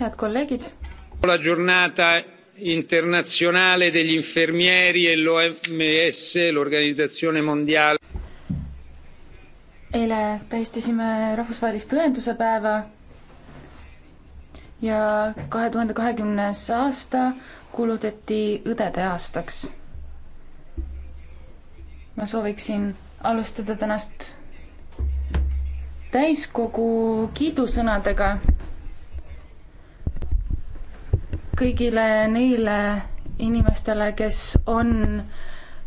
head kolleegid. La giornata internazionale degli infermieri e l'OMS, l'organisatsioone mondiale. eile tähistasime rahvusvahelist õenduse päeva ja kahe tuhande kahekümnes aasta kuulutati õdede aastaks. ma sooviksin alustada tänast täiskogu kiidusõnadega kõigile neile inimestele, kes on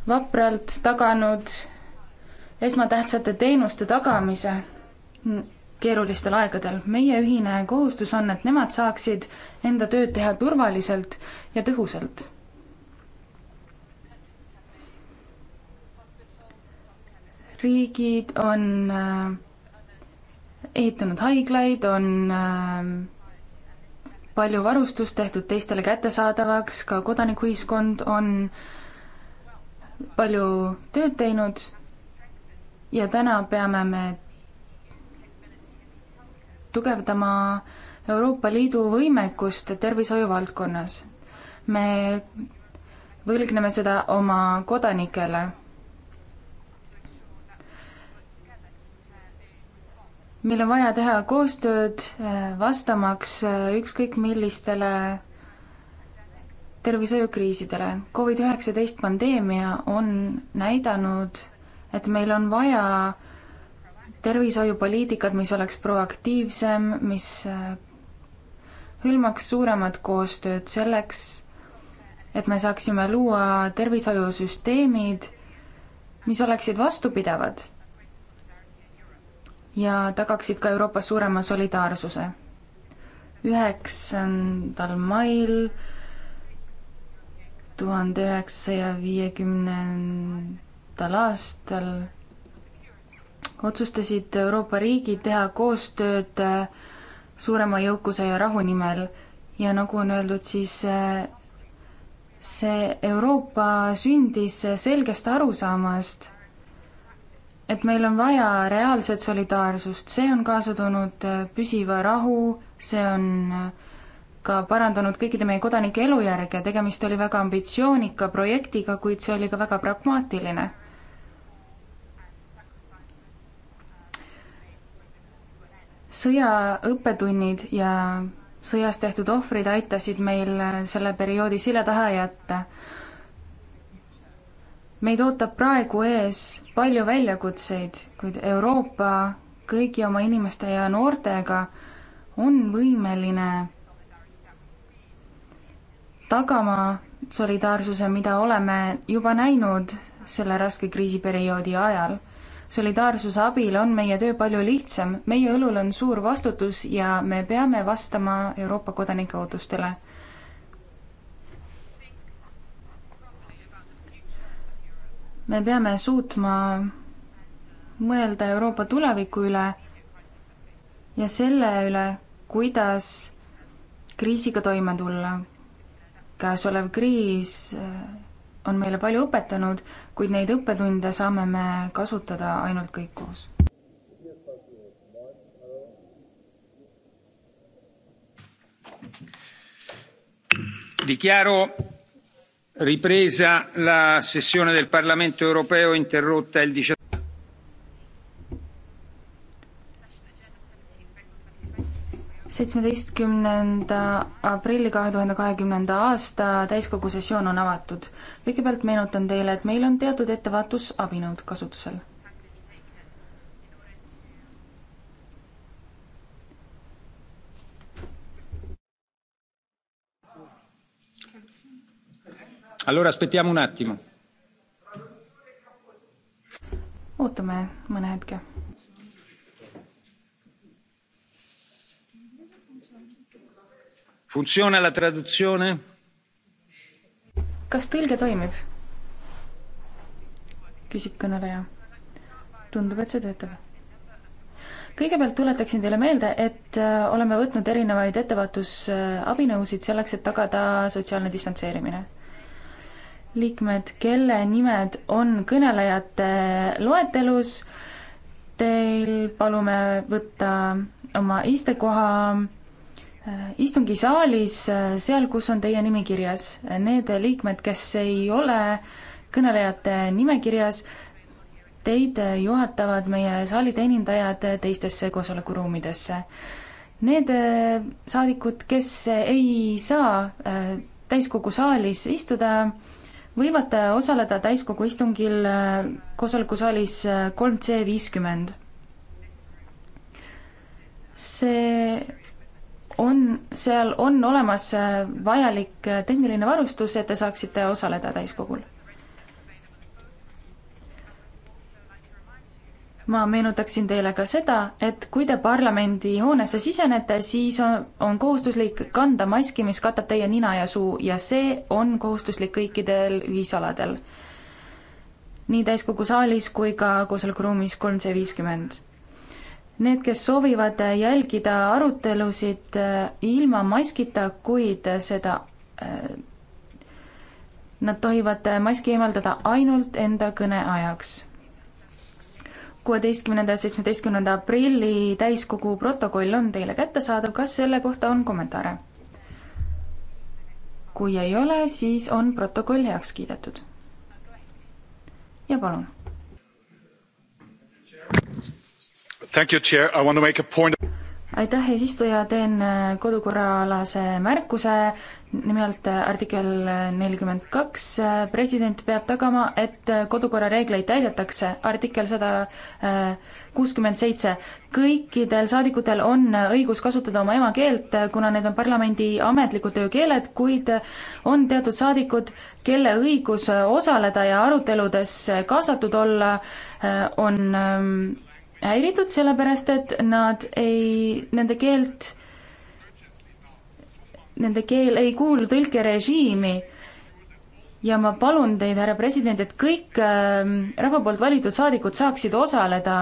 vapralt taganud esmatähtsate teenuste tagamise keerulistel aegadel. meie ühine kohustus on, et nemad saaksid enda tööd teha turvaliselt ja tõhusalt. riigid on äh, ehitanud haiglaid, on äh, palju varustust tehtud teistele kättesaadavaks, ka kodanikuühiskond on palju tööd teinud ja täna peame me tugevdama Euroopa Liidu võimekust tervishoiu valdkonnas. me võlgneme seda oma kodanikele meil on vaja teha koostööd, äh, vastamaks äh, ükskõik millistele tervishoiukriisidele. Covid-19 pandeemia on näidanud, et meil on vaja tervishoiupoliitikat, mis oleks proaktiivsem, mis äh, hõlmaks suuremat koostööd selleks, et me saaksime luua tervishoiusüsteemid, mis oleksid vastupidavad ja tagaksid ka Euroopas suurema solidaarsuse. üheksandal mail tuhande üheksasaja viiekümnendal aastal otsustasid Euroopa riigid teha koostööd äh, suurema jõukuse ja rahu nimel ja nagu on öeldud, siis äh, see Euroopa sündis selgest arusaamast et meil on vaja reaalset solidaarsust, see on kaasa toonud äh, püsiva rahu, see on äh, ka parandanud kõikide meie kodanike elujärge, tegemist oli väga ambitsioonika projektiga, kuid see oli ka väga pragmaatiline. sõja õppetunnid ja sõjas tehtud ohvrid aitasid meil äh, selle perioodi selja taha jätta meid ootab praegu ees palju väljakutseid, kuid Euroopa kõigi oma inimeste ja noortega on võimeline tagama solidaarsuse, mida oleme juba näinud selle raske kriisiperioodi ajal. solidaarsuse abil on meie töö palju lihtsam, meie õlul on suur vastutus ja me peame vastama Euroopa kodanike ootustele me peame suutma mõelda Euroopa tuleviku üle ja selle üle, kuidas kriisiga toime tulla. käesolev kriis äh, on meile palju õpetanud, kuid neid õppetunde saame me kasutada ainult kõik koos. Dichiaro ripresa la sessione del Parlamento europeo interrotta il 17 seitsmeteistkümnenda aprilli kahe tuhande kahekümnenda aasta täiskogu sessioon on avatud. kõigepealt meenutan teile, et meil on teatud ettevaatusabinõud kasutusel allora aspettiamo un attimo. ootame mõne hetke. Funziona la traduzione? kas tõlge toimib? küsib kõneleja. tundub, et see töötab kõigepealt tuletaksin teile meelde, et äh, oleme võtnud erinevaid ettevaatusabinõusid äh, selleks, et tagada sotsiaalne distantseerimine liikmed, kelle nimed on kõnelejate loetelus. Teil palume võtta oma istekoha äh, istungisaalis, äh, seal, kus on teie nimi kirjas. Need liikmed, kes ei ole kõnelejate nimekirjas, teid juhatavad meie saali teenindajad teistesse koosolekuruumidesse. Need äh, saadikud, kes ei saa täiskogu saalis istuda, võivad äh, osaleda täiskogu istungil äh, koosolekusaalis 3C50. Äh, see on, seal on olemas vajalik tehniline varustus, et te saaksite osaleda täiskogul ma meenutaksin teile ka seda, et kui te parlamendi hoonesse sisenete, siis on, on kohustuslik kanda maski, mis katab teie nina ja suu ja see on kohustuslik kõikidel ühisaladel. nii täiskogu saalis kui ka koosolekuruumis kolm C viiskümmend. Need, kes soovivad jälgida arutelusid eh, ilma maskita, kuid seda eh, Nad tohivad maski eemaldada ainult enda kõne ajaks kuueteistkümnenda ja seitsmeteistkümnenda aprilli täiskogu protokoll on teile kättesaadav, kas selle kohta on kommentaare? kui ei ole, siis on protokoll heaks kiidetud. ja palun. Thank you, chair, I want to make a point aitäh, eesistuja, teen äh, kodukorraalase märkuse, nimelt äh, artikkel nelikümmend kaks, äh, president peab tagama, et kodukorra reegleid täidetakse, artikkel sada kuuskümmend seitse. kõikidel saadikutel on õigus kasutada oma emakeelt, kuna need on parlamendi ametlikud töökeeled, kuid on teatud saadikud, kelle õigus osaleda ja aruteludes kaasatud olla on ähm, häiritud, sellepärast et nad ei, nende keelt, nende keel ei kuulu tõlkerežiimi. ja ma palun teid, härra president, et kõik ähm, rahva poolt valitud saadikud saaksid osaleda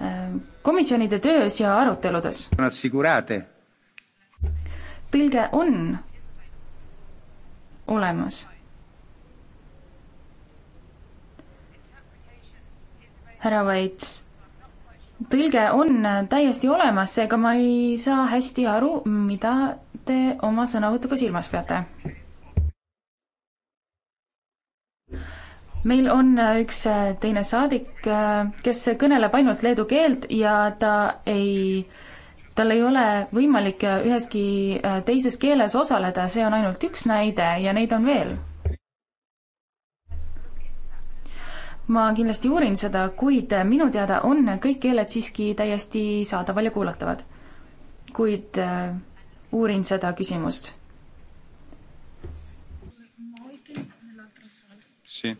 ähm, komisjonide töös ja aruteludes. tõlge on olemas. härra Vaits tõlge on täiesti olemas, seega ma ei saa hästi aru, mida te oma sõnavõtuga silmas peate. meil on üks teine saadik, kes kõneleb ainult leedu keelt ja ta ei, tal ei ole võimalik üheski teises keeles osaleda, see on ainult üks näide ja neid on veel ma kindlasti uurin seda, kuid minu teada on kõik keeled siiski täiesti saadaval ja kuulatavad. kuid äh, uurin seda küsimust. Sì.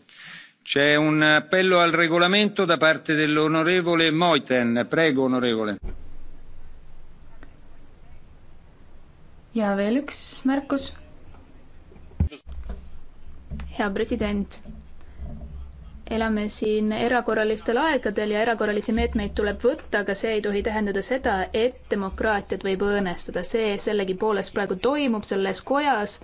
C'è un appello al regolamento da parte dell'onorevole Moiten. Prego, onorevole. ja veel üks märkus. hea president elame siin erakorralistel aegadel ja erakorralisi meetmeid tuleb võtta, aga see ei tohi tähendada seda, et demokraatiat võib õõnestada. see sellegipoolest praegu toimub selles kojas.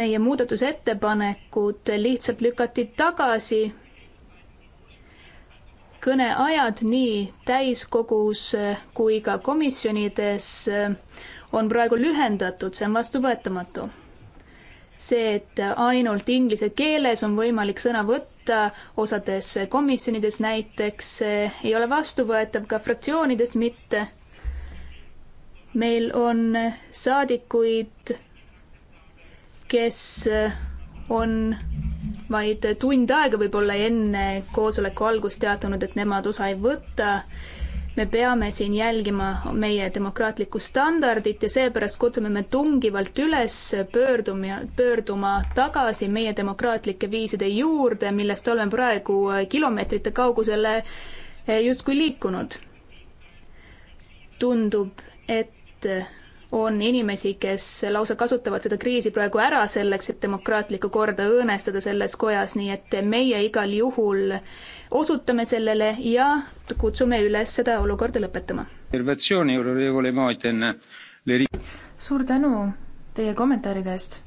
meie muudatusettepanekud lihtsalt lükati tagasi. kõneajad nii täiskogus kui ka komisjonides on praegu lühendatud, see on vastuvõetamatu see, et ainult inglise keeles on võimalik sõna võtta, osades komisjonides näiteks, ei ole vastuvõetav ka fraktsioonides mitte. meil on saadikuid, kes on vaid tund aega võib-olla enne koosoleku algust teatanud, et nemad osa ei võta me peame siin jälgima meie demokraatlikku standardit ja seepärast kutsume me tungivalt üles pöörduma, pöörduma tagasi meie demokraatlike viiside juurde, millest oleme praegu äh, kilomeetrite kaugusele äh, justkui liikunud. tundub, et äh, on inimesi, kes lausa kasutavad seda kriisi praegu ära selleks, et demokraatlikku korda õõnestada selles kojas, nii et meie igal juhul osutame sellele ja kutsume üles seda olukorda lõpetama. suur tänu teie kommentaaride eest.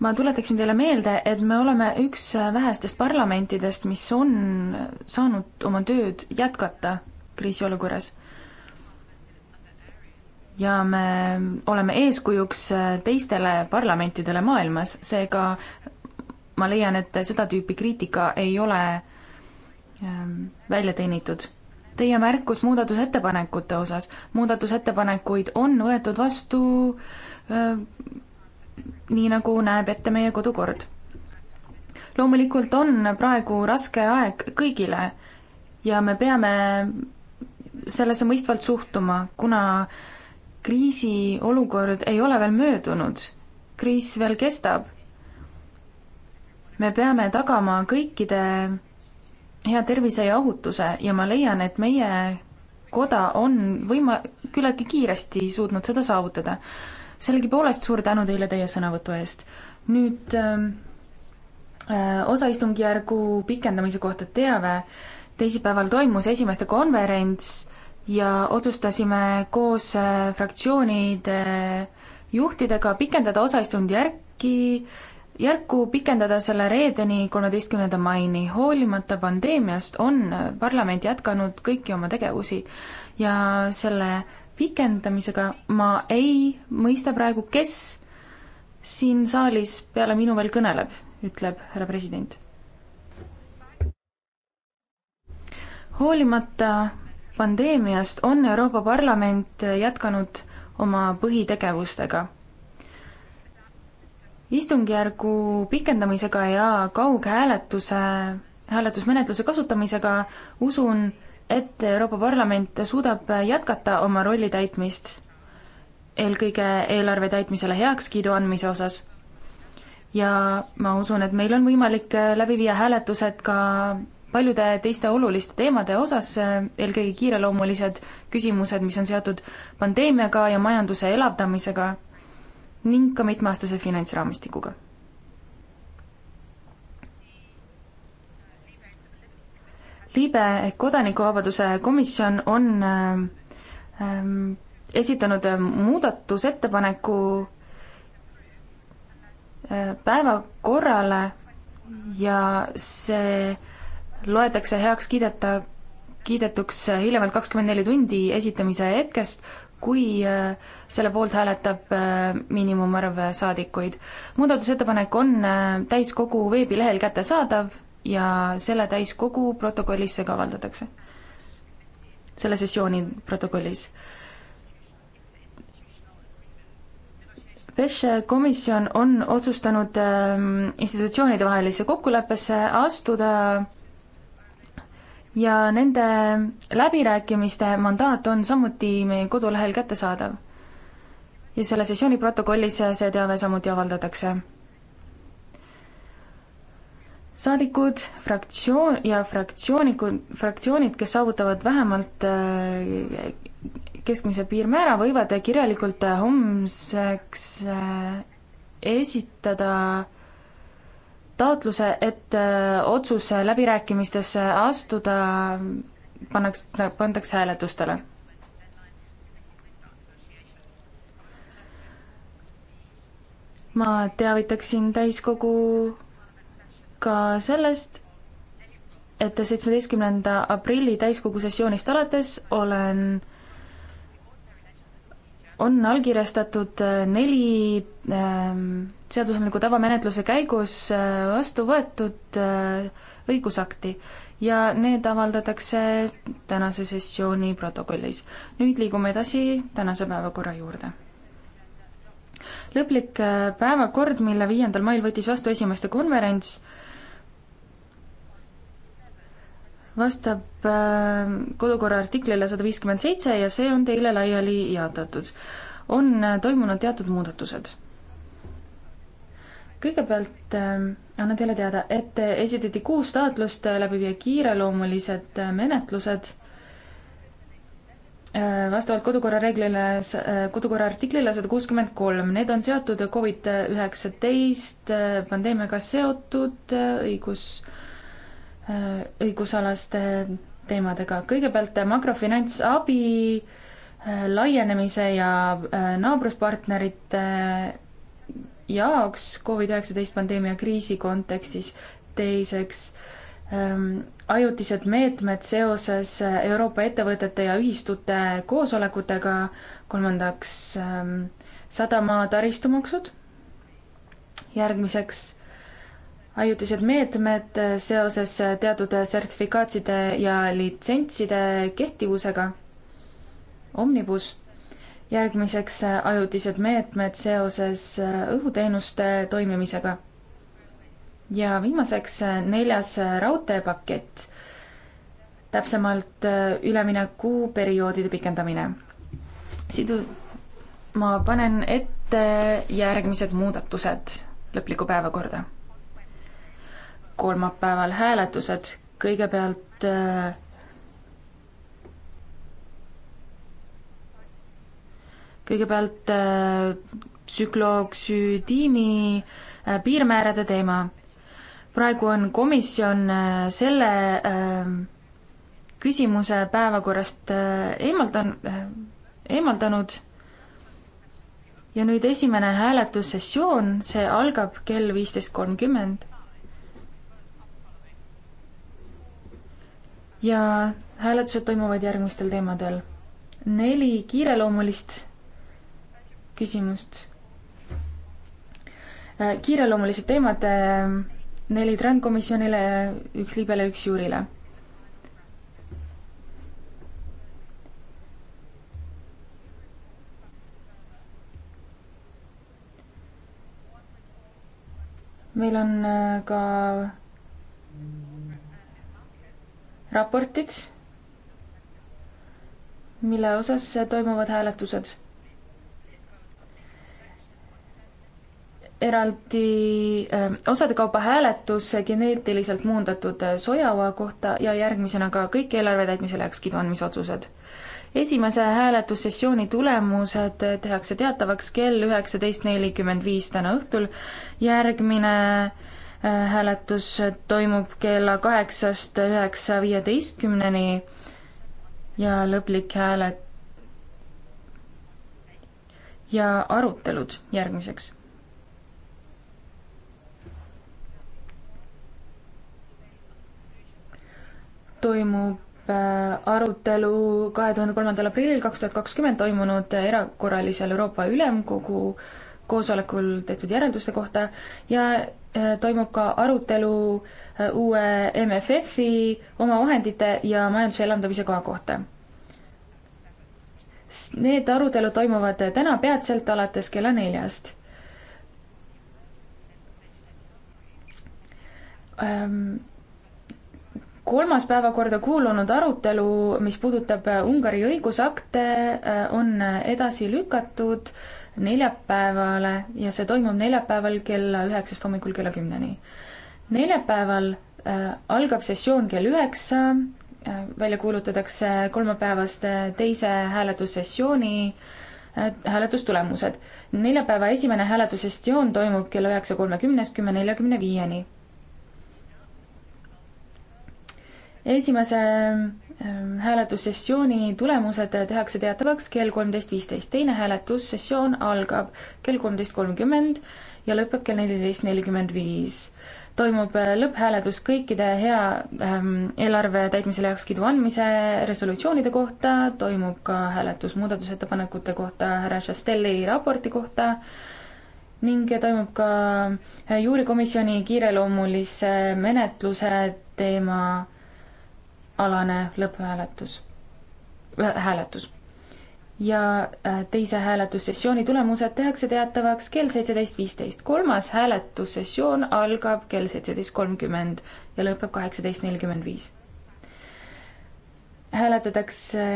ma tuletaksin teile meelde, et me oleme üks vähestest parlamentidest, mis on saanud oma tööd jätkata kriisiolukorras ja me oleme eeskujuks teistele parlamentidele maailmas, seega ma leian, et seda tüüpi kriitika ei ole ähm, välja teenitud. Teie märkus muudatusettepanekute osas, muudatusettepanekuid on võetud vastu öö, ähm, nii, nagu näeb ette meie kodukord. loomulikult on praegu raske aeg kõigile ja me peame sellesse mõistvalt suhtuma, kuna kriisiolukord ei ole veel möödunud, kriis veel kestab me peame tagama kõikide hea tervise ja ohutuse ja ma leian, et meie koda on võima-, küllaltki kiiresti suutnud seda saavutada. sellegipoolest suur tänu teile teie sõnavõtu eest. nüüd ähm, äh, osaistungjärgu pikendamise kohta teave. teisipäeval toimus esimeste konverents ja otsustasime koos äh, fraktsioonide juhtidega pikendada osaistungjärki järku pikendada selle reedeni, kolmeteistkümnenda maini. hoolimata pandeemiast on parlament jätkanud kõiki oma tegevusi ja selle pikendamisega ma ei mõista praegu, kes siin saalis peale minu veel kõneleb, ütleb härra president. hoolimata pandeemiast on Euroopa Parlament jätkanud oma põhitegevustega istungjärgu pikendamisega ja kaughääletuse, hääletusmenetluse kasutamisega usun, et Euroopa Parlament suudab jätkata oma rolli täitmist, eelkõige eelarve täitmisele heakskiidu andmise osas. ja ma usun, et meil on võimalik läbi viia hääletused ka paljude teiste oluliste teemade osas, eelkõige kiireloomulised küsimused, mis on seotud pandeemiaga ja majanduse elavdamisega ning ka mitmeaastase finantsraamistikuga. libe ehk Kodanikuvabaduse komisjon on ähm, ähm esitanud muudatusettepaneku äh, päevakorrale ja see loetakse heaks kiideta, kiidetuks hiljemalt kakskümmend neli tundi esitamise hetkest, kui äh, selle poolt hääletab äh, miinimumarv saadikuid. muudatusettepanek on äh, täiskogu veebilehel kättesaadav ja selle täiskogu protokollisse ka avaldatakse, selle sessiooni protokollis. PES komisjon on otsustanud ähm, institutsioonidevahelisse kokkuleppesse astuda ja nende läbirääkimiste mandaat on samuti meie kodulehel kättesaadav. ja selle sessiooni protokollis see teave samuti avaldatakse. saadikud, fraktsioon ja fraktsioonikud, fraktsioonid, kes saavutavad vähemalt äh, keskmise piirmäära, võivad kirjalikult homseks äh, esitada taotluse, et äh, otsus läbirääkimistesse astuda pannakse, pandakse hääletustele. ma teavitaksin täiskogu ka sellest, et seitsmeteistkümnenda aprilli täiskogu sessioonist alates olen, on allkirjastatud äh, neli ähm, seadusandliku tavamenetluse käigus äh, vastu võetud äh, õigusakti ja need avaldatakse tänase sessiooni protokollis. nüüd liigume edasi tänase päevakorra juurde lõplik äh, päevakord, mille viiendal mail võttis vastu esimeste konverents, vastab kodukorra artiklile sada viiskümmend seitse ja see on teile laiali jaotatud. on toimunud teatud muudatused kõigepealt ähm, annan teile teada, et esitati kuus taotlust äh, läbi viia kiireloomulised äh, menetlused. Äh, vastavalt kodukorra reeglile, kodukorra artiklile sada kuuskümmend kolm, need on seotud Covid üheksateist pandeemiaga seotud õigus, õigusalaste teemadega. kõigepealt makrofinantsabi laienemise ja naabruspartnerite jaoks Covid-19 pandeemia kriisi kontekstis, teiseks ähm, ajutised meetmed seoses Euroopa ettevõtete ja ühistute koosolekutega, kolmandaks ähm, sadama taristumaksud, järgmiseks ajutised meetmed seoses teatud sertifikaatside ja litsentside kehtivusega, Omnibus järgmiseks äh, ajutised meetmed seoses äh, õhuteenuste toimimisega. ja viimaseks äh, neljas raudteepakett, täpsemalt üleminekuperioodide pikendamine. sidu, ma panen ette järgmised muudatused lõplikku päevakorda. kolmapäeval hääletused, kõigepealt äh, kõigepealt äh, tsüklooksüüdiini äh, piirmäärade teema. praegu on komisjon äh, selle küsimuse päevakorrast eemaldan-, eemaldanud ja nüüd esimene hääletussessioon, see algab kell viisteist kolmkümmend. ja hääletused toimuvad järgmistel teemadel. neli kiireloomulist küsimust. Äh, kiireloomulised teemad, äh, neli trendkomisjonile, üks liibele, üks juurile. meil on äh, ka raportid, mille osas toimuvad hääletused eraldi ähm, osade kaupa hääletus geneetiliselt muundatud äh, sojaoa kohta ja järgmisena ka kõik eelarve täitmisele heakskiidu andmise otsused. esimese hääletussessiooni tulemused äh, tehakse teatavaks kell üheksateist nelikümmend viis täna õhtul, järgmine äh, hääletus toimub kella kaheksast üheksa viieteistkümneni ja lõplik hääle- ja arutelud järgmiseks toimub äh, arutelu kahe tuhande kolmandal aprillil kaks tuhat kakskümmend toimunud erakorralisel Euroopa Ülemkogu koosolekul tehtud järelduste kohta ja äh, toimub ka arutelu äh, uue MFF-i omavahendite ja majanduse elavdamise koha kohta. Need arutelud toimuvad täna peatselt alates kella neljast. Um, kolmas päevakorda kuulunud arutelu, mis puudutab äh, Ungari õigusakte, äh, on äh, edasi lükatud neljapäevale ja see toimub neljapäeval kella üheksast hommikul kella kümneni. neljapäeval algab sessioon kell üheksa, välja kuulutatakse kolmapäevaste teise hääletussessiooni hääletustulemused. neljapäeva esimene hääletussessioon toimub kella üheksa kolmekümnest kümne neljakümne viieni esimese ähm, hääletussessiooni tulemused tehakse teatavaks kell kolmteist viisteist, teine hääletussessioon algab kell kolmteist kolmkümmend ja lõpeb kell neliteist nelikümmend viis. toimub äh, lõpphääletus kõikide hea ähm, eelarve täitmisele heakskiidu andmise resolutsioonide kohta, toimub ka hääletus muudatusettepanekute kohta härra Šastelli raporti kohta ning toimub ka äh, juurikomisjoni kiireloomulise menetluse teema alane lõpphääletus, äh, hääletus. ja äh, teise hääletussessiooni tulemused tehakse teatavaks kell seitseteist viisteist. kolmas hääletussessioon algab kell seitseteist kolmkümmend ja lõpeb kaheksateist nelikümmend viis. hääletatakse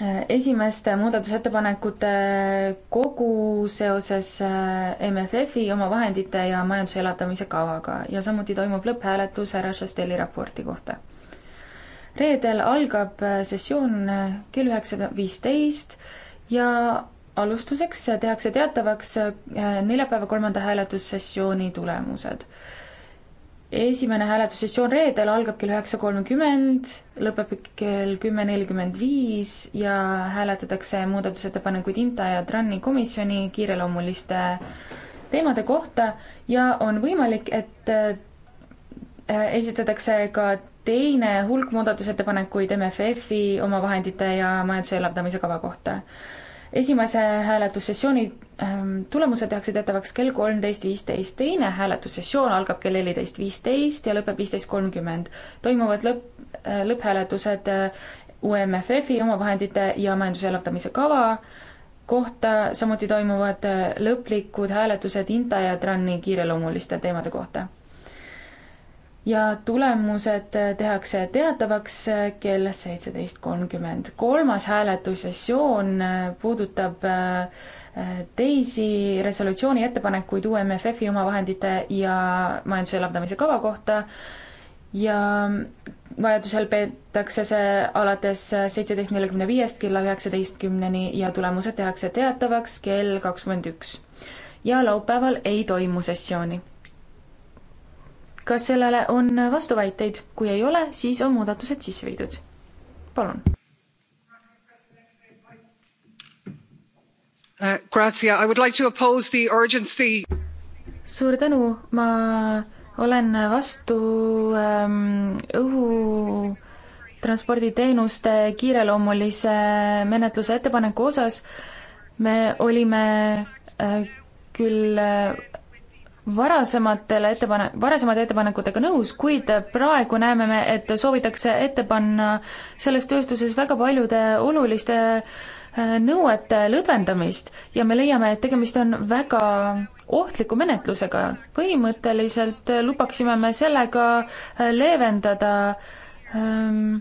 Äh, esimeste muudatusettepanekute kogu seoses äh, MFF-i oma vahendite ja majanduse elavdamise kavaga ja samuti toimub lõpphääletus härra Šesteli raporti kohta. reedel algab äh, sessioon kell üheksasada viisteist ja alustuseks tehakse teatavaks neljapäeva kolmanda hääletussessiooni tulemused esimene hääletussessioon reedel algab kell üheksa kolmkümmend, lõpeb kell kümme nelikümmend viis ja hääletatakse muudatusettepanekuid INTA ja TRAN-i komisjoni kiireloomuliste teemade kohta ja on võimalik, et äh, esitatakse ka teine hulk muudatusettepanekuid MFF-i, omavahendite ja majanduse elavdamise kava kohta esimese hääletussessiooni ähm, tulemused tehakse teatavaks kell kolmteist viisteist, teine hääletussessioon algab kell neliteist viisteist ja lõpeb viisteist kolmkümmend. toimuvad lõpp, äh, lõpphääletused äh, UMFF-i omavahendite ja majanduse elavdamise kava kohta, samuti toimuvad äh, lõplikud hääletused Inta ja Tranni kiireloomuliste teemade kohta ja tulemused tehakse teatavaks kell seitseteist kolmkümmend. kolmas hääletussessioon puudutab äh, teisi resolutsiooni ettepanekuid uue MFF-i omavahendite ja majanduse elavdamise kava kohta ja vajadusel peetakse see alates seitseteist nelikümne viiest kella üheksateistkümneni ja tulemused tehakse teatavaks kell kakskümmend üks. ja laupäeval ei toimu sessiooni kas sellele on vastuväiteid? kui ei ole, siis on muudatused sisse viidud. palun. Uh, Grazia, I would like to oppose the urgency. suur tänu, ma olen vastu ähm, õhu transporditeenuste kiireloomulise menetluse ettepaneku osas me olime uh, küll uh, varasematele ettepane-, varasemate ettepanekutega nõus, kuid praegu näeme me, et soovitakse ette panna selles tööstuses väga paljude oluliste äh, nõuete lõdvendamist ja me leiame, et tegemist on väga ohtliku menetlusega. põhimõtteliselt lubaksime me sellega äh, leevendada ähm,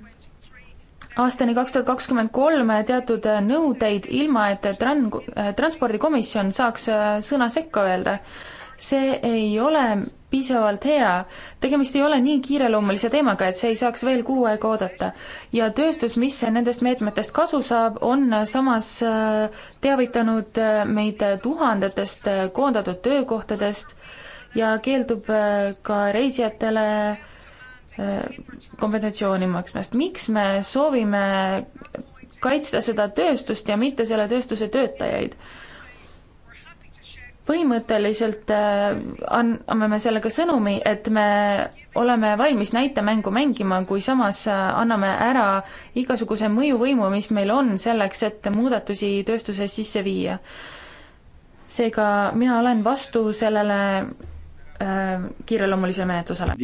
aastani kaks tuhat kakskümmend kolm teatud nõudeid, ilma et tran-, transpordikomisjon saaks äh, sõna sekka öelda see ei ole piisavalt hea. tegemist ei ole nii kiireloomulise teemaga, et see ei saaks veel kuu aega oodata. ja tööstus, mis nendest meetmetest kasu saab, on samas äh, teavitanud äh, meid tuhandetest äh, koondatud töökohtadest ja keeldub ka reisijatele kompensatsiooni maksmast. miks me soovime kaitsta seda tööstust ja mitte selle tööstuse töötajaid? põhimõtteliselt äh, anname me sellega sõnumi, et me oleme valmis näitemängu mängima, kui samas äh, anname ära igasuguse mõjuvõimu, mis meil on selleks, et muudatusi tööstuses sisse viia. seega mina olen vastu sellele äh, kiireloomulisele menetlusele.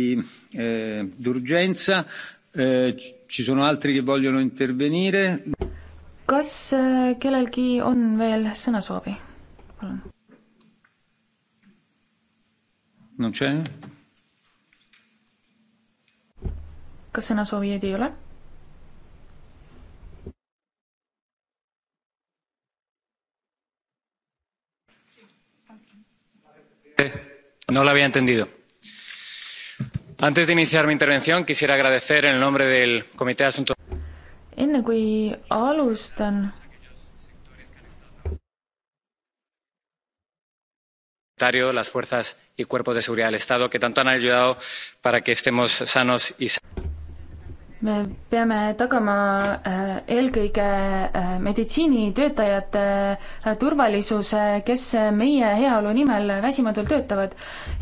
Eh, d'urgenza eh,, ci sono altri che vogliono intervenire. kas kellelgi on veel sõnasoovi? palun non c'è? kas sõnasoovijaid ei ole? No lo había entendido. Antes de iniciar mi intervención, quisiera agradecer en nombre del Comité de Asuntos. enne kui alustan, señor presidente las fuerzas y cuerpos de seguridad del estado que tanto han ayudado para que estemos sanos y. me peame tagama eh, eelkõige eh, meditsiinitöötajate eh, turvalisuse, kes meie heaolu nimel väsimatult töötavad.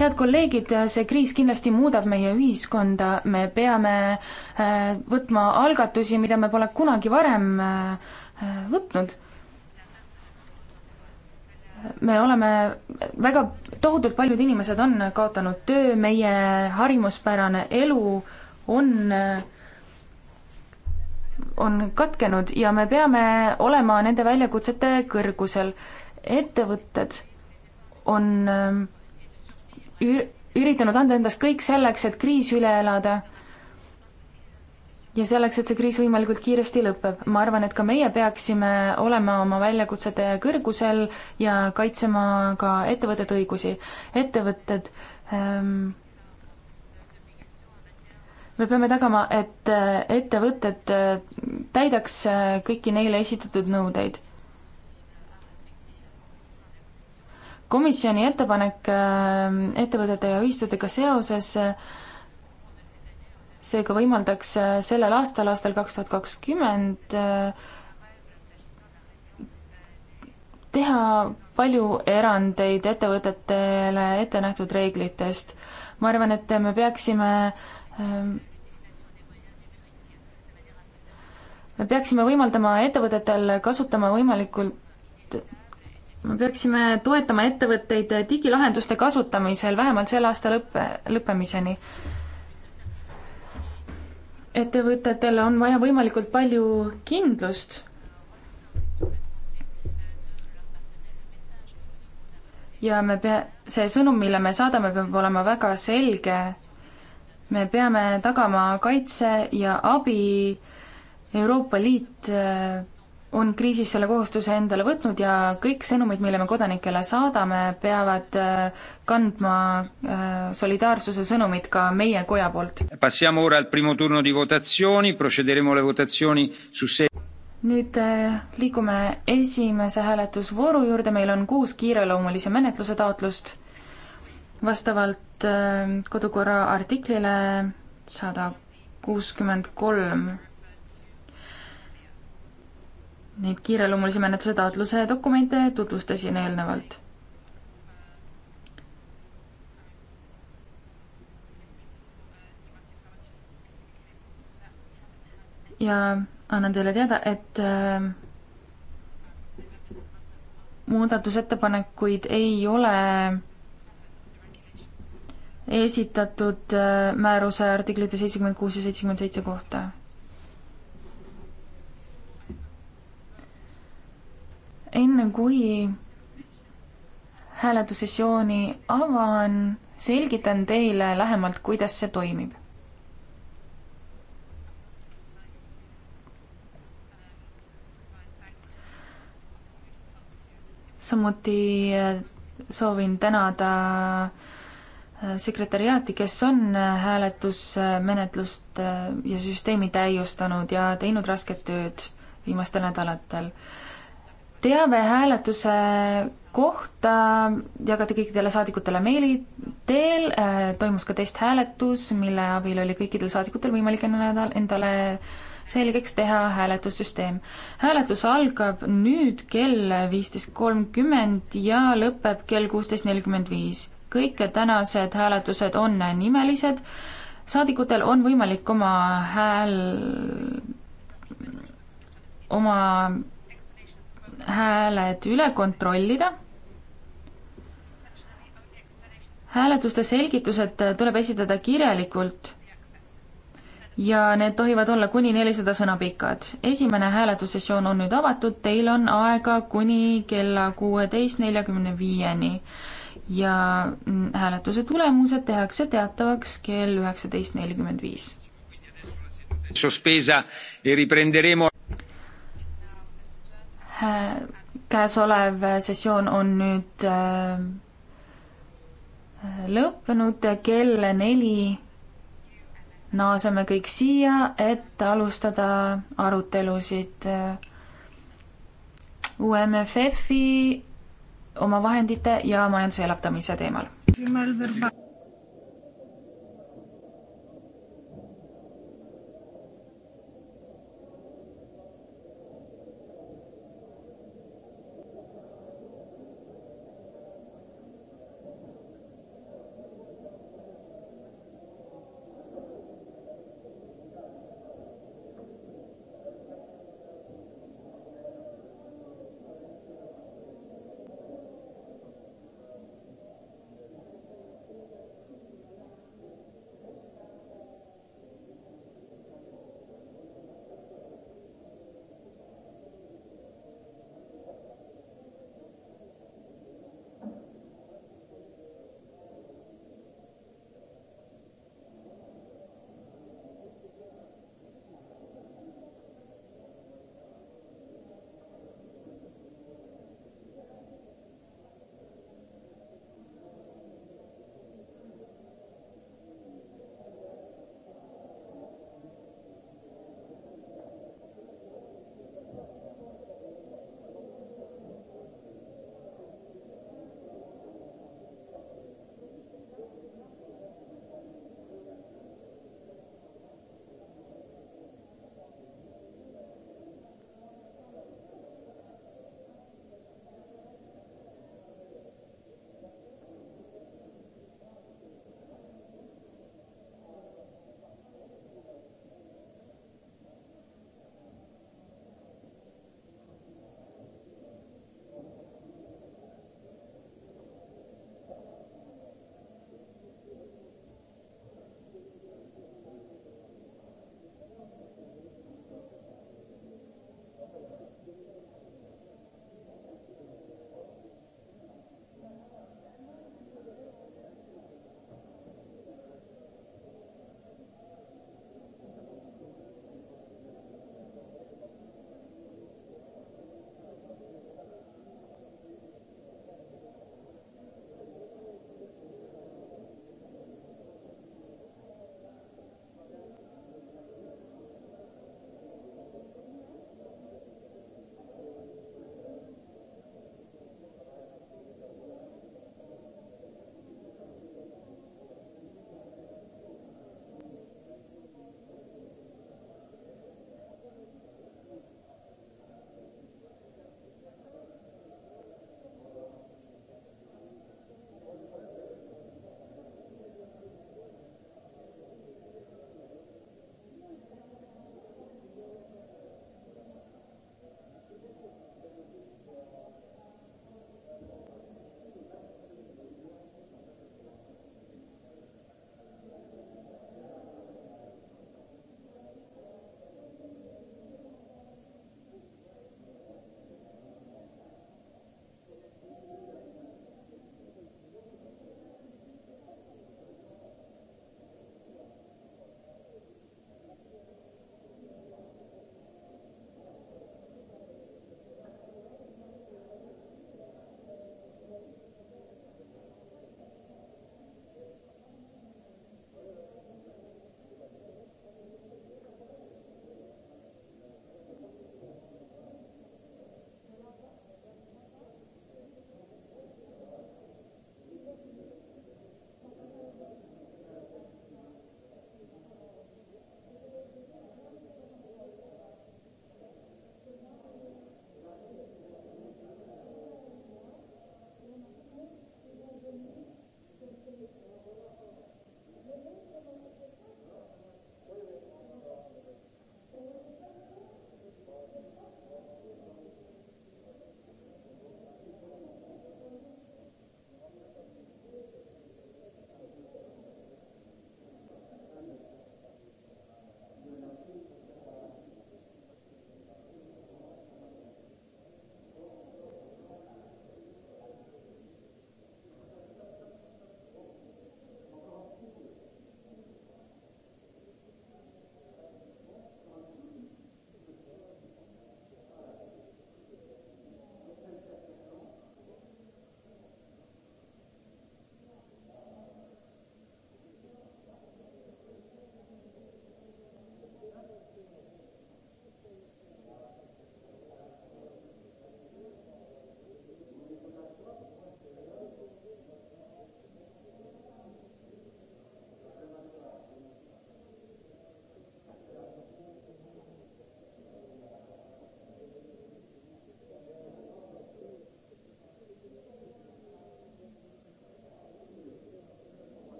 head kolleegid, see kriis kindlasti muudab meie ühiskonda, me peame võtma algatusi, mida me pole kunagi varem võtnud me oleme, väga tohutult paljud inimesed on kaotanud töö, meie harjumuspärane elu on, on katkenud ja me peame olema nende väljakutsete kõrgusel. ettevõtted on üritanud anda endast kõik selleks, et kriis üle elada ja selleks, et see kriis võimalikult kiiresti lõpeb, ma arvan, et ka meie peaksime olema oma väljakutsete kõrgusel ja kaitsema ka ettevõtete õigusi. ettevõtted ähm, me peame tagama, et äh, ettevõtted äh, täidaks äh, kõiki neile esitatud nõudeid. komisjoni ettepanek ettevõtete ja ühistutega seoses äh, seega võimaldaks äh, sellel aastal, aastal kaks tuhat kakskümmend äh, teha palju erandeid ettevõtetele ette nähtud reeglitest. ma arvan, et me peaksime ähm, me peaksime võimaldama ettevõtetel kasutama võimalikult me peaksime toetama ettevõtteid digilahenduste kasutamisel vähemalt selle aasta lõppe, lõppemiseni ettevõtetel on vaja võimalikult palju kindlust ja me pea-, see sõnum, mille me saadame, peab olema väga selge. me peame tagama kaitse ja abi. Euroopa Liit äh, on kriisis selle kohustuse endale võtnud ja kõik sõnumid, mille me kodanikele saadame, peavad äh, kandma äh, solidaarsuse sõnumit ka meie koja poolt. nüüd äh, liigume esimese hääletusvooru juurde, meil on kuus kiireloomulise menetluse taotlust. vastavalt kodukorra artiklile sada kuuskümmend kolm Neid kiireloomulise menetluse taotluse dokumente tutvustasin eelnevalt. ja annan teile teada, et äh, muudatusettepanekuid ei ole esitatud äh, määruse artiklite seitsekümmend kuus ja seitsekümmend seitse kohta enne kui hääletussessiooni avan, selgitan teile lähemalt, kuidas see toimib. samuti äh, soovin tänada äh, sekretäriaati, kes on äh, hääletusmenetlust ja süsteemi täiustanud ja teinud rasket tööd viimastel nädalatel teave hääletuse kohta jagati kõikidele saadikutele meili teel, äh, toimus ka testhääletus, mille abil oli kõikidel saadikutel võimalik endale, endale selgeks teha hääletussüsteem. hääletus algab nüüd kell viisteist kolmkümmend ja lõpeb kell kuusteist nelikümmend viis. kõik tänased hääletused on nimelised, saadikutel on võimalik oma hääl, oma hääled üle kontrollida. hääletuste selgitused tuleb esitada kirjalikult ja need tohivad olla kuni nelisada sõna pikad. esimene hääletussessioon on nüüd avatud, teil on aega kuni kella kuueteist neljakümne viieni ja hääletuse tulemused tehakse teatavaks kell üheksateist nelikümmend viis. Sospesa e riprenderemo käesolev sessioon on nüüd äh, lõppenud, kell neli naaseme kõik siia, et alustada arutelusid UMFF-i omavahendite ja majanduse elavdamise teemal.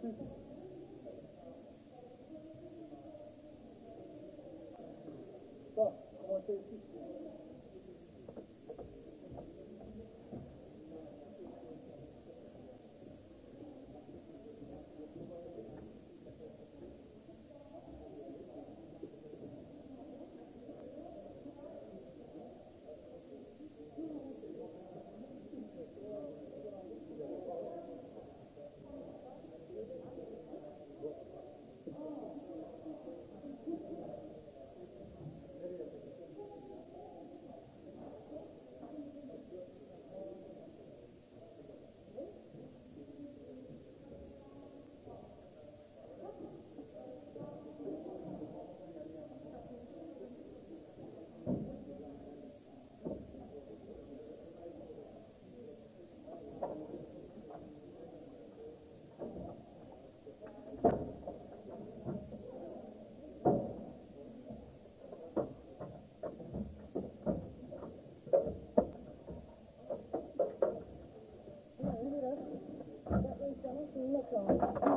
Так, вот и Look on.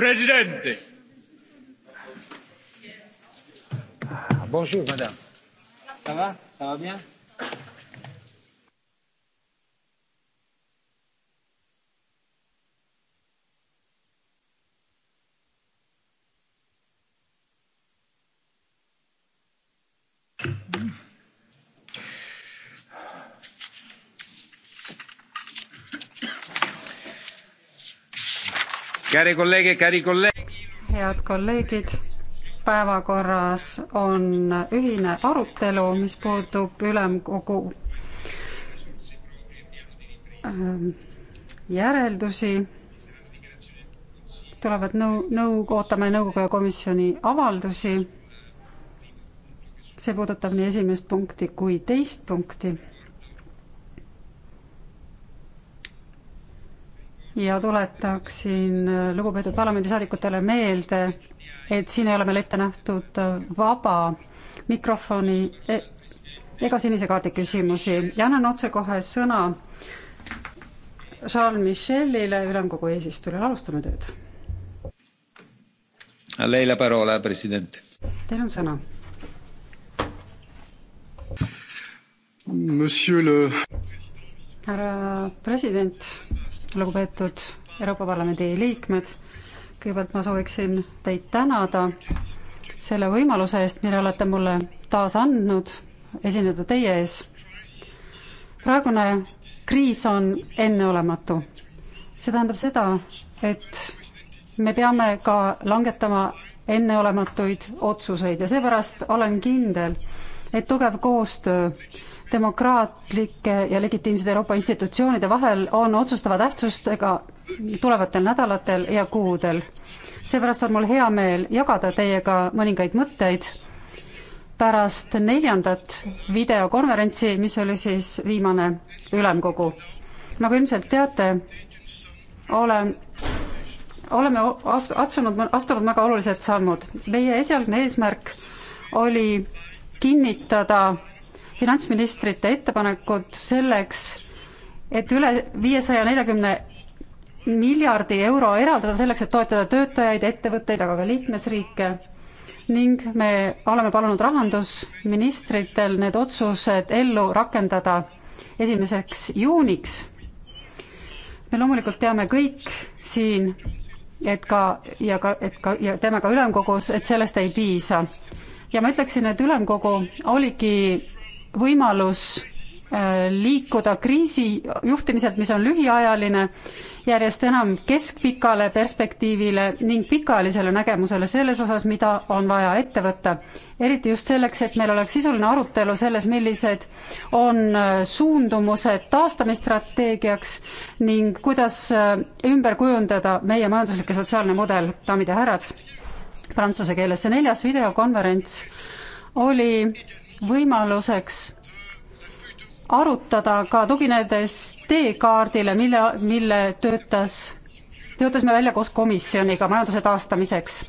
Presidente. Ah, bonjour, madame. Ça va Ça va bien head kolleegid, päevakorras on ühine arutelu, mis puudub ülemkogu ähm, järeldusi. tulevad nõu, nõu, ootame nõukogu ja komisjoni avaldusi. see puudutab nii esimest punkti kui teist punkti ja tuletaksin lugupeetud parlamendisaadikutele meelde, et siin ei ole meil ette nähtud vaba mikrofoni e- ega sinise kaardi küsimusi ja annan otsekohe sõna Charles Michelile, ülemkogu eesistujale, alustame tööd. Leila Parola, president. Teil on sõna. Monsieur le. härra president lugupeetud Euroopa Parlamendi liikmed. kõigepealt ma sooviksin teid tänada selle võimaluse eest, mille olete mulle taas andnud esineda teie ees. praegune kriis on enneolematu. see tähendab seda, et me peame ka langetama enneolematuid otsuseid ja seepärast olen kindel, et tugev koostöö demokraatlike ja legitiimsete Euroopa institutsioonide vahel on otsustava tähtsustega tulevatel nädalatel ja kuudel. seepärast on mul hea meel jagada teiega mõningaid mõtteid pärast neljandat videokonverentsi, mis oli siis viimane ülemkogu. nagu ilmselt teate, olen, oleme astunud, astunud väga olulised sammud. meie esialgne eesmärk oli kinnitada finantsministrite ettepanekud selleks, et üle viiesaja neljakümne miljardi euro eraldada selleks, et toetada töötajaid, ettevõtteid, aga ka liikmesriike ning me oleme palunud rahandusministritel need otsused ellu rakendada esimeseks juuniks. me loomulikult teame kõik siin, et ka ja ka, et ka ja teame ka ülemkogus, et sellest ei piisa. ja ma ütleksin, et ülemkogu oligi võimalus äh, liikuda kriisi juhtimiselt, mis on lühiajaline, järjest enam keskpikale perspektiivile ning pikaajalisele nägemusele selles osas, mida on vaja ette võtta. eriti just selleks, et meil oleks sisuline arutelu selles, millised on äh, suundumused taastamisstrateegiaks ning kuidas äh, ümber kujundada meie majanduslik ja sotsiaalne mudel, daamid ja härrad, prantsuse keeles. see neljas videokonverents oli võimaluseks arutada ka tuginedes teekaardile, mille, mille töötas, töötasime välja koos komisjoniga majanduse taastamiseks.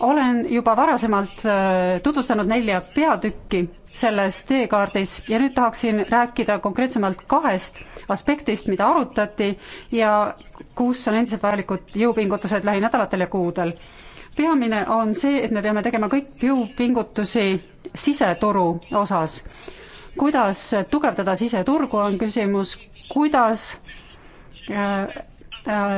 olen juba varasemalt äh, tutvustanud nelja peatükki selles teekaardis ja nüüd tahaksin rääkida konkreetsemalt kahest aspektist, mida arutati ja kus on endiselt vajalikud jõupingutused lähinädalatel ja kuudel. peamine on see, et me peame tegema kõik jõupingutusi siseturu osas. kuidas tugevdada siseturgu, on küsimus, kuidas äh, äh,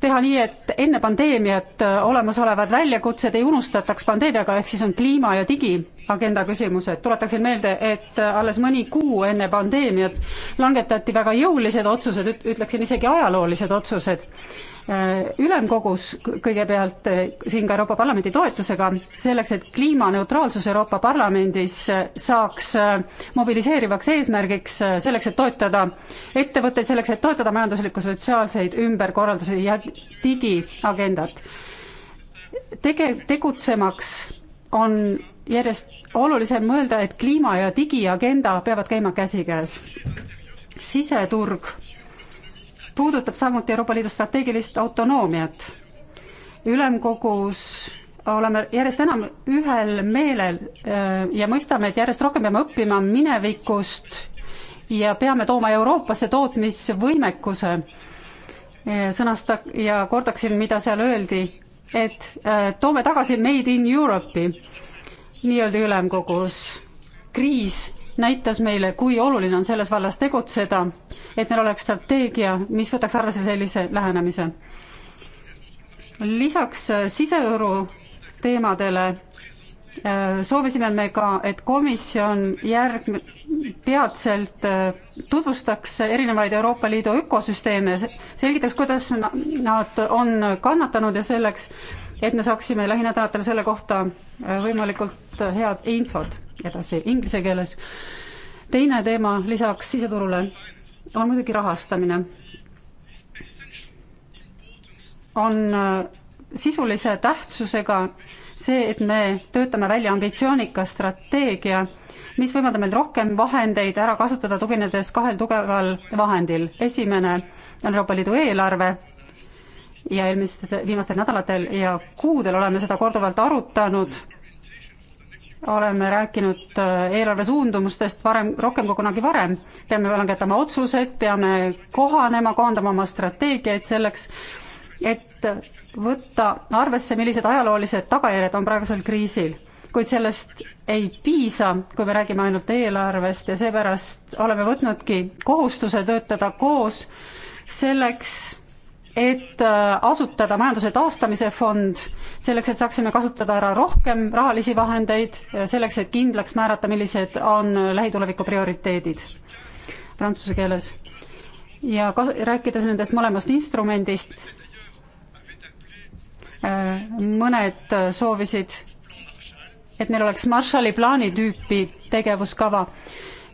teha nii, et enne pandeemiat olemasolevad väljakutsed ei unustataks pandeemiaga, ehk siis on kliima ja digiagenda küsimused. tuletaksin meelde, et alles mõni kuu enne pandeemiat langetati väga jõulised otsused, ütleksin isegi ajaloolised otsused Äh, ülemkogus kõigepealt äh, siin ka Euroopa Parlamendi toetusega, selleks et kliimaneutraalsus Euroopa Parlamendis äh, saaks mobiliseerivaks eesmärgiks, selleks et toetada ettevõtteid, selleks et toetada majanduslikku, sotsiaalseid ümberkorraldusi ja digiagendat. tege-, tegutsemaks on järjest olulisem mõelda, et kliima ja digiagenda peavad käima käsikäes. siseturg puudutab samuti Euroopa Liidu strateegilist autonoomiat. ülemkogus oleme järjest enam ühel meelel äh, ja mõistame, et järjest rohkem peame õppima minevikust ja peame tooma Euroopasse tootmisvõimekuse. Äh, sõnasta- ja kordaksin, mida seal öeldi, et äh, toome tagasi Made in Europe'i nii-öelda ülemkogus. kriis näitas meile, kui oluline on selles vallas tegutseda, et meil oleks strateegia, mis võtaks arvesse sellise lähenemise. lisaks äh, siseturu teemadele äh, soovisime me ka, et komisjon järg-, peatselt äh, tutvustaks erinevaid Euroopa Liidu ökosüsteeme, selgitaks, kuidas nad on kannatanud ja selleks, et me saaksime lähinädalatel selle kohta võimalikult head infot edasi inglise keeles. teine teema lisaks siseturule on muidugi rahastamine. on äh, sisulise tähtsusega see, et me töötame välja ambitsioonika strateegia, mis võimaldab meil rohkem vahendeid ära kasutada, tuginedes kahel tugeval vahendil. esimene on Euroopa Liidu eelarve ja eelmistel, viimastel nädalatel ja kuudel oleme seda korduvalt arutanud oleme rääkinud äh, eelarve suundumustest varem, rohkem kui kunagi varem. peame langetama otsuseid, peame kohanema, kohandama oma strateegiaid selleks, et võtta arvesse, millised ajaloolised tagajärjed on praegusel kriisil. kuid sellest ei piisa, kui me räägime ainult eelarvest ja seepärast oleme võtnudki kohustuse töötada koos selleks, et äh, asutada majanduse taastamise fond, selleks et saaksime kasutada ära rohkem rahalisi vahendeid, selleks et kindlaks määrata, millised on lähituleviku prioriteedid prantsuse keeles. ja kas-, rääkides nendest mõlemast instrumendist, äh, mõned soovisid, et meil oleks Marshalli plaani tüüpi tegevuskava.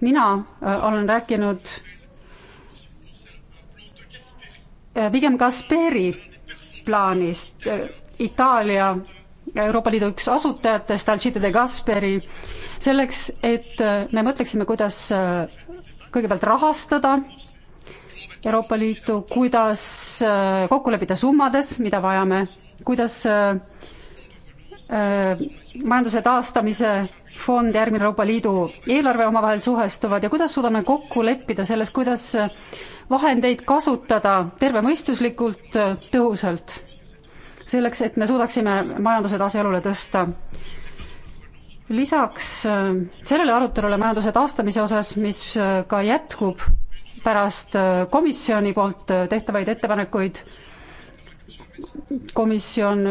mina äh, olen rääkinud Äh, pigem Kasperi plaanist. Äh, Itaalia Euroopa Liidu üks asutajatest, Alcide de Gasperi, selleks, et äh, me mõtleksime, kuidas kõigepealt rahastada Euroopa Liitu, kuidas kokku leppida summades, mida vajame, kuidas majanduse taastamise fond ja järgmine Euroopa Liidu eelarve omavahel suhestuvad ja kuidas suudame kokku leppida selles, kuidas vahendeid kasutada tervemõistuslikult, äh, tõhusalt. selleks, et me suudaksime majanduse tasakaalule tõsta. lisaks äh, sellele arutelule majanduse taastamise osas, mis äh, ka jätkub pärast komisjoni poolt tehtavaid ettepanekuid, komisjon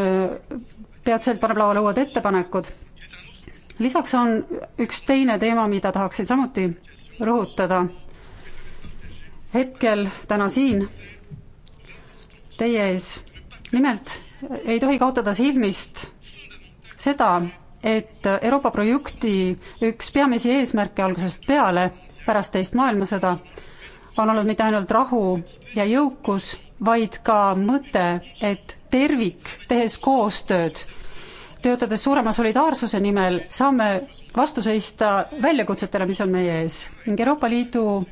peatselt paneb lauale uued ettepanekud. lisaks on üks teine teema, mida tahaksin samuti rõhutada hetkel täna siin teie ees. nimelt ei tohi kaotada silmist seda, et Euroopa projekti üks peamisi eesmärke algusest peale pärast teist maailmasõda on olnud mitte ainult rahu ja jõukus, vaid ka mõte, et tervik, tehes koostööd, töötades suurema solidaarsuse nimel, saame vastu seista väljakutsetele, mis on meie ees. ning Euroopa Liidu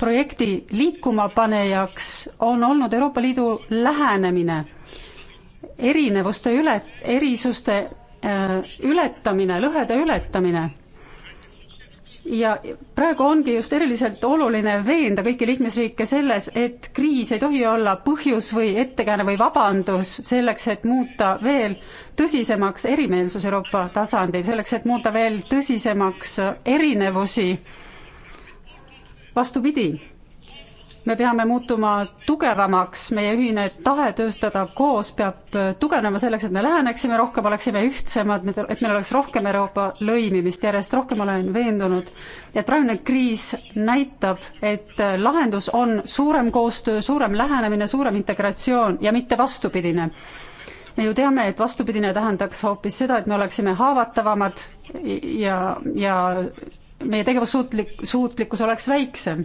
projekti liikumapanejaks on olnud Euroopa Liidu lähenemine, erinevuste üle, erisuste äh, ületamine, lõhede ületamine ja praegu ongi just eriliselt oluline veenda kõiki liikmesriike selles, et kriis ei tohi olla põhjus või ettekääne või vabandus selleks, et muuta veel tõsisemaks erimeelsus Euroopa tasandil, selleks, et muuta veel tõsisemaks erinevusi. vastupidi me peame muutuma tugevamaks, meie ühine tahe töötada koos peab tugevnema selleks, et me läheneksime rohkem, oleksime ühtsemad, et meil oleks rohkem Euroopa lõimimist, järjest rohkem olen veendunud, et praegune kriis näitab, et lahendus on suurem koostöö, suurem lähenemine, suurem integratsioon ja mitte vastupidine me ju teame, et vastupidine tähendaks hoopis seda, et me oleksime haavatavamad ja, ja meie tegevussuutlik, suutlikkus oleks väiksem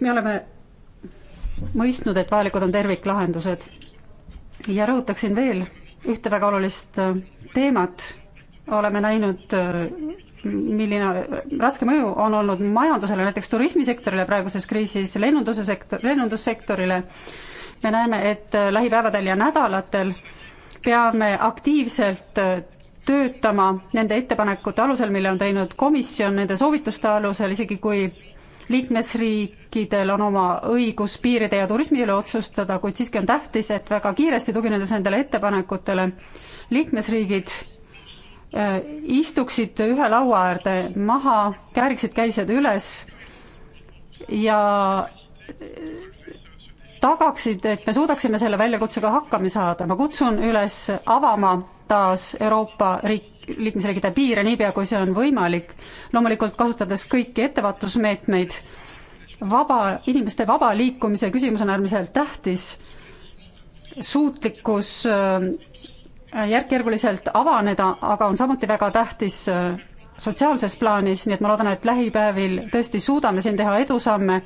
me oleme mõistnud, et vajalikud on terviklahendused. ja rõhutaksin veel ühte väga olulist äh, teemat, oleme näinud, äh, milline äh, raske mõju on olnud majandusele, näiteks turismisektorile praeguses kriisis, lennunduse sektor, lennundussektorile, me näeme, et lähipäevadel ja nädalatel peame aktiivselt töötama nende ettepanekute alusel, mille on teinud komisjon, nende soovituste alusel, isegi kui liikmesriikidel on oma õigus piiride ja turismi üle otsustada, kuid siiski on tähtis, et väga kiiresti, tuginedes nendele ettepanekutele, liikmesriigid äh, istuksid ühe laua äärde maha, kääriksid käised üles ja äh, tagaksid, et me suudaksime selle väljakutsega hakkama saada. ma kutsun üles avama taas Euroopa riik, liikmesriikide piire niipea, kui see on võimalik, loomulikult kasutades kõiki ettevaatusmeetmeid, vaba, inimeste vaba liikumise küsimus on äärmiselt tähtis, suutlikkus äh, järk-järguliselt avaneda, aga on samuti väga tähtis äh, sotsiaalses plaanis, nii et ma loodan, et lähipäevil tõesti suudame siin teha edusamme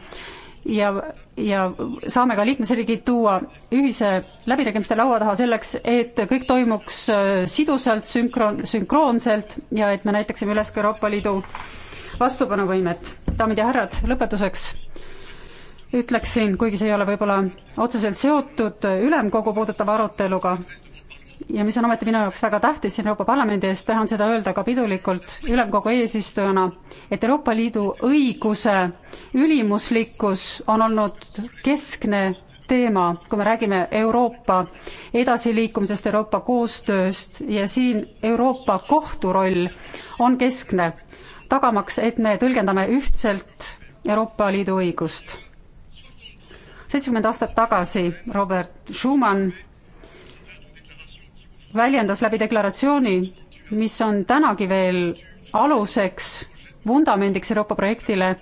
ja, ja saame ka liikmesriigid tuua ühise läbirääkimiste laua taha selleks, et kõik toimuks äh, sidusalt, sünkroon, sünkroonselt ja et me näitaksime üles ka Euroopa Liidu vastupanuvõimet. daamid ja härrad, lõpetuseks ütleksin, kuigi see ei ole võib-olla otseselt seotud ülemkogu puudutava aruteluga, ja mis on ometi minu jaoks väga tähtis siin Euroopa Parlamendi ees, tahan seda öelda ka pidulikult ülemkogu eesistujana, et Euroopa Liidu õiguse ülimuslikkus on olnud keskne teema, kui me räägime Euroopa edasiliikumisest, Euroopa koostööst ja siin Euroopa kohtu roll on keskne, tagamaks, et me tõlgendame ühtselt Euroopa Liidu õigust. seitsekümmend aastat tagasi Robert Schumann väljendas läbi deklaratsiooni, mis on tänagi veel aluseks, vundamendiks Euroopa projektile,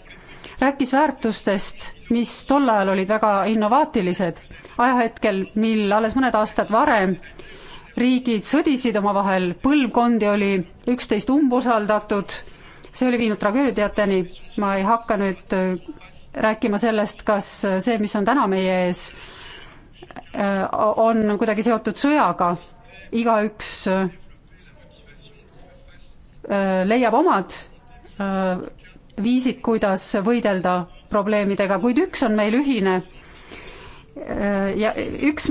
rääkis väärtustest, mis tol ajal olid väga innovaatilised, ajahetkel, mil alles mõned aastad varem riigid sõdisid omavahel, põlvkondi oli üksteist umbusaldatud, see oli viinud tragöödiateni, ma ei hakka nüüd äh, rääkima sellest, kas see, mis on täna meie ees, äh, on kuidagi seotud sõjaga, igaüks äh, leiab omad äh, viisid, kuidas võidelda probleemidega, kuid üks on meil ühine äh, ja üks,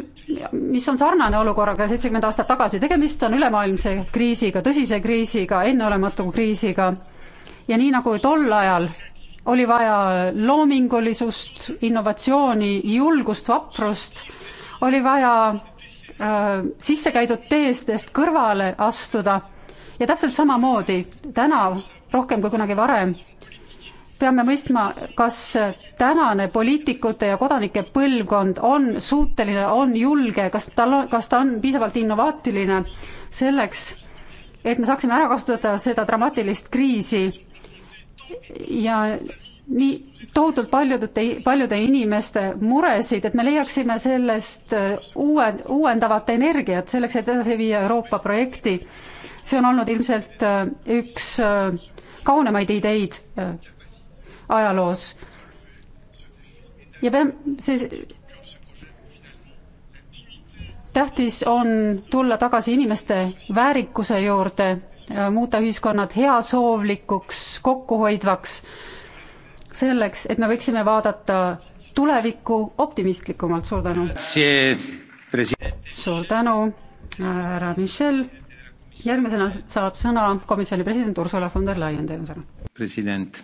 mis on sarnane olukorraga seitsekümmend aastat tagasi, tegemist on ülemaailmse kriisiga, tõsise kriisiga, enneolematu kriisiga. ja nii nagu tol ajal oli vaja loomingulisust, innovatsiooni, julgust, vaprust, oli vaja Äh, sisse käidud teestest kõrvale astuda ja täpselt samamoodi täna rohkem kui kunagi varem peame mõistma, kas tänane poliitikute ja kodanike põlvkond on suuteline, on julge, kas tal on, kas ta on piisavalt innovaatiline selleks, et me saaksime ära kasutada seda dramaatilist kriisi ja nii tohutult paljude, paljude inimeste muresid, et me leiaksime sellest äh, uue, uuendavat energiat selleks, et edasi viia Euroopa projekti. see on olnud ilmselt äh, üks äh, kaunemaid ideid ajaloos. ja peame, see tähtis on tulla tagasi inimeste väärikuse juurde, muuta ühiskonnad heasoovlikuks, kokkuhoidvaks selleks, et me võiksime vaadata tulevikku optimistlikumalt, suur tänu. suur tänu, härra Michel. järgmisena saab sõna komisjoni president Ursula von der Leyen, teil on sõna. president.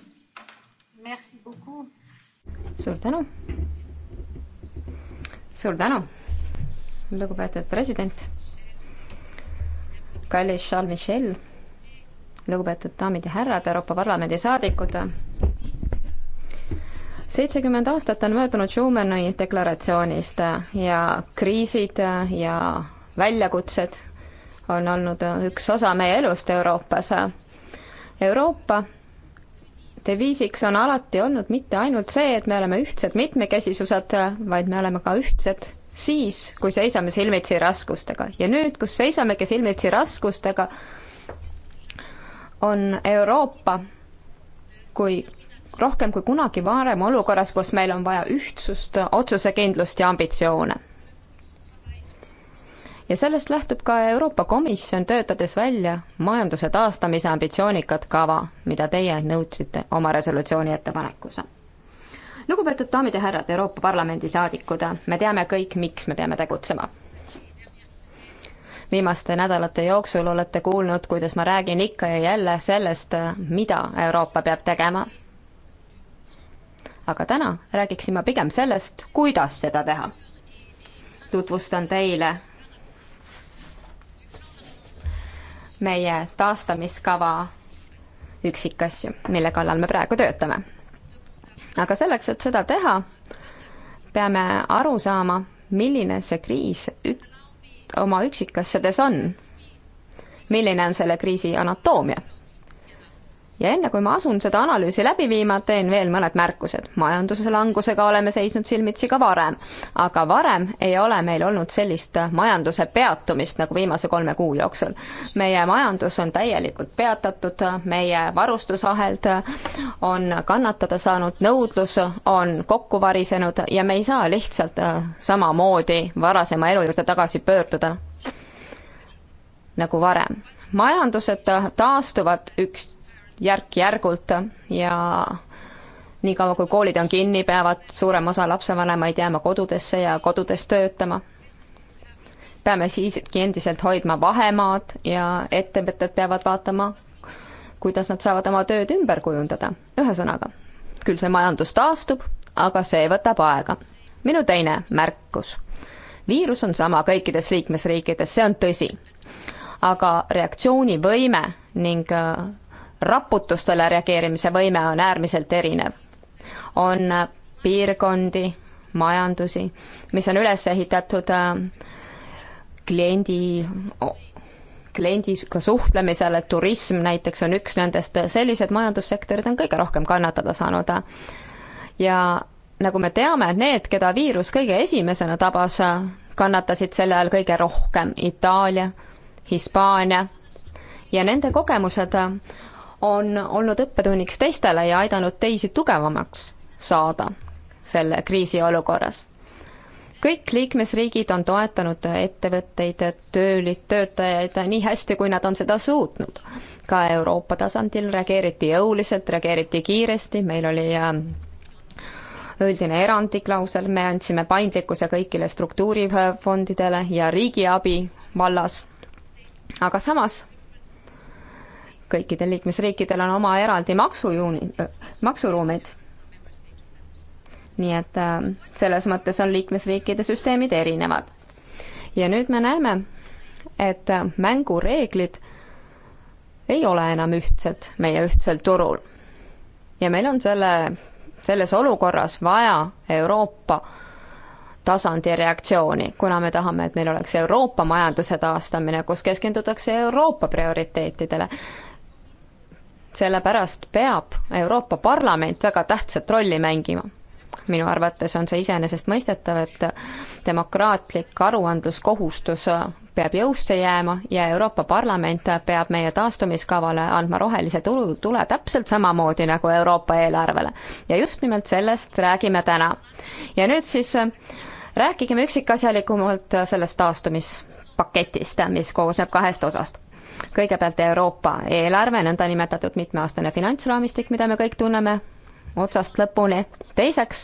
suur tänu. suur tänu, lugupeetud president. kallis Charles Michel, lugupeetud daamid ja härrad, Euroopa Parlamendi saadikud seitsekümmend aastat on möödunud Schumani deklaratsioonist ja kriisid ja väljakutsed on olnud üks osa meie elust Euroopas. Euroopa deviisiks on alati olnud mitte ainult see, et me oleme ühtsed mitmekesisused, vaid me oleme ka ühtsed siis, kui seisame silmitsi raskustega ja nüüd, kus seisamegi silmitsi raskustega, on Euroopa kui rohkem kui kunagi varem olukorras, kus meil on vaja ühtsust, otsusekindlust ja ambitsioone. ja sellest lähtub ka Euroopa Komisjon, töötades välja majanduse taastamise ambitsioonikat kava, mida teie nõudsite oma resolutsiooni ettepanekus lugupeetud daamid ja härrad, Euroopa Parlamendi saadikud, me teame kõik, miks me peame tegutsema viimaste nädalate jooksul olete kuulnud, kuidas ma räägin ikka ja jälle sellest, mida Euroopa peab tegema aga täna räägiksin ma pigem sellest, kuidas seda teha. tutvustan teile meie taastamiskava üksikasju, mille kallal me praegu töötame. aga selleks, et seda teha, peame aru saama, milline see kriis ük-, oma üksikasjades on. milline on selle kriisi anatoomia ja enne kui ma asun seda analüüsi läbi viima, teen veel mõned märkused. majanduse langusega oleme seisnud silmitsi ka varem, aga varem ei ole meil olnud sellist majanduse peatumist nagu viimase kolme kuu jooksul. meie majandus on täielikult peatatud, meie varustusahelad on kannatada saanud, nõudlus on kokku varisenud ja me ei saa lihtsalt samamoodi varasema elu juurde tagasi pöörduda nagu varem. majandused taastuvad üks järk-järgult ja niikaua, kui koolid on kinni, peavad suurem osa lapsevanemaid jääma kodudesse ja kodudes töötama. peame siiski endiselt hoidma vahemaad ja ettevõtted peavad vaatama, kuidas nad saavad oma tööd ümber kujundada. ühesõnaga, küll see majandus taastub, aga see võtab aega. minu teine märkus. viirus on sama kõikides liikmesriikides, see on tõsi. aga reaktsioonivõime ning äh, raputustele reageerimise võime on äärmiselt erinev. on piirkondi, majandusi, mis on üles ehitatud äh, kliendi kliendiga suhtlemisele, turism näiteks on üks nendest, sellised majandussektorid on kõige rohkem kannatada saanud. ja nagu me teame, need, keda viirus kõige esimesena tabas, kannatasid selle all kõige rohkem Itaalia, Hispaania ja nende kogemused on olnud õppetunniks teistele ja aidanud teisi tugevamaks saada selle kriisiolukorras. kõik liikmesriigid on toetanud ettevõtteid, töölid, töötajaid nii hästi, kui nad on seda suutnud. ka Euroopa tasandil reageeriti jõuliselt, reageeriti kiiresti, meil oli äh, üldine erandiklausel, me andsime paindlikkuse kõigile struktuurifondidele ja riigiabi vallas, aga samas kõikidel liikmesriikidel on oma eraldi maksujuuni, äh, maksuruumid. nii et äh, selles mõttes on liikmesriikide süsteemid erinevad. ja nüüd me näeme, et äh, mängureeglid ei ole enam ühtsed meie ühtsel turul. ja meil on selle, selles olukorras vaja Euroopa tasandi reaktsiooni, kuna me tahame, et meil oleks Euroopa majanduse taastamine, kus keskendutakse Euroopa prioriteetidele, sellepärast peab Euroopa Parlament väga tähtsat rolli mängima. minu arvates on see iseenesestmõistetav, et demokraatlik aruandluskohustus peab jõusse jääma ja Euroopa Parlament peab meie taastumiskavale andma rohelise tulu, tule täpselt samamoodi nagu Euroopa eelarvele. ja just nimelt sellest räägime täna. ja nüüd siis äh, rääkigem üksikasjalikumalt sellest taastumispaketist, mis koosneb kahest osast kõigepealt Euroopa eelarve, nõndanimetatud mitmeaastane finantsraamistik, mida me kõik tunneme otsast lõpuni. teiseks,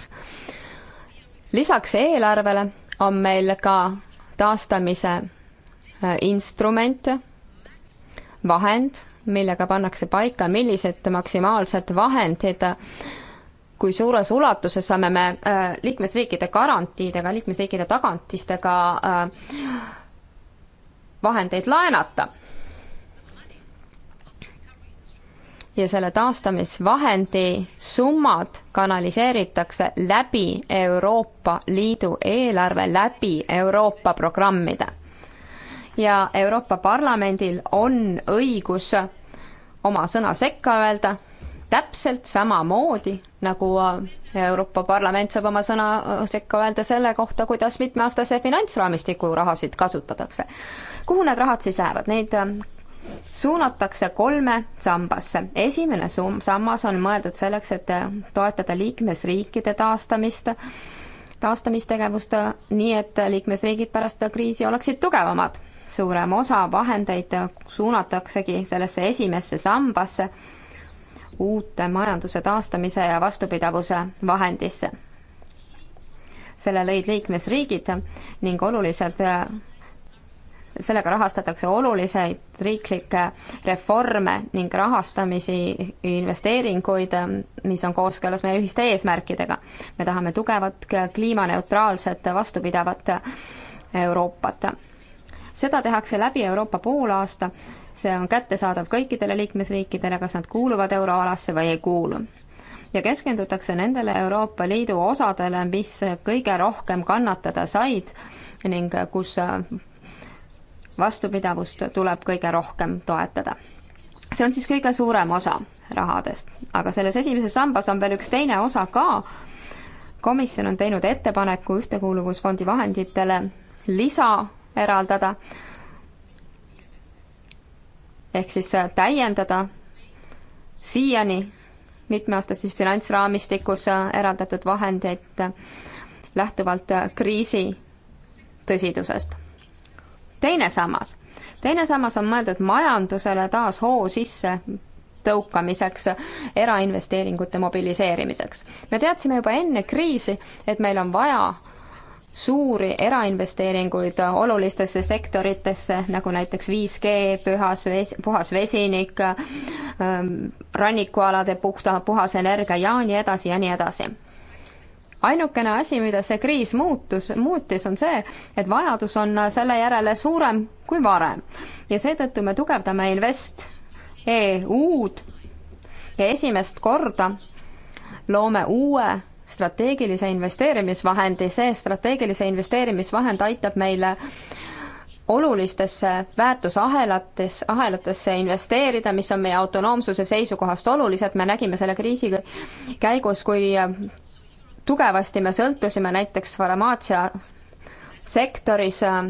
lisaks eelarvele on meil ka taastamise äh, instrument, vahend, millega pannakse paika, millised maksimaalsed vahendid kui suures ulatuses saame me äh, liikmesriikide garantiidega, liikmesriikide tagantistega äh, vahendeid laenata ja selle taastamisvahendi summad kanaliseeritakse läbi Euroopa Liidu eelarve, läbi Euroopa programmide. ja Euroopa Parlamendil on õigus oma sõna sekka öelda, täpselt samamoodi, nagu äh, Euroopa Parlament saab oma sõna äh, sekka öelda selle kohta, kuidas mitmeaastase finantsraamistiku rahasid kasutatakse. kuhu need rahad siis lähevad, neid äh, suunatakse kolme sambasse. esimene sum-, sammas on mõeldud selleks, et toetada liikmesriikide taastamist, taastamistegevust, nii et liikmesriigid pärast kriisi oleksid tugevamad. suurem osa vahendeid suunataksegi sellesse esimesse sambasse, uute majanduse taastamise ja vastupidavuse vahendisse. selle lõid liikmesriigid ning oluliselt sellega rahastatakse oluliseid riiklikke reforme ning rahastamisi, investeeringuid, mis on kooskõlas meie ühiste eesmärkidega. me tahame tugevat, kliimaneutraalset, vastupidavat Euroopat. seda tehakse läbi Euroopa poolaasta, see on kättesaadav kõikidele liikmesriikidele, kas nad kuuluvad euroalasse või ei kuulu ja keskendutakse nendele Euroopa Liidu osadele, mis kõige rohkem kannatada said ning kus vastupidavust tuleb kõige rohkem toetada. see on siis kõige suurem osa rahadest, aga selles esimeses sambas on veel üks teine osa ka. komisjon on teinud ettepaneku Ühtekuuluvusfondi vahenditele lisa eraldada ehk siis täiendada siiani mitmeaastases finantsraamistikus eraldatud vahendeid lähtuvalt kriisi tõsidusest teine sammas. teine sammas on mõeldud majandusele taas hoo sisse tõukamiseks, erainvesteeringute mobiliseerimiseks. me teadsime juba enne kriisi, et meil on vaja suuri erainvesteeringuid olulistesse sektoritesse, nagu näiteks 5G, pühas ves-, puhas vesinik ähm,, rannikualade puhta, puhas energia ja nii edasi ja nii edasi ainukene asi, mida see kriis muutus, muutis, on see, et vajadus on selle järele suurem kui varem. ja seetõttu me tugevdame Invest EU-d ja esimest korda loome uue strateegilise investeerimisvahendi, see strateegilise investeerimisvahend aitab meile olulistesse väärtusahelates, ahelatesse investeerida, mis on meie autonoomsuse seisukohast olulised, me nägime selle kriisi käigus, kui tugevasti me sõltusime näiteks farmaatsia äh, sektoris äh,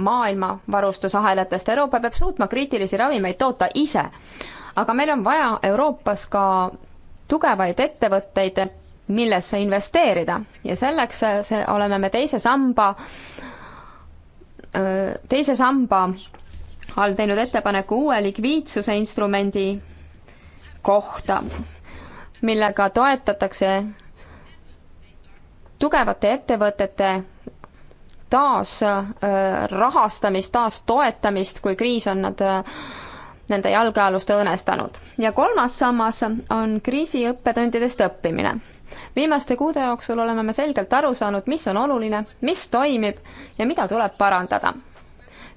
maailma varustusahelatest. Euroopa peab suutma kriitilisi ravimeid toota ise. aga meil on vaja Euroopas ka tugevaid ettevõtteid, millesse investeerida ja selleks äh, see, oleme me teise samba, teise samba all teinud ettepaneku uue likviidsuse instrumendi kohta, millega toetatakse tugevate ettevõtete taas äh, rahastamist, taas toetamist, kui kriis on nad äh, nende jalgealust õõnestanud. ja kolmas sammas on kriisi õppetundidest õppimine. viimaste kuude jooksul oleme me selgelt aru saanud, mis on oluline, mis toimib ja mida tuleb parandada.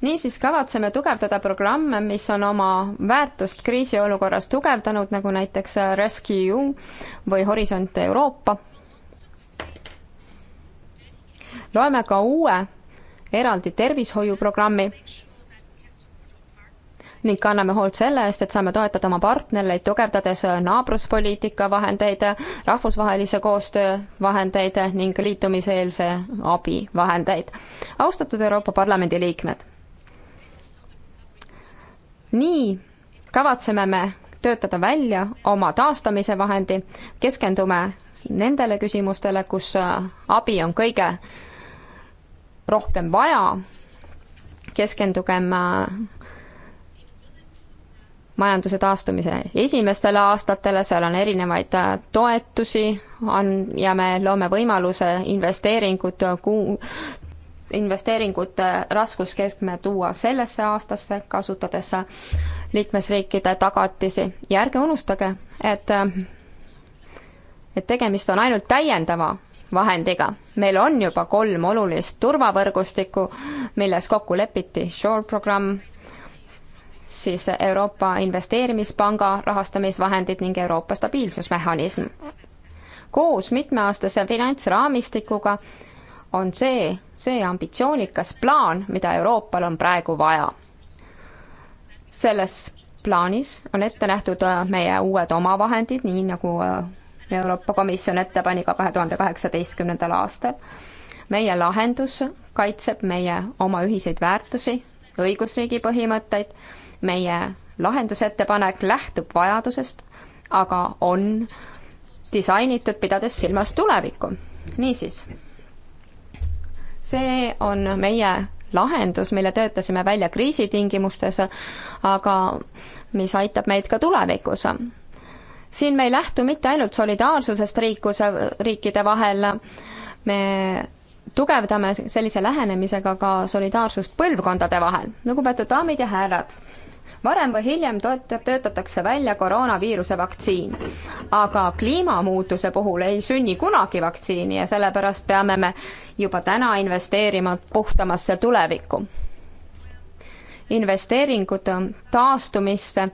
niisiis kavatseme tugevdada programme, mis on oma väärtust kriisiolukorras tugevdanud, nagu näiteks Rescue või Horisont Euroopa loeme ka uue eraldi tervishoiuprogrammi ning kanname hoolt selle eest, et saame toetada oma partnereid, tugevdades naabruspoliitika vahendeid, rahvusvahelise koostöö vahendeid ning liitumiseelse abi vahendeid. austatud Euroopa Parlamendi liikmed! nii kavatseme me töötada välja oma taastamise vahendi, keskendume nendele küsimustele, kus abi on kõige rohkem vaja, keskendugem äh, majanduse taastumise esimestele aastatele, seal on erinevaid äh, toetusi, on ja me loome võimaluse investeeringut äh, kuu, investeeringute raskuskeskme tuua sellesse aastasse, kasutades liikmesriikide tagatisi ja ärge unustage, et et tegemist on ainult täiendava vahendiga. meil on juba kolm olulist turvavõrgustikku, milles kokku lepiti Shore programm, siis Euroopa Investeerimispanga rahastamisvahendid ning Euroopa stabiilsusmehhanism. koos mitmeaastase finantsraamistikuga on see, see ambitsioonikas plaan, mida Euroopal on praegu vaja. selles plaanis on ette nähtud äh, meie uued omavahendid, nii nagu äh, Euroopa Komisjon ette pani ka kahe tuhande kaheksateistkümnendal aastal. meie lahendus kaitseb meie oma ühiseid väärtusi, õigusriigi põhimõtteid, meie lahendusettepanek lähtub vajadusest, aga on disainitud, pidades silmas tulevikku. niisiis, see on meie lahendus, mille töötasime välja kriisitingimustes, aga mis aitab meid ka tulevikus siin me ei lähtu mitte ainult solidaarsusest riikuse, riikide vahel, me tugevdame sellise lähenemisega ka solidaarsust põlvkondade vahel. lugupeetud daamid ja härrad, varem või hiljem toet-, töötatakse välja koroonaviiruse vaktsiin. aga kliimamuutuse puhul ei sünni kunagi vaktsiini ja sellepärast peame me juba täna investeerima puhtamasse tulevikku. investeeringud taastumisse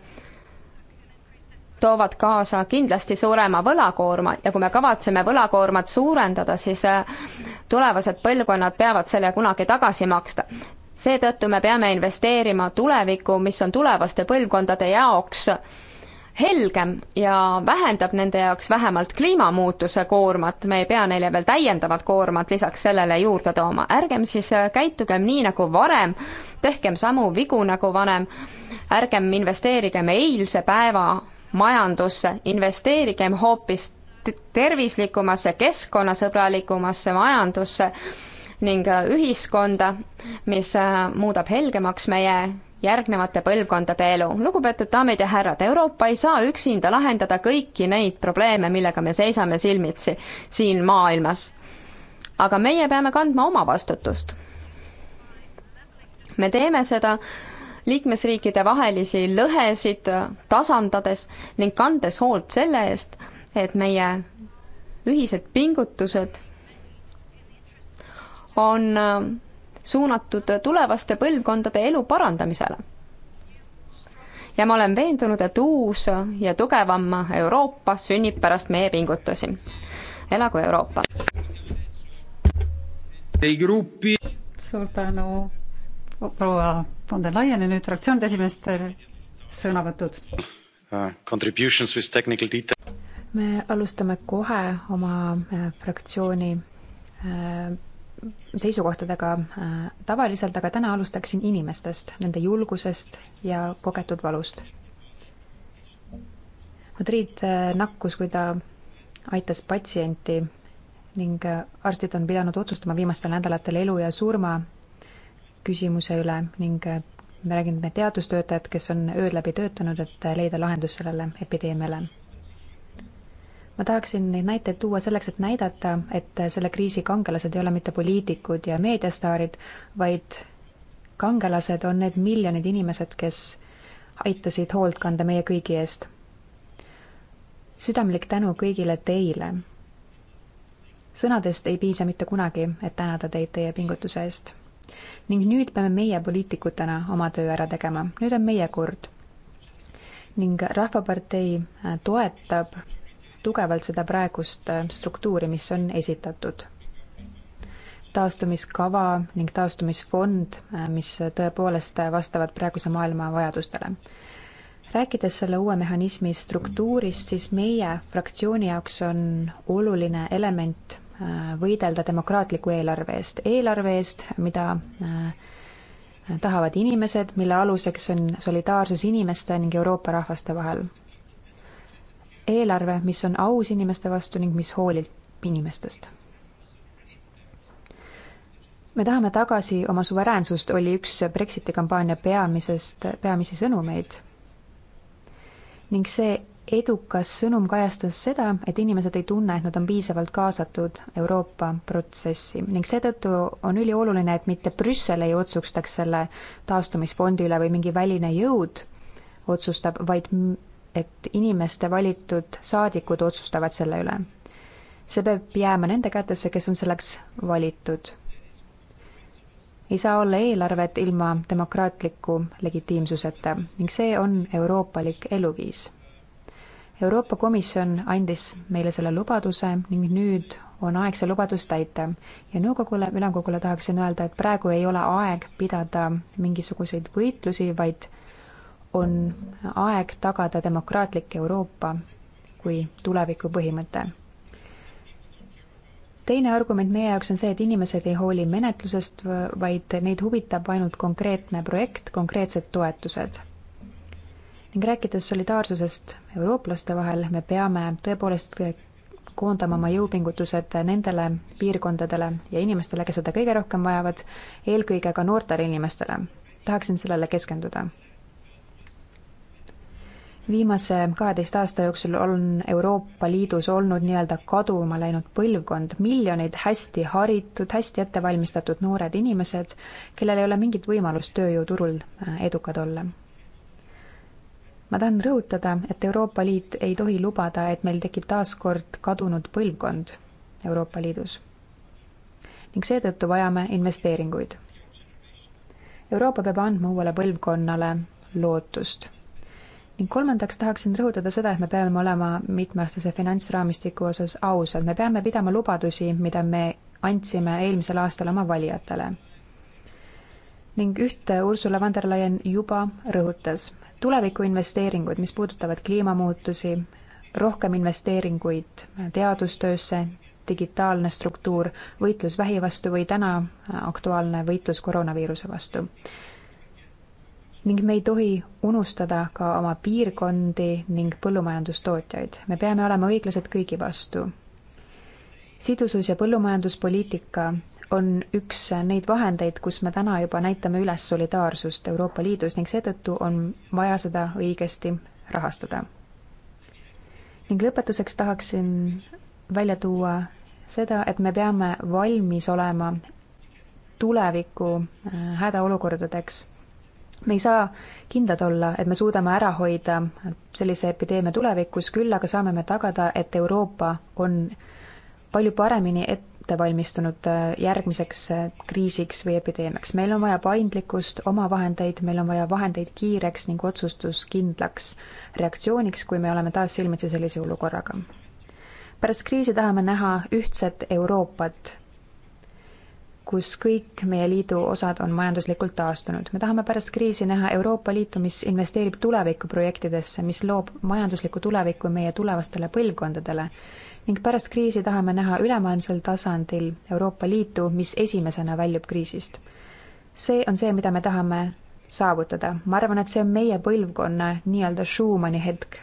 toovad kaasa kindlasti suurema võlakoorma ja kui me kavatseme võlakoormat suurendada, siis äh, tulevased põlvkonnad peavad selle kunagi tagasi maksta. seetõttu me peame investeerima tulevikku, mis on tulevaste põlvkondade jaoks helgem ja vähendab nende jaoks vähemalt kliimamuutuse koormat, me ei pea neile veel täiendavat koormat lisaks sellele juurde tooma, ärgem siis äh, käitugem nii nagu varem, tehkem samu vigu nagu vanem, ärgem investeerigem eilse päeva majandusse, investeerigem hoopis tervislikumasse, keskkonnasõbralikumasse majandusse ning äh, ühiskonda, mis äh, muudab helgemaks meie järgnevate põlvkondade elu. lugupeetud daamid ja härrad, Euroopa ei saa üksinda lahendada kõiki neid probleeme, millega me seisame silmitsi siin maailmas. aga meie peame kandma oma vastutust. me teeme seda äh, liikmesriikide vahelisi lõhesid tasandades ning kandes hoolt selle eest, et meie ühised pingutused on äh, suunatud tulevaste põlvkondade elu parandamisele. ja ma olen veendunud, et uus ja tugevam Euroopa sünnib pärast meie pingutusi. elagu Euroopa! suur tänu, proua von der Laieni nüüd fraktsioonide esimeeste sõnavõtud. Uh, contributions with technical detail. me alustame kohe oma äh, fraktsiooni äh, seisukohtadega äh, tavaliselt, aga täna alustaksin inimestest, nende julgusest ja kogetud valust. Madrid nakkus, kui ta aitas patsienti ning arstid on pidanud otsustama viimastel nädalatel elu ja surma küsimuse üle ning äh, me räägime teadustöötajad, kes on ööd läbi töötanud, et äh, leida lahendus sellele epideemiale. ma tahaksin neid näiteid tuua selleks, et näidata, et äh, selle kriisi kangelased ei ole mitte poliitikud ja meediastaarid, vaid kangelased on need miljonid inimesed, kes aitasid hoolt kanda meie kõigi eest. südamlik tänu kõigile teile. sõnadest ei piisa mitte kunagi, et tänada teid teie pingutuse eest ning nüüd peame meie poliitikutena oma töö ära tegema, nüüd on meie kord. ning Rahvapartei äh, toetab tugevalt seda praegust äh, struktuuri, mis on esitatud. taastumiskava ning taastumisfond, äh, mis tõepoolest vastavad praeguse maailma vajadustele. rääkides selle uue mehhanismi struktuurist, siis meie fraktsiooni jaoks on oluline element võidelda demokraatliku eelarve eest, eelarve eest, mida äh, tahavad inimesed, mille aluseks on solidaarsus inimeste ning Euroopa rahvaste vahel. eelarve, mis on aus inimeste vastu ning mis hoolib inimestest. me tahame tagasi oma suveräänsust, oli üks Brexiti kampaania peamisest, peamisi sõnumeid. ning see edukas sõnum kajastas seda, et inimesed ei tunne, et nad on piisavalt kaasatud Euroopa protsessi ning seetõttu on ülioluline, et mitte Brüssel ei otsustaks selle taastumisfondi üle või mingi väline jõud otsustab, vaid et inimeste valitud saadikud otsustavad selle üle. see peab jääma nende kätesse, kes on selleks valitud. ei saa olla eelarvet ilma demokraatliku legitiimsuseta ning see on euroopalik eluviis Euroopa Komisjon andis meile selle lubaduse ning nüüd on aeg see lubadus täita. ja nõukogule, ülemkogule tahaksin öelda, et praegu ei ole aeg pidada mingisuguseid võitlusi, vaid on aeg tagada demokraatlik Euroopa kui tuleviku põhimõte. teine argument meie jaoks on see, et inimesed ei hooli menetlusest, vaid neid huvitab ainult konkreetne projekt, konkreetsed toetused ning rääkides solidaarsusest eurooplaste vahel, me peame tõepoolest koondama oma jõupingutused nendele piirkondadele ja inimestele, kes seda kõige rohkem vajavad, eelkõige ka noortele inimestele. tahaksin sellele keskenduda. viimase kaheteist aasta jooksul on Euroopa Liidus olnud nii-öelda kaduma läinud põlvkond, miljonid hästi haritud, hästi ettevalmistatud noored inimesed, kellel ei ole mingit võimalust tööjõuturul äh, edukad olla ma tahan rõhutada, et Euroopa Liit ei tohi lubada, et meil tekib taas kord kadunud põlvkond Euroopa Liidus. ning seetõttu vajame investeeringuid. Euroopa peab andma uuele põlvkonnale lootust. ning kolmandaks tahaksin rõhutada seda, et me peame olema mitmeaastase finantsraamistiku osas ausad, me peame pidama lubadusi, mida me andsime eelmisel aastal oma valijatele ning ühte Ursula von der Leyen juba rõhutas tulevikuinvesteeringuid, mis puudutavad kliimamuutusi, rohkem investeeringuid teadustöösse, digitaalne struktuur, võitlus vähi vastu või täna aktuaalne võitlus koroonaviiruse vastu. ning me ei tohi unustada ka oma piirkondi ning põllumajandustootjaid. me peame olema õiglased kõigi vastu sidusus- ja põllumajanduspoliitika on üks neid vahendeid, kus me täna juba näitame üles solidaarsust Euroopa Liidus ning seetõttu on vaja seda õigesti rahastada. ning lõpetuseks tahaksin välja tuua seda, et me peame valmis olema tuleviku äh, hädaolukordadeks. me ei saa kindlad olla, et me suudame ära hoida sellise epideemia tulevikus, küll aga saame me tagada, et Euroopa on palju paremini ette valmistunud äh, järgmiseks äh, kriisiks või epideemiaks. meil on vaja paindlikkust, omavahendeid, meil on vaja vahendeid kiireks ning otsustuskindlaks reaktsiooniks, kui me oleme taas silmitsi sellise olukorraga. pärast kriisi tahame näha ühtset Euroopat, kus kõik meie liidu osad on majanduslikult taastunud. me tahame pärast kriisi näha Euroopa Liitu, mis investeerib tulevikuprojektidesse, mis loob majanduslikku tulevikku meie tulevastele põlvkondadele ning pärast kriisi tahame näha ülemaailmsel tasandil Euroopa Liitu, mis esimesena väljub kriisist. see on see, mida me tahame saavutada. ma arvan, et see on meie põlvkonna nii-öelda Schumanni hetk.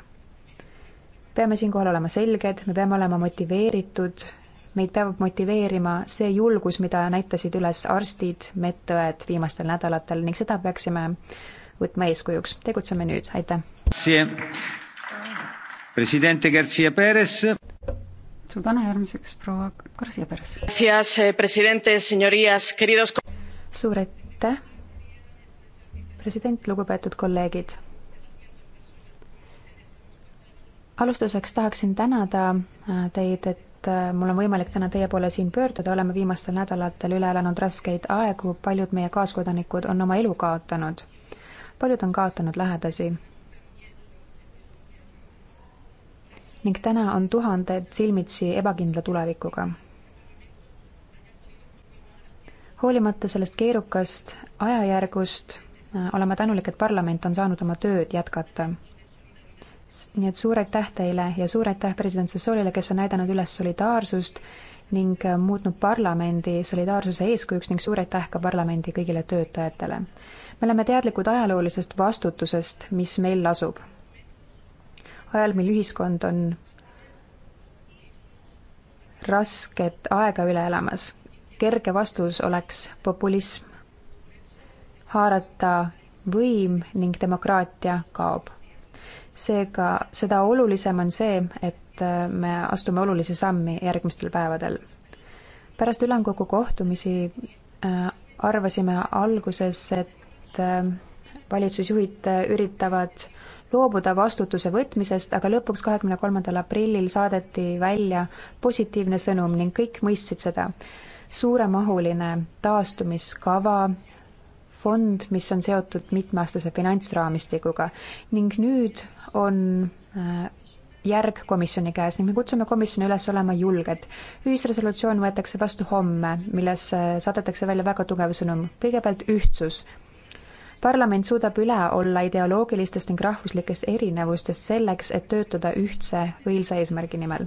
peame siinkohal olema selged, me peame olema motiveeritud, meid peab motiveerima see julgus, mida näitasid üles arstid, medõed viimastel nädalatel ning seda peaksime võtma eeskujuks. tegutseme nüüd, aitäh! president Garcia Perez suur tänu, järgmiseks proua Garcia Perez. Eh, suur aitäh, president, lugupeetud kolleegid. alustuseks tahaksin tänada äh, teid, et äh, mul on võimalik täna teie poole siin pöörduda, oleme viimastel nädalatel üle elanud raskeid aegu, paljud meie kaaskodanikud on oma elu kaotanud. paljud on kaotanud lähedasi ning täna on tuhanded silmitsi ebakindla tulevikuga. hoolimata sellest keerukast ajajärgust äh, oleme tänulik, et parlament on saanud oma tööd jätkata. nii et suur aitäh teile ja suur aitäh president Sassoolile, kes on näidanud üles solidaarsust ning äh, muutnud parlamendi solidaarsuse eeskujuks ning suur aitäh ka parlamendi kõigile töötajatele. me oleme teadlikud ajaloolisest vastutusest, mis meil lasub ajal, mil ühiskond on rasket aega üle elamas. kerge vastus oleks populism. haarata võim ning demokraatia kaob. seega seda olulisem on see, et äh, me astume olulisi sammi järgmistel päevadel. pärast ülemkogu kohtumisi äh, arvasime alguses, et äh, valitsusjuhid üritavad loobuda vastutuse võtmisest, aga lõpuks, kahekümne kolmandal aprillil saadeti välja positiivne sõnum ning kõik mõistsid seda. suuremahuline taastumiskava, fond, mis on seotud mitmeaastase finantsraamistikuga ning nüüd on äh, järg komisjoni käes ning me kutsume komisjoni üles olema julged. ühisresolutsioon võetakse vastu homme, milles äh, saadetakse välja väga tugev sõnum, kõigepealt ühtsus parlament suudab üle olla ideoloogilistest ning rahvuslikest erinevustest selleks, et töötada ühtse õilsa eesmärgi nimel.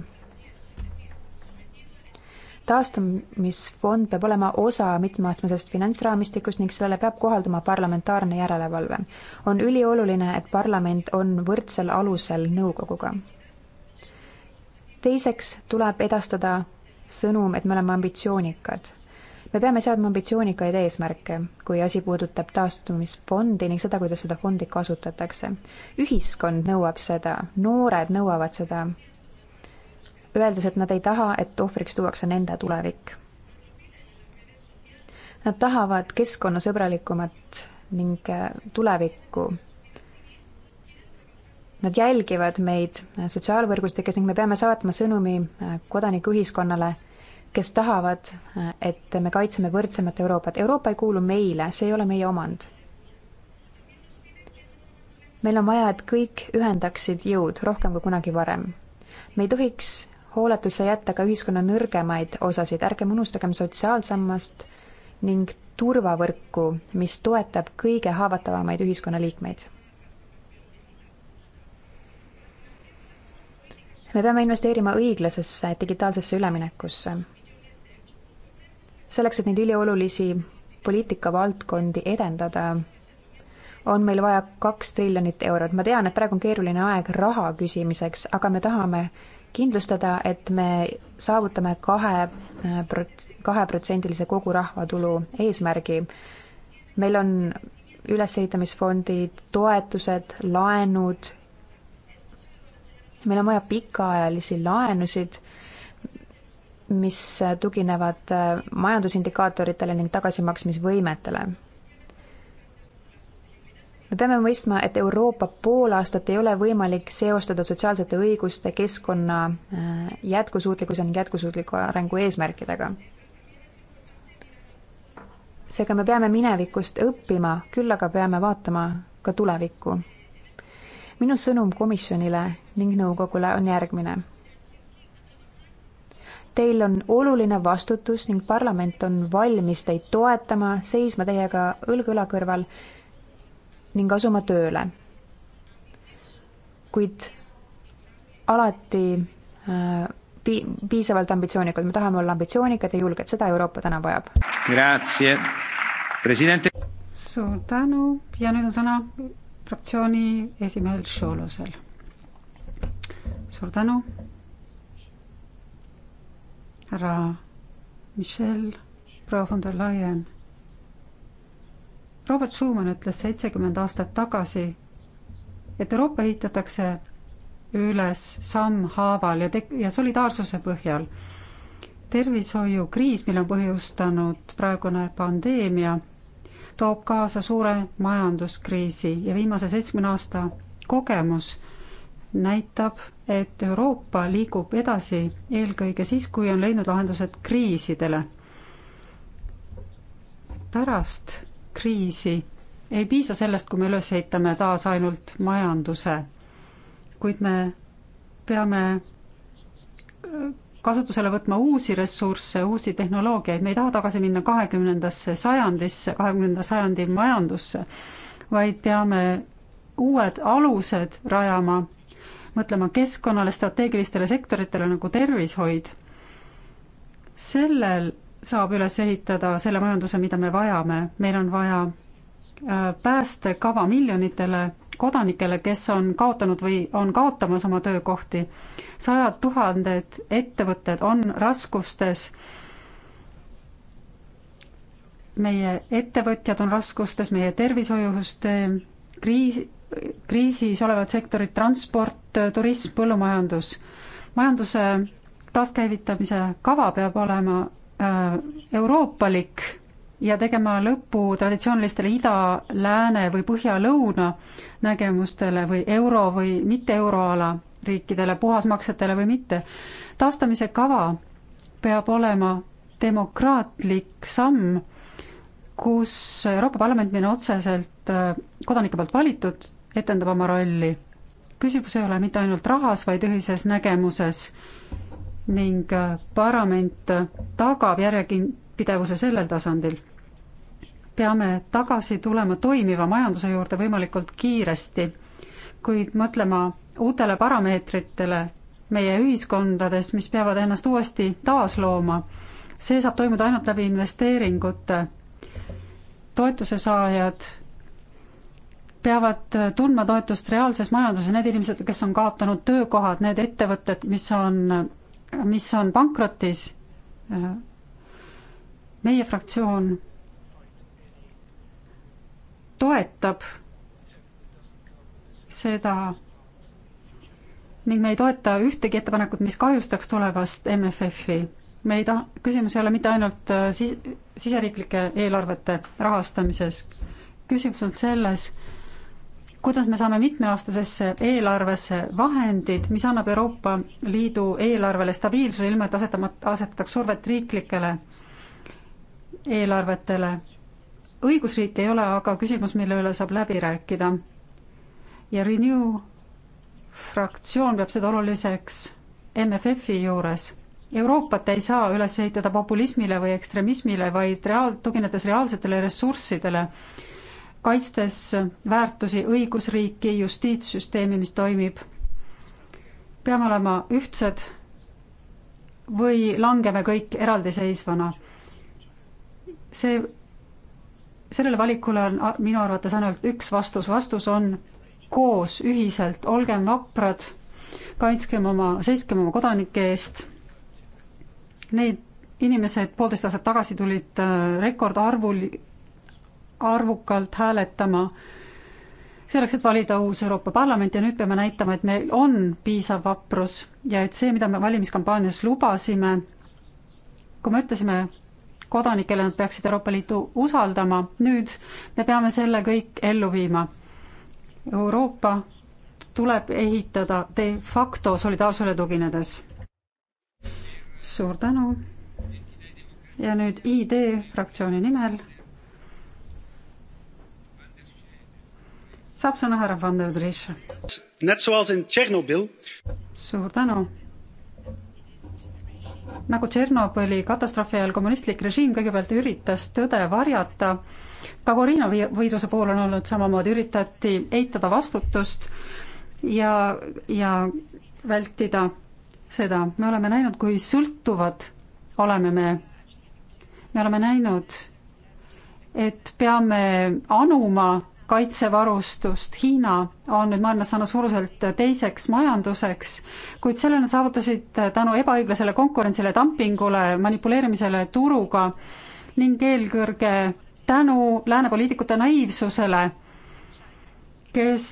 taastumisfond peab olema osa mitmeastmesest finantsraamistikust ning sellele peab kohalduma parlamentaarne järelevalve. on ülioluline, et parlament on võrdsel alusel nõukoguga. teiseks tuleb edastada sõnum, et me oleme ambitsioonikad me peame seadma ambitsioonikaid eesmärke, kui asi puudutab taastumisfondi ning seda, kuidas seda fondi kasutatakse. ühiskond nõuab seda, noored nõuavad seda, öeldes, et nad ei taha, et ohvriks tuuakse nende tulevik Nad tahavad keskkonnasõbralikumat ning äh, tulevikku. Nad jälgivad meid sotsiaalvõrgustikes ning me peame saatma sõnumi äh, kodanikuühiskonnale, kes tahavad, et me kaitseme võrdsemat Euroopat. Euroopa ei kuulu meile, see ei ole meie omand. meil on vaja, et kõik ühendaksid jõud rohkem kui kunagi varem. me ei tohiks hooletusse jätta ka ühiskonna nõrgemaid osasid, ärgem unustagem sotsiaalsammast ning turvavõrku, mis toetab kõige haavatavamaid ühiskonnaliikmeid. me peame investeerima õiglasesse digitaalsesse üleminekusse selleks, et neid üliolulisi poliitikavaldkondi edendada, on meil vaja kaks triljonit eurot. ma tean, et praegu on keeruline aeg raha küsimiseks, aga me tahame kindlustada, et me saavutame kahe äh, prots-, kaheprotsendilise kogu rahvatulu eesmärgi. meil on ülesehitamisfondid, toetused, laenud, meil on vaja pikaajalisi laenusid mis tuginevad äh, majandusindikaatoritele ning tagasimaksmisvõimetele. me peame mõistma, et Euroopa poolaastat ei ole võimalik seostada sotsiaalsete õiguste, keskkonna äh, jätkusuutlikkuse ning jätkusuutliku arengu eesmärkidega. seega me peame minevikust õppima, küll aga peame vaatama ka tulevikku. minu sõnum komisjonile ning nõukogule on järgmine Teil on oluline vastutus ning parlament on valmis teid toetama, seisma teiega õlg õla kõrval ning asuma tööle. kuid alati äh, pi-, piisavalt ambitsioonikad, me tahame olla ambitsioonikad ja julged, seda Euroopa täna vajab. suur tänu ja nüüd on sõna fraktsiooni esimehel Šolosel. suur tänu härra Michel, proua von der Leyen. Robert Schumann ütles seitsekümmend aastat tagasi, et Euroopa ehitatakse üles sammhaaval ja tek-, ja solidaarsuse põhjal. tervishoiukriis, mille on põhjustanud praegune pandeemia, toob kaasa suure majanduskriisi ja viimase seitsmekümne aasta kogemus näitab, et Euroopa liigub edasi eelkõige siis, kui on leidnud lahendused kriisidele. pärast kriisi ei piisa sellest, kui me üles ehitame taas ainult majanduse, kuid me peame kasutusele võtma uusi ressursse, uusi tehnoloogiaid, me ei taha tagasi minna kahekümnendasse sajandisse, kahekümnenda sajandi majandusse, vaid peame uued alused rajama mõtlema keskkonnale, strateegilistele sektoritele nagu tervishoid. sellel saab üles ehitada selle majanduse, mida me vajame, meil on vaja äh, päästekava miljonitele kodanikele, kes on kaotanud või on kaotamas oma töökohti. sajad tuhanded ettevõtted on raskustes. meie ettevõtjad on raskustes, meie tervishoiusüsteem, kriis, kriisis olevad sektorid, transport, turism, põllumajandus. majanduse taaskäivitamise kava peab olema äh, euroopalik ja tegema lõpu traditsioonilistele ida, lääne või põhja-lõuna nägemustele või euro või mitte euroala riikidele, puhasmaksetele või mitte. taastamise kava peab olema demokraatlik samm, kus Euroopa Parlament, mille otseselt äh, kodanike poolt valitud, etendab oma rolli. küsimus ei ole mitte ainult rahas, vaid ühises nägemuses ning äh, parlament tagab järjepidevuse sellel tasandil. peame tagasi tulema toimiva majanduse juurde võimalikult kiiresti, kuid mõtlema uutele parameetritele meie ühiskondades, mis peavad ennast uuesti taaslooma. see saab toimuda ainult läbi investeeringute. toetuse saajad peavad äh, tundma toetust reaalses majanduses, need inimesed, kes on kaotanud töökohad, need ettevõtted, mis on, mis on pankrotis, äh, meie fraktsioon toetab seda ning me ei toeta ühtegi ettepanekut, mis kahjustaks tulevast MFF-i. me ei taha, küsimus ei ole mitte ainult äh, sis-, siseriiklike eelarvete rahastamises, küsimus on selles, kuidas me saame mitmeaastasesse eelarvesse vahendid, mis annab Euroopa Liidu eelarvele stabiilsuse, ilma et asetamata, asetataks survet riiklikele eelarvetele. õigusriik ei ole aga küsimus, mille üle saab läbi rääkida. ja Renew fraktsioon peab seda oluliseks MFF-i juures. Euroopat ei saa üles ehitada populismile või ekstremismile, vaid reaal-, tuginedes reaalsetele ressurssidele kaitstes väärtusi, õigusriiki, justiitssüsteemi, mis toimib. peame olema ühtsed või langeme kõik eraldiseisvana. see, sellele valikule on minu arvates ainult üks vastus, vastus on koos, ühiselt, olgem vaprad, kaitskem oma, seiskem oma kodanike eest. Neid inimesed poolteist aastat tagasi tulid äh, rekordarvul arvukalt hääletama selleks, et valida uus Euroopa Parlament ja nüüd peame näitama, et meil on piisav vaprus ja et see, mida me valimiskampaanias lubasime, kui me ütlesime kodanikele, nad peaksid Euroopa Liitu usaldama, nüüd me peame selle kõik ellu viima. Euroopa tuleb ehitada de facto solidaarsusele tuginedes. suur tänu ja nüüd ID fraktsiooni nimel saab sõna härra Van der Dries. Net zoals in Tšernobõl. suur tänu. nagu Tšernobõli katastroofi ajal kommunistlik režiim kõigepealt üritas tõde varjata, ka Corina võidluse puhul on olnud samamoodi, üritati eitada vastutust ja, ja vältida seda, me oleme näinud, kui sõltuvad oleme me, me oleme näinud, et peame anuma kaitsevarustust. Hiina on nüüd maailmas saanud suuruselt teiseks majanduseks, kuid selle nad saavutasid tänu ebaõiglasele konkurentsile, dumpingule, manipuleerimisele turuga ning eelkõrge tänu lääne poliitikute naiivsusele, kes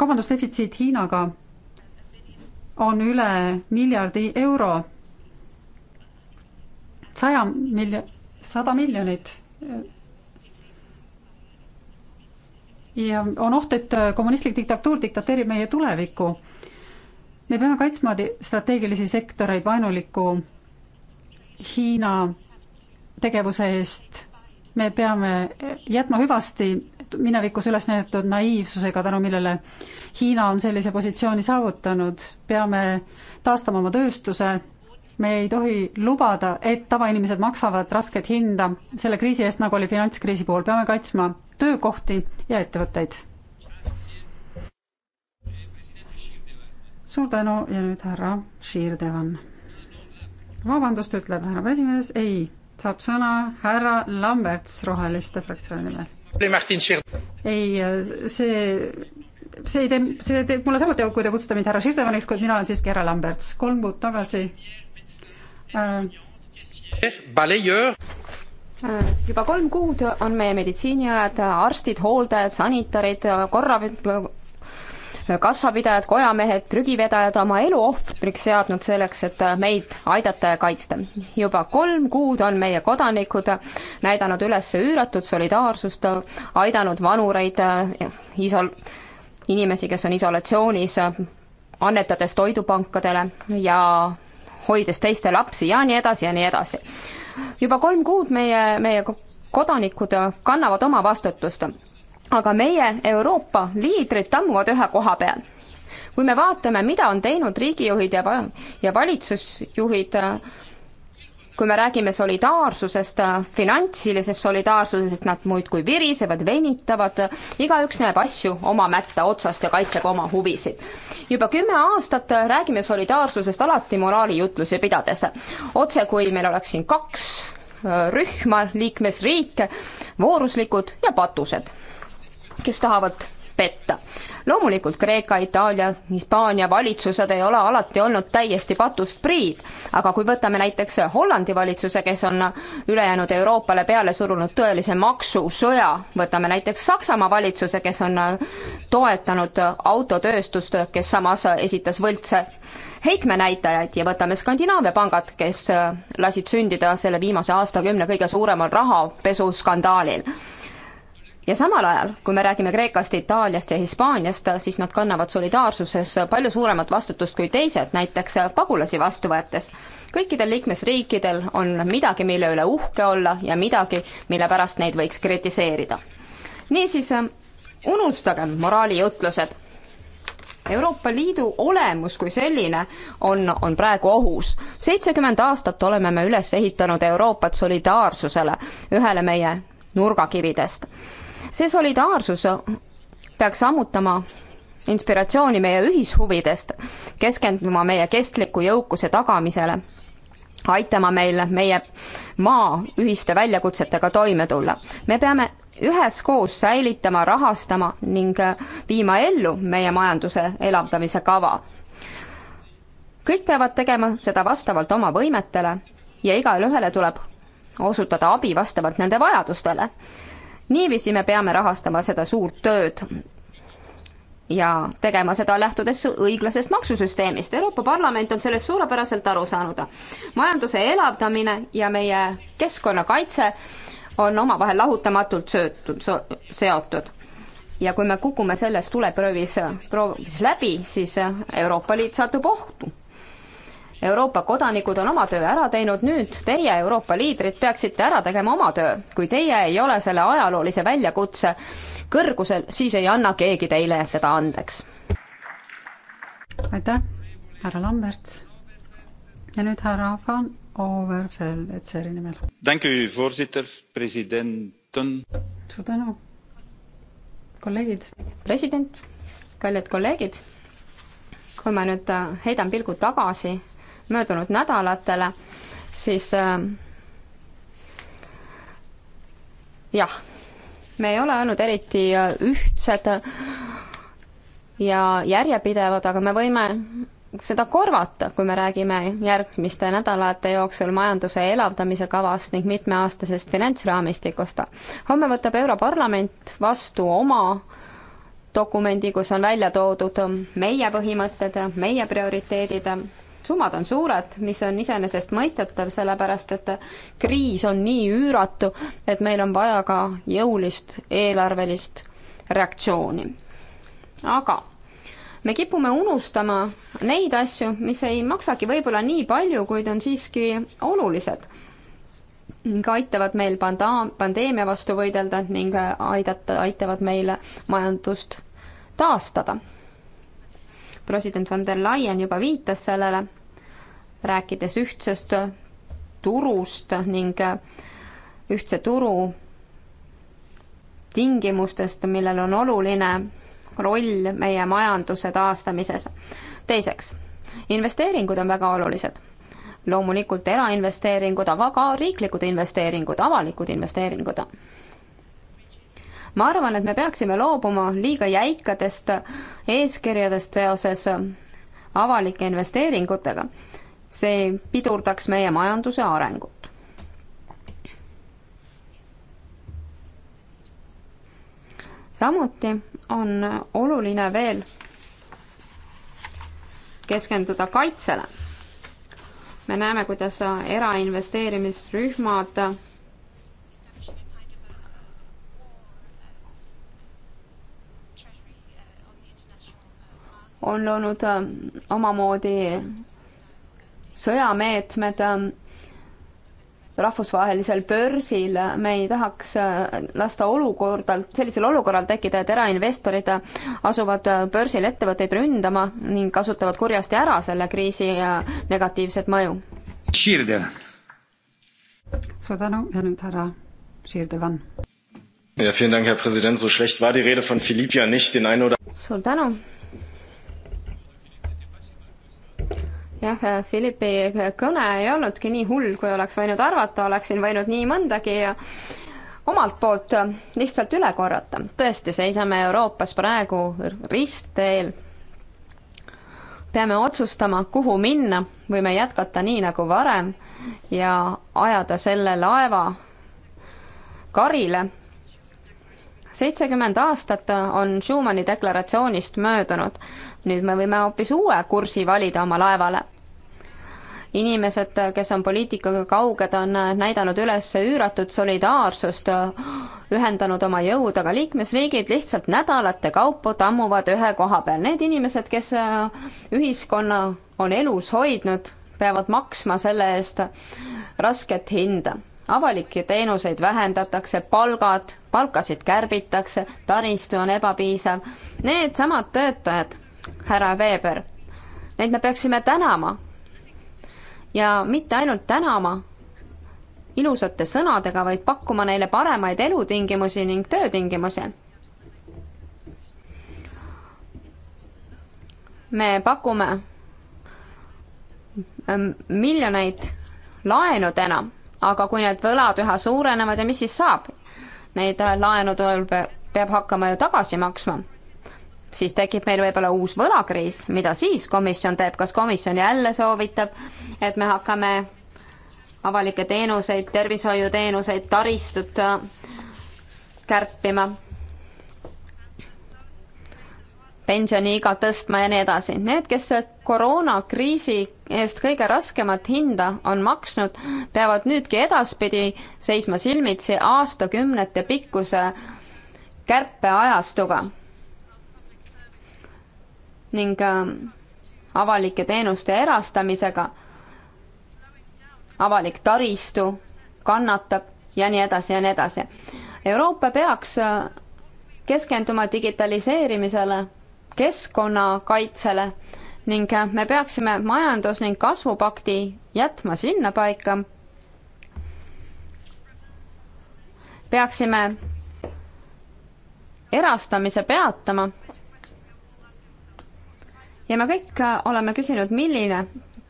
kaubandusdefitsiit Hiinaga on üle miljardi euro, saja miljon, sada miljonit ja on oht, et kommunistlik diktatuur dikteerib meie tulevikku. me peame kaitsma strateegilisi sektoreid vaenuliku Hiina tegevuse eest. me peame jätma hüvasti minevikus üles näidatud naiivsusega, tänu millele Hiina on sellise positsiooni saavutanud. peame taastama oma tööstuse me ei tohi lubada, et tavainimesed maksavad rasket hinda selle kriisi eest, nagu oli finantskriisi puhul, peame kaitsma töökohti ja ettevõtteid. suur tänu ja nüüd härra Shirdevan. vabandust, ütleb härra esimees, ei, saab sõna härra Lamberts Roheliste fraktsiooni nimel. ei, see see ei tee, see teeb mulle samuti au, kui te kutsute mind härra Širdevaniks, kuid mina olen siiski härra Lamberts. kolm kuud tagasi Äh, äh, juba kolm kuud on meie meditsiiniõed, arstid, hooldajad, sanitarid, korra-, kassapidajad, kojamehed, prügivedajad oma elu ohvriks seadnud selleks, et meid aidata ja kaitsta. juba kolm kuud on meie kodanikud näidanud üles üüratud solidaarsust, aidanud vanureid, äh, isol-, inimesi, kes on isolatsioonis, annetades toidupankadele ja hoides teiste lapsi ja nii edasi ja nii edasi. juba kolm kuud meie, meie kodanikud kannavad oma vastutust. aga meie, Euroopa liidrid, tammuvad ühe koha peal. kui me vaatame, mida on teinud riigijuhid ja, ja valitsusjuhid kui me räägime solidaarsusest, äh, finantsilisest solidaarsusest, nad muudkui virisevad, venitavad, igaüks näeb asju oma mätta otsast ja kaitseb oma huvisid. juba kümme aastat räägime solidaarsusest alati moraalijutluse pidades. otse kui meil oleks siin kaks äh, rühma liikmesriike, vooruslikud ja patused, kes tahavad petta loomulikult Kreeka, Itaalia, Hispaania valitsused ei ole alati olnud täiesti patust priid, aga kui võtame näiteks Hollandi valitsuse, kes on ülejäänud Euroopale peale surunud tõelise maksusõja, võtame näiteks Saksamaa valitsuse, kes on toetanud autotööstust, kes samas esitas võltse heitmenäitajaid ja võtame Skandinaavia pangad, kes lasid sündida selle viimase aastakümne kõige suuremal rahapesuskandaalil ja samal ajal, kui me räägime Kreekast, Itaaliast ja Hispaaniast, siis nad kannavad solidaarsuses palju suuremat vastutust kui teised, näiteks pagulasi vastu võttes. kõikidel liikmesriikidel on midagi, mille üle uhke olla ja midagi, mille pärast neid võiks kritiseerida. niisiis, unustagem moraalijutused. Euroopa Liidu olemus kui selline on, on praegu ohus. seitsekümmend aastat oleme me üles ehitanud Euroopat solidaarsusele, ühele meie nurgakividest see solidaarsus peaks ammutama inspiratsiooni meie ühishuvidest, keskenduma meie kestliku jõukuse tagamisele, aitama meil meie maa ühiste väljakutsetega toime tulla. me peame üheskoos säilitama, rahastama ning viima ellu meie majanduse elavdamise kava. kõik peavad tegema seda vastavalt oma võimetele ja igale ühele tuleb osutada abi vastavalt nende vajadustele niiviisi me peame rahastama seda suurt tööd ja tegema seda lähtudes õiglasest maksusüsteemist. Euroopa Parlament on sellest suurepäraselt aru saanud. majanduse elavdamine ja meie keskkonnakaitse on omavahel lahutamatult söötud, seotud. ja kui me kukume selles tuleproovis, proovis läbi, siis Euroopa Liit satub ohtu Euroopa kodanikud on oma töö ära teinud, nüüd teie, Euroopa liidrid, peaksite ära tegema oma töö. kui teie ei ole selle ajaloolise väljakutse kõrgusel, siis ei anna keegi teile seda andeks. aitäh, härra Lambert. ja nüüd härra Van Overfeld, et see eri nimel. suur tänu, kolleegid. president, kallid kolleegid kui ma nüüd äh, heidan pilgu tagasi möödunud nädalatele, siis äh, jah, me ei ole olnud eriti äh, ühtsed ja järjepidevad, aga me võime seda korvata, kui me räägime järgmiste nädalate jooksul majanduse elavdamise kavast ning mitmeaastasest finantsraamistikust. homme võtab Europarlament vastu oma dokumendi, kus on välja toodud meie põhimõtted, meie prioriteedid summad on suured, mis on iseenesestmõistetav, sellepärast et kriis on nii üüratu, et meil on vaja ka jõulist eelarvelist reaktsiooni. aga me kipume unustama neid asju, mis ei maksagi võib-olla nii palju, kuid on siiski olulised ning aitavad meil panda-, pandeemia vastu võidelda ning aidata, aitavad meile majandust taastada. president von der Leyen juba viitas sellele, rääkides ühtsest turust ning ühtse turu tingimustest, millel on oluline roll meie majanduse taastamises. teiseks, investeeringud on väga olulised. loomulikult erainvesteeringud, aga ka riiklikud investeeringud, avalikud investeeringud. ma arvan, et me peaksime loobuma liiga jäikadest eeskirjadest seoses avalike investeeringutega see pidurdaks meie majanduse arengut. samuti on oluline veel keskenduda kaitsele. me näeme, kuidas erainvesteerimisrühmad on loonud äh, omamoodi sõjameetmed ähm, rahvusvahelisel börsil, äh, me ei tahaks äh, lasta olukorda, sellisel olukorral tekkida, et erainvestorid äh, asuvad börsil ettevõtteid ründama ning kasutavad kurjasti ära selle kriisi negatiivset mõju. suur tänu ja nüüd härra Schirdevan. Ja, vielen Dank, Herr Präsident. So schlecht war die Rede von Philipp ja nicht. Den einen oder suur tänu, jah, äh, Philippi kõne ei olnudki nii hull, kui oleks võinud arvata, oleksin võinud nii mõndagi ja omalt poolt lihtsalt üle korrata. tõesti, seisame Euroopas praegu ristteel. peame otsustama, kuhu minna, võime jätkata nii nagu varem ja ajada selle laeva karile seitsekümmend aastat äh, on Schumanni deklaratsioonist möödunud. nüüd me võime hoopis uue kursi valida oma laevale. inimesed, äh, kes on poliitikaga kauged, on äh, näidanud üles üüratud solidaarsust, ühendanud oma jõud, aga liikmesriigid lihtsalt nädalate kaupa tammuvad ühe koha peal. Need inimesed, kes ühiskonna on elus hoidnud, peavad maksma selle eest rasket hinda avalikke teenuseid vähendatakse, palgad, palkasid kärbitakse, taristu on ebapiisav. Needsamad töötajad, härra Weber, neid me peaksime tänama. ja mitte ainult tänama ilusate sõnadega, vaid pakkuma neile paremaid elutingimusi ning töötingimusi. me pakume ähm, miljoneid laenudena aga kui need võlad üha suurenevad ja mis siis saab? Neid äh, laenu tuleb, peab hakkama ju tagasi maksma. siis tekib meil võib-olla uus võlakriis, mida siis komisjon teeb, kas komisjon jälle soovitab, et me hakkame avalikke teenuseid, tervishoiuteenuseid, taristut äh, kärpima pensioniiga tõstma ja nii edasi. Need, kes koroonakriisi eest kõige raskemat hinda on maksnud, peavad nüüdki edaspidi seisma silmitsi aastakümnete pikkuse kärpeajastuga. ning ähm, avalike teenuste erastamisega avalik taristu kannatab ja nii edasi ja nii edasi. Euroopa peaks äh, keskenduma digitaliseerimisele, keskkonnakaitsele ning äh, me peaksime majandus- ning kasvupakti jätma sinnapaika. peaksime erastamise peatama. ja me kõik äh, oleme küsinud, milline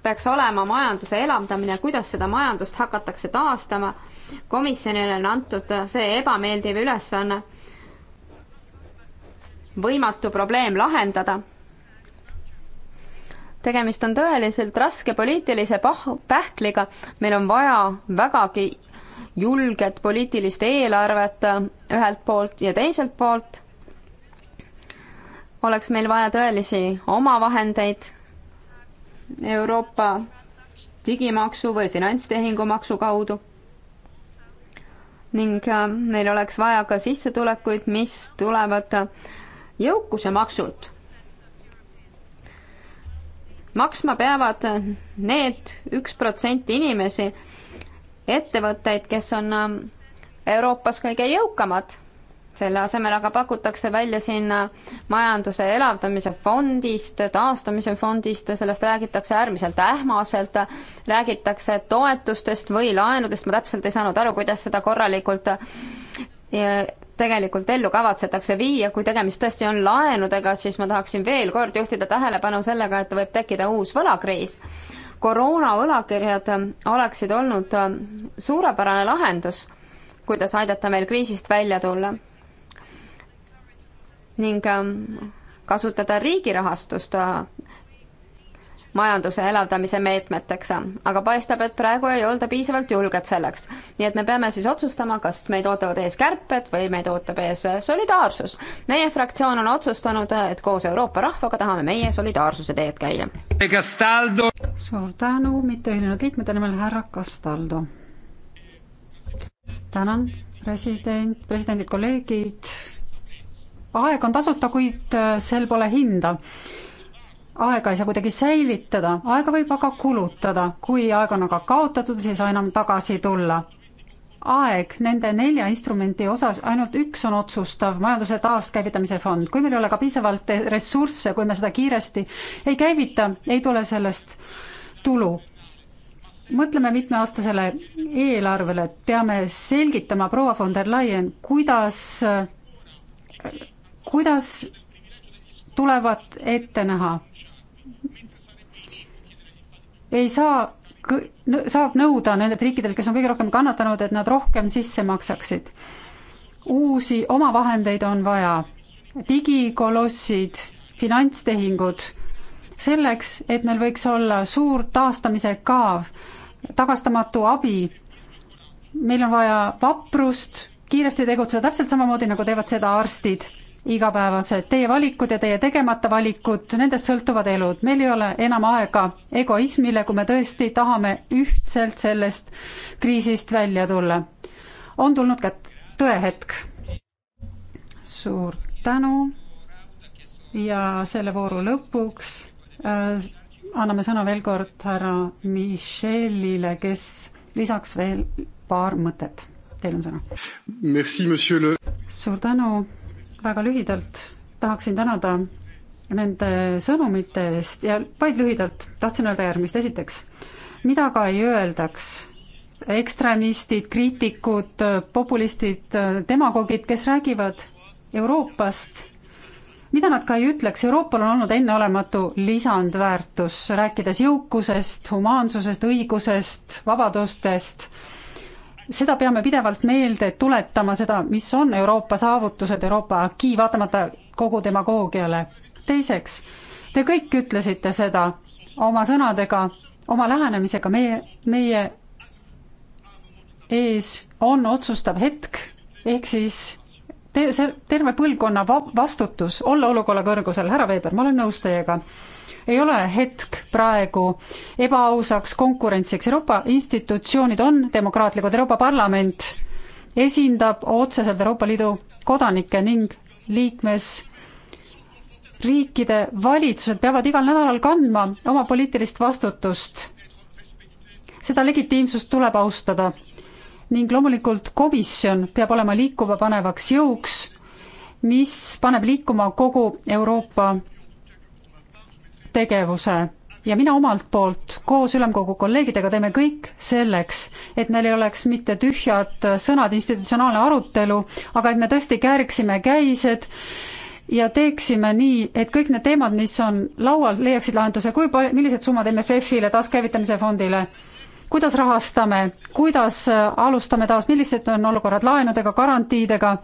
peaks olema majanduse elavdamine, kuidas seda majandust hakatakse taastama. komisjonile on antud äh, see ebameeldiv ülesanne, võimatu probleem lahendada tegemist on tõeliselt raske poliitilise pah-, pähkliga, meil on vaja vägagi julget poliitilist eelarvet äh, ühelt poolt ja teiselt poolt oleks meil vaja tõelisi omavahendeid Euroopa digimaksu või finantstehingumaksu kaudu ning äh, meil oleks vaja ka sissetulekuid, mis tulevad jõukuse maksult maksma peavad need üks protsent inimesi, ettevõtteid, kes on ähm, Euroopas kõige jõukamad. selle asemel aga pakutakse välja sinna äh, majanduse elavdamise fondist, taastamise fondist, sellest räägitakse äärmiselt ähmaselt, räägitakse toetustest või laenudest, ma täpselt ei saanud aru, kuidas seda korralikult äh, tegelikult ellu kavatsetakse viia, kui tegemist tõesti on laenudega, siis ma tahaksin veel kord juhtida tähelepanu sellega, et võib tekkida uus võlakriis. koroona võlakirjad oleksid olnud äh, suurepärane lahendus, kuidas aidata meil kriisist välja tulla. ning ähm, kasutada riigi rahastust äh, majanduse elavdamise meetmeteks. aga paistab, et praegu ei olda piisavalt julged selleks. nii et me peame siis otsustama, kas meid ootavad ees kärped või meid ootab ees solidaarsus. meie fraktsioon on otsustanud, et koos Euroopa rahvaga tahame meie solidaarsuse teed käia. suur tänu mitteühinenud liikmete nimel, härra Castaldo. tänan, president, presidendid, kolleegid aeg on tasuta, kuid äh, sel pole hinda aega ei saa kuidagi säilitada, aega võib aga kulutada, kui aeg on aga kaotatud, siis ei saa enam tagasi tulla. aeg nende nelja instrumendi osas, ainult üks on otsustav, majanduse taaskäivitamise fond. kui meil ei ole ka piisavalt ressursse, kui me seda kiiresti ei käivita, ei tule sellest tulu mõtleme mitmeaastasele eelarvele, et peame selgitama proua von der Leyen, kuidas, kuidas tulevat ette näha ei saa, saab nõuda nendelt riikidelt, kes on kõige rohkem kannatanud, et nad rohkem sisse maksaksid. uusi omavahendeid on vaja, digikolossid, finantstehingud, selleks, et meil võiks olla suur taastamise kaav, tagastamatu abi, meil on vaja vaprust, kiiresti tegutseda, täpselt samamoodi, nagu teevad seda arstid igapäevased, teie valikud ja teie tegemata valikud, nendest sõltuvad elud. meil ei ole enam aega egoismile, kui me tõesti tahame ühtselt sellest kriisist välja tulla. on tulnud ka tõehetk. suur tänu ja selle vooru lõpuks äh, anname sõna veel kord härra Michelile, kes lisaks veel paar mõtet. Teil on sõna. Le... suur tänu väga lühidalt tahaksin tänada nende sõnumite eest ja vaid lühidalt tahtsin öelda järgmist, esiteks, mida ka ei öeldaks, ekstremistid, kriitikud, populistid, demagoogid, kes räägivad Euroopast, mida nad ka ei ütleks, Euroopal on olnud enneolematu lisandväärtus, rääkides jõukusest, humaansusest, õigusest, vabadustest seda peame pidevalt meelde tuletama, seda, mis on Euroopa saavutused, Euroopa aki, vaatamata kogu demagoogiale. teiseks, te kõik ütlesite seda oma sõnadega, oma lähenemisega, meie, meie ees on otsustav hetk, ehk siis te-, see terve põlvkonna va-, vastutus olla olukorra kõrgusel, härra Veeber, ma olen nõus teiega ei ole hetk praegu ebaausaks konkurentsiks. Euroopa institutsioonid on demokraatlikud, Euroopa Parlament esindab otseselt Euroopa Liidu kodanikke ning liikmesriikide valitsused peavad igal nädalal kandma oma poliitilist vastutust. seda legitiimsust tuleb austada ning loomulikult komisjon peab olema liikuma panevaks jõuks, mis paneb liikuma kogu Euroopa tegevuse ja mina omalt poolt koos ülemkogu kolleegidega teeme kõik selleks, et meil ei oleks mitte tühjad sõnad, institutsionaalne arutelu, aga et me tõesti kääriksime käised ja teeksime nii, et kõik need teemad, mis on laual, leiaksid lahenduse, kui palju, millised summad MFF-ile, taaskäivitamise fondile, kuidas rahastame, kuidas alustame taas, millised on olukorrad laenudega, garantiidega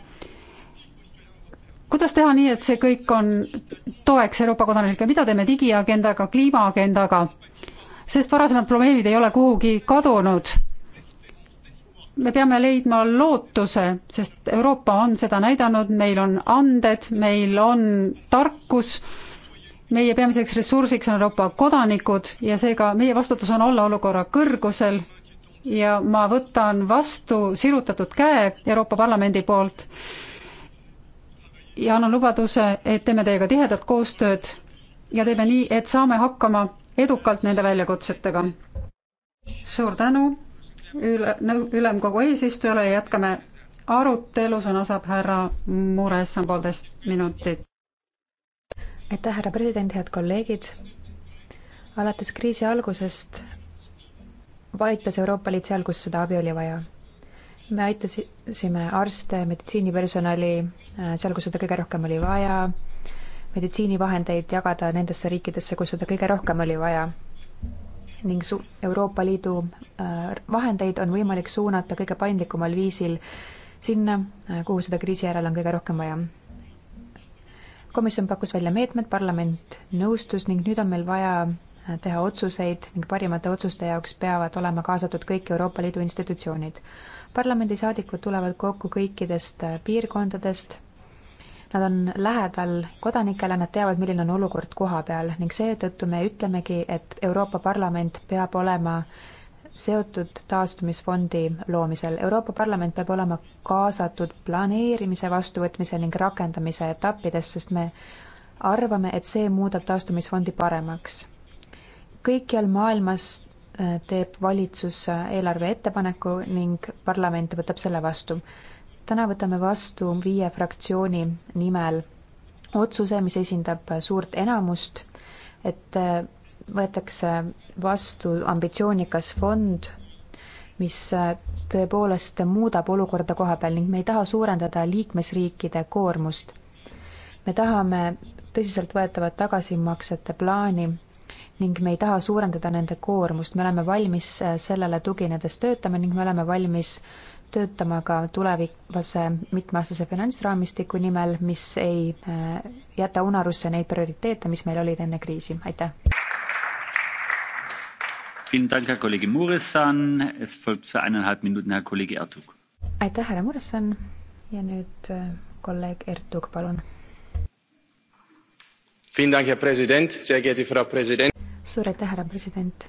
kuidas teha nii, et see kõik on toeks Euroopa kodanikele, mida teeme digiagendaga, kliimaagendaga, sest varasemad probleemid ei ole kuhugi kadunud. me peame leidma lootuse, sest Euroopa on seda näidanud, meil on anded, meil on tarkus, meie peamiseks ressursiks on Euroopa kodanikud ja seega meie vastutus on olla olukorra kõrgusel ja ma võtan vastu sirutatud käe Euroopa Parlamendi poolt ja annan lubaduse, et teeme teiega tihedalt koostööd ja teeme nii, et saame hakkama edukalt nende väljakutsetega. suur tänu üle, ülemkogu eesistujale ja jätkame arutelu, sõna saab härra Mures, on poolteist minutit. aitäh, härra president, head kolleegid. alates kriisi algusest vaitas Euroopa Liit seal, kus seda abi oli vaja me aitasime arste, meditsiinipersonali äh, seal, kus seda kõige rohkem oli vaja, meditsiinivahendeid jagada nendesse riikidesse, kus seda kõige rohkem oli vaja. ning su-, Euroopa Liidu äh, vahendeid on võimalik suunata kõige paindlikumal viisil sinna, äh, kuhu seda kriisi järel on kõige rohkem vaja. komisjon pakkus välja meetmed, parlament nõustus ning nüüd on meil vaja teha otsuseid ning parimate otsuste jaoks peavad olema kaasatud kõik Euroopa Liidu institutsioonid parlamendisaadikud tulevad kokku kõikidest äh, piirkondadest, nad on lähedal kodanikele, nad teavad, milline on olukord koha peal ning seetõttu me ütlemegi, et Euroopa Parlament peab olema seotud taastumisfondi loomisel. Euroopa Parlament peab olema kaasatud planeerimise, vastuvõtmise ning rakendamise etappides, sest me arvame, et see muudab taastumisfondi paremaks. kõikjal maailmas teeb valitsus eelarve ettepaneku ning parlament võtab selle vastu. täna võtame vastu viie fraktsiooni nimel otsuse, mis esindab suurt enamust, et võetakse vastu ambitsioonikas fond, mis tõepoolest muudab olukorda koha peal ning me ei taha suurendada liikmesriikide koormust. me tahame tõsiseltvõetavat tagasimaksete plaani ning me ei taha suurendada nende koormust, me oleme valmis äh, sellele tuginedes töötama ning me oleme valmis töötama ka tulevase mitmeaastase finantsraamistiku nimel, mis ei äh, jäta unarusse neid prioriteete, mis meil olid enne kriisi, aitäh. aitäh, härra Muresson ja nüüd äh, kolleeg Ertug, palun suur aitäh, härra president!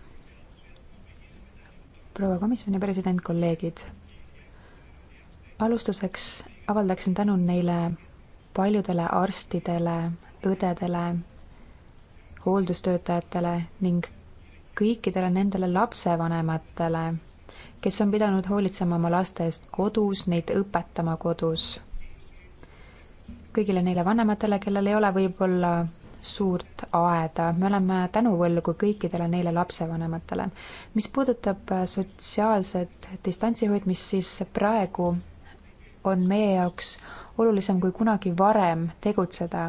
proua komisjoni president, kolleegid! alustuseks avaldaksin tänu neile paljudele arstidele, õdedele, hooldustöötajatele ning kõikidele nendele lapsevanematele, kes on pidanud hoolitsema oma laste eest kodus, neid õpetama kodus. kõigile neile vanematele, kellel ei ole võib-olla suurt aeda, me oleme tänuvõlgu kõikidele neile lapsevanematele. mis puudutab sotsiaalset distantsi hoidmist, siis praegu on meie jaoks olulisem kui kunagi varem tegutseda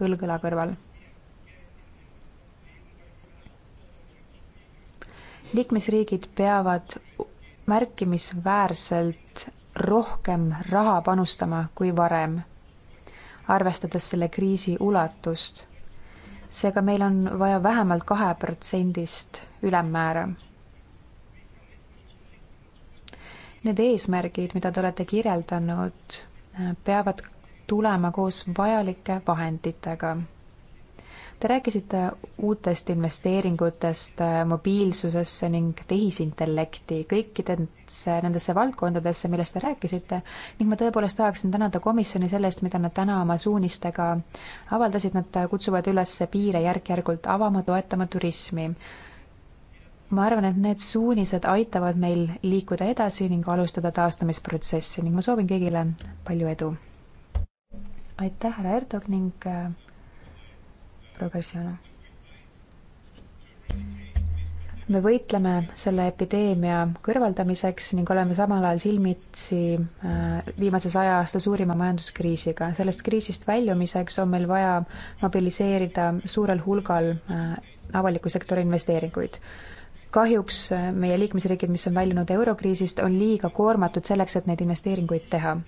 õlg õla kõrval. liikmesriigid peavad märkimisväärselt rohkem raha panustama kui varem arvestades selle kriisi ulatust. seega meil on vaja vähemalt kaheprotsendist ülemmäära. Need eesmärgid, mida te olete kirjeldanud, peavad tulema koos vajalike vahenditega Te rääkisite uutest investeeringutest äh, mobiilsusesse ning tehisintellekti, kõikidesse nendesse valdkondadesse, millest te rääkisite, ning ma tõepoolest tahaksin tänada komisjoni selle eest, mida nad täna oma suunistega avaldasid, nad kutsuvad üles piire järk-järgult avama, toetama turismi. ma arvan, et need suunised aitavad meil liikuda edasi ning alustada taastumisprotsessi ning ma soovin kõigile palju edu! aitäh, härra Erdog ning äh, progressione. me võitleme selle epideemia kõrvaldamiseks ning oleme samal ajal silmitsi äh, viimase saja aasta suurima majanduskriisiga. sellest kriisist väljumiseks on meil vaja mobiliseerida suurel hulgal äh, avaliku sektori investeeringuid kahjuks äh, meie liikmesriigid, mis on väljunud eurokriisist, on liiga koormatud selleks, et neid investeeringuid teha.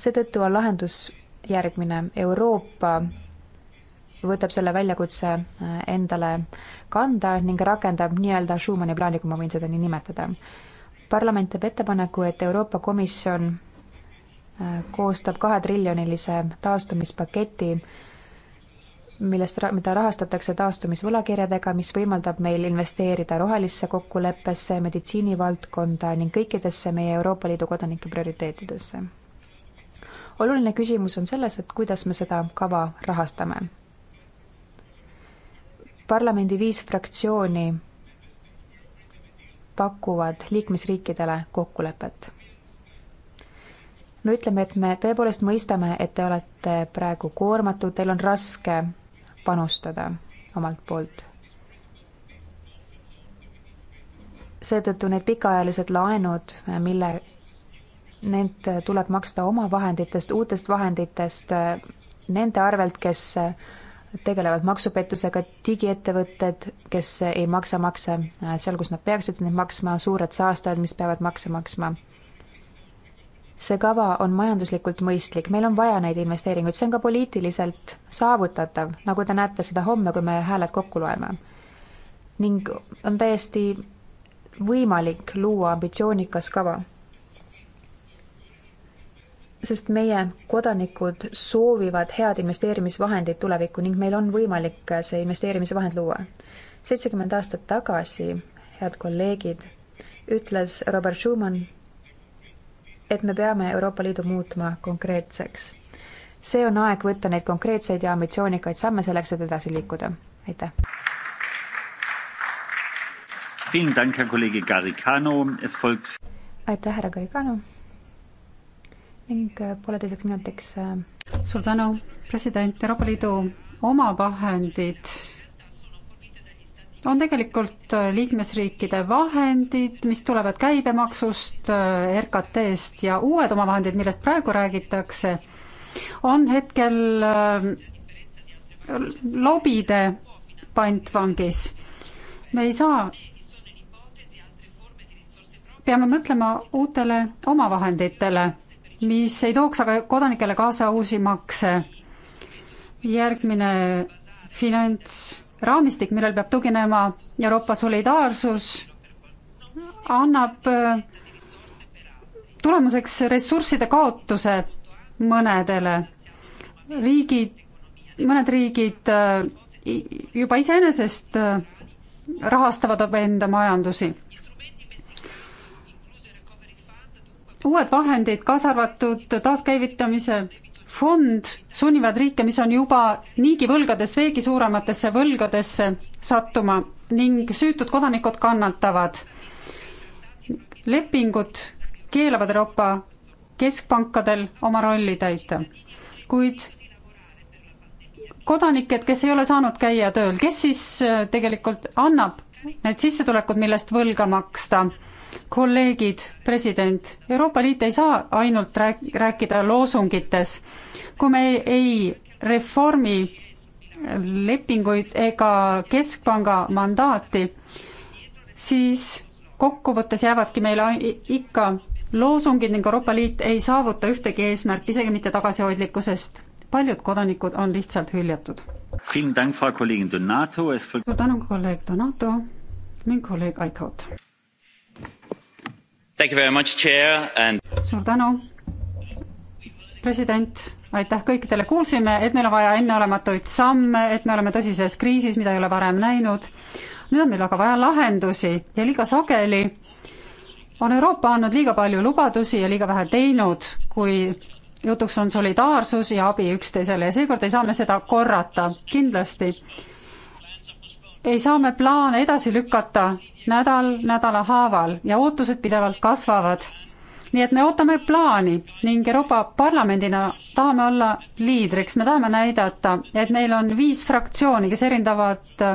seetõttu on lahendus järgmine. Euroopa võtab selle väljakutse äh, endale kanda ning rakendab nii-öelda Schumanni plaani, kui ma võin seda nii nimetada. parlament teeb ettepaneku, et Euroopa Komisjon äh, koostab kahetriljonilise taastumispaketi, millest, mida rahastatakse taastumisvõlakirjadega, mis võimaldab meil investeerida rohelisse kokkuleppesse, meditsiinivaldkonda ning kõikidesse meie Euroopa Liidu kodanike prioriteetidesse. oluline küsimus on selles, et kuidas me seda kava rahastame parlamendi viis fraktsiooni pakuvad liikmesriikidele kokkulepet. me ütleme, et me tõepoolest mõistame, et te olete praegu koormatud, teil on raske panustada omalt poolt. seetõttu need pikaajalised laenud, mille, need tuleb maksta oma vahenditest, uutest vahenditest, nende arvelt, kes tegelevad maksupettusega, digiettevõtted, kes ei maksa makse seal, kus nad peaksid neid maksma, suured saastajad, mis peavad makse maksma. see kava on majanduslikult mõistlik, meil on vaja neid investeeringuid, see on ka poliitiliselt saavutatav, nagu te näete seda homme, kui me hääled kokku loeme. ning on täiesti võimalik luua ambitsioonikas kava sest meie kodanikud soovivad head investeerimisvahendit tulevikku ning meil on võimalik see investeerimisvahend luua. seitsekümmend aastat tagasi, head kolleegid, ütles Robert Schumann, et me peame Euroopa Liidu muutma konkreetseks. see on aeg võtta neid konkreetseid ja ambitsioonikaid samme selleks, et edasi liikuda. aitäh! aitäh, härra Garicano! ning äh, pooleteiseks minutiks. Äh, suur tänu, president, Euroopa Liidu omavahendid on tegelikult äh, liikmesriikide vahendid, mis tulevad käibemaksust, RKT-st ja uued omavahendid, millest praegu räägitakse, on hetkel lobide pantvangis. me ei saa, peame mõtlema uutele omavahenditele mis ei tooks aga kodanikele kaasa uusi makse. järgmine finantsraamistik, millel peab tuginema Euroopa solidaarsus, annab äh, tulemuseks ressursside kaotuse mõnedele. riigid, mõned riigid äh, juba iseenesest äh, rahastavad enda majandusi uued vahendid, kaasa arvatud taaskäivitamise fond, sunnivad riike, mis on juba niigi võlgades veegi suurematesse võlgadesse sattuma ning süütud kodanikud kannatavad. lepingud keelavad Euroopa keskpankadel oma rolli täita, kuid kodanikud, kes ei ole saanud käia tööl, kes siis eh, tegelikult annab need sissetulekud, millest võlga maksta kolleegid, president, Euroopa Liit ei saa ainult rääk-, rääkida loosungites. kui me ei reformi lepinguid ega keskpanga mandaati, siis kokkuvõttes jäävadki meil ikka loosungid ning Euroopa Liit ei saavuta ühtegi eesmärki, isegi mitte tagasihoidlikkusest. paljud kodanikud on lihtsalt hüljatud. suur tänu, kolleeg Donato ning kolleeg Aikaut. And... suur tänu, president, aitäh kõikidele, kuulsime, et meil on vaja enneolematuid samme, et me oleme tõsises kriisis, mida ei ole varem näinud. nüüd on meil aga vaja lahendusi ja liiga sageli on Euroopa andnud liiga palju lubadusi ja liiga vähe teinud, kui jutuks on solidaarsus ja abi üksteisele ja seekord ei saa me seda korrata, kindlasti ei saa me plaane edasi lükata nädal nädala haaval ja ootused pidevalt kasvavad. nii et me ootame plaani ning Euroopa Parlamendina tahame olla liidriks, me tahame näidata, et meil on viis fraktsiooni, kes erindavad äh,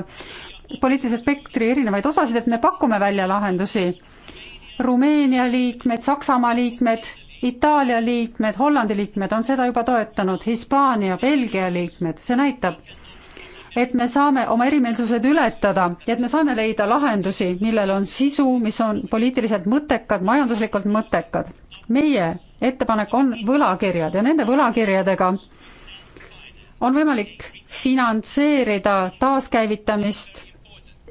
poliitilise spektri erinevaid osasid, et me pakume välja lahendusi. Rumeenia liikmed, Saksamaa liikmed, Itaalia liikmed, Hollandi liikmed on seda juba toetanud, Hispaania, Belgia liikmed, see näitab et me saame oma erimeelsused ületada ja et me saame leida lahendusi, millel on sisu, mis on poliitiliselt mõttekad, majanduslikult mõttekad. meie ettepanek on võlakirjad ja nende võlakirjadega on võimalik finantseerida taaskäivitamist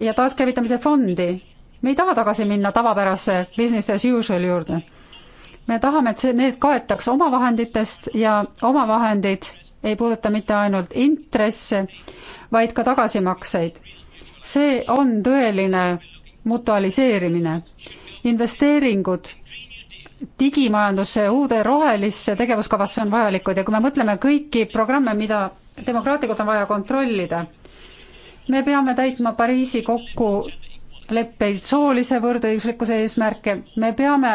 ja taaskäivitamise fondi. me ei taha tagasi minna tavapärase business as usual juurde. me tahame, et see, need kaetaks omavahenditest ja omavahendid ei puuduta mitte ainult intresse, vaid ka tagasimakseid. see on tõeline mutualiseerimine. investeeringud digimajandusse ja uude rohelisse tegevuskavasse on vajalikud ja kui me mõtleme kõiki programme, mida demokraatlikult on vaja kontrollida, me peame täitma Pariisi kokku leppeid, soolise võrdõiguslikkuse eesmärke, me peame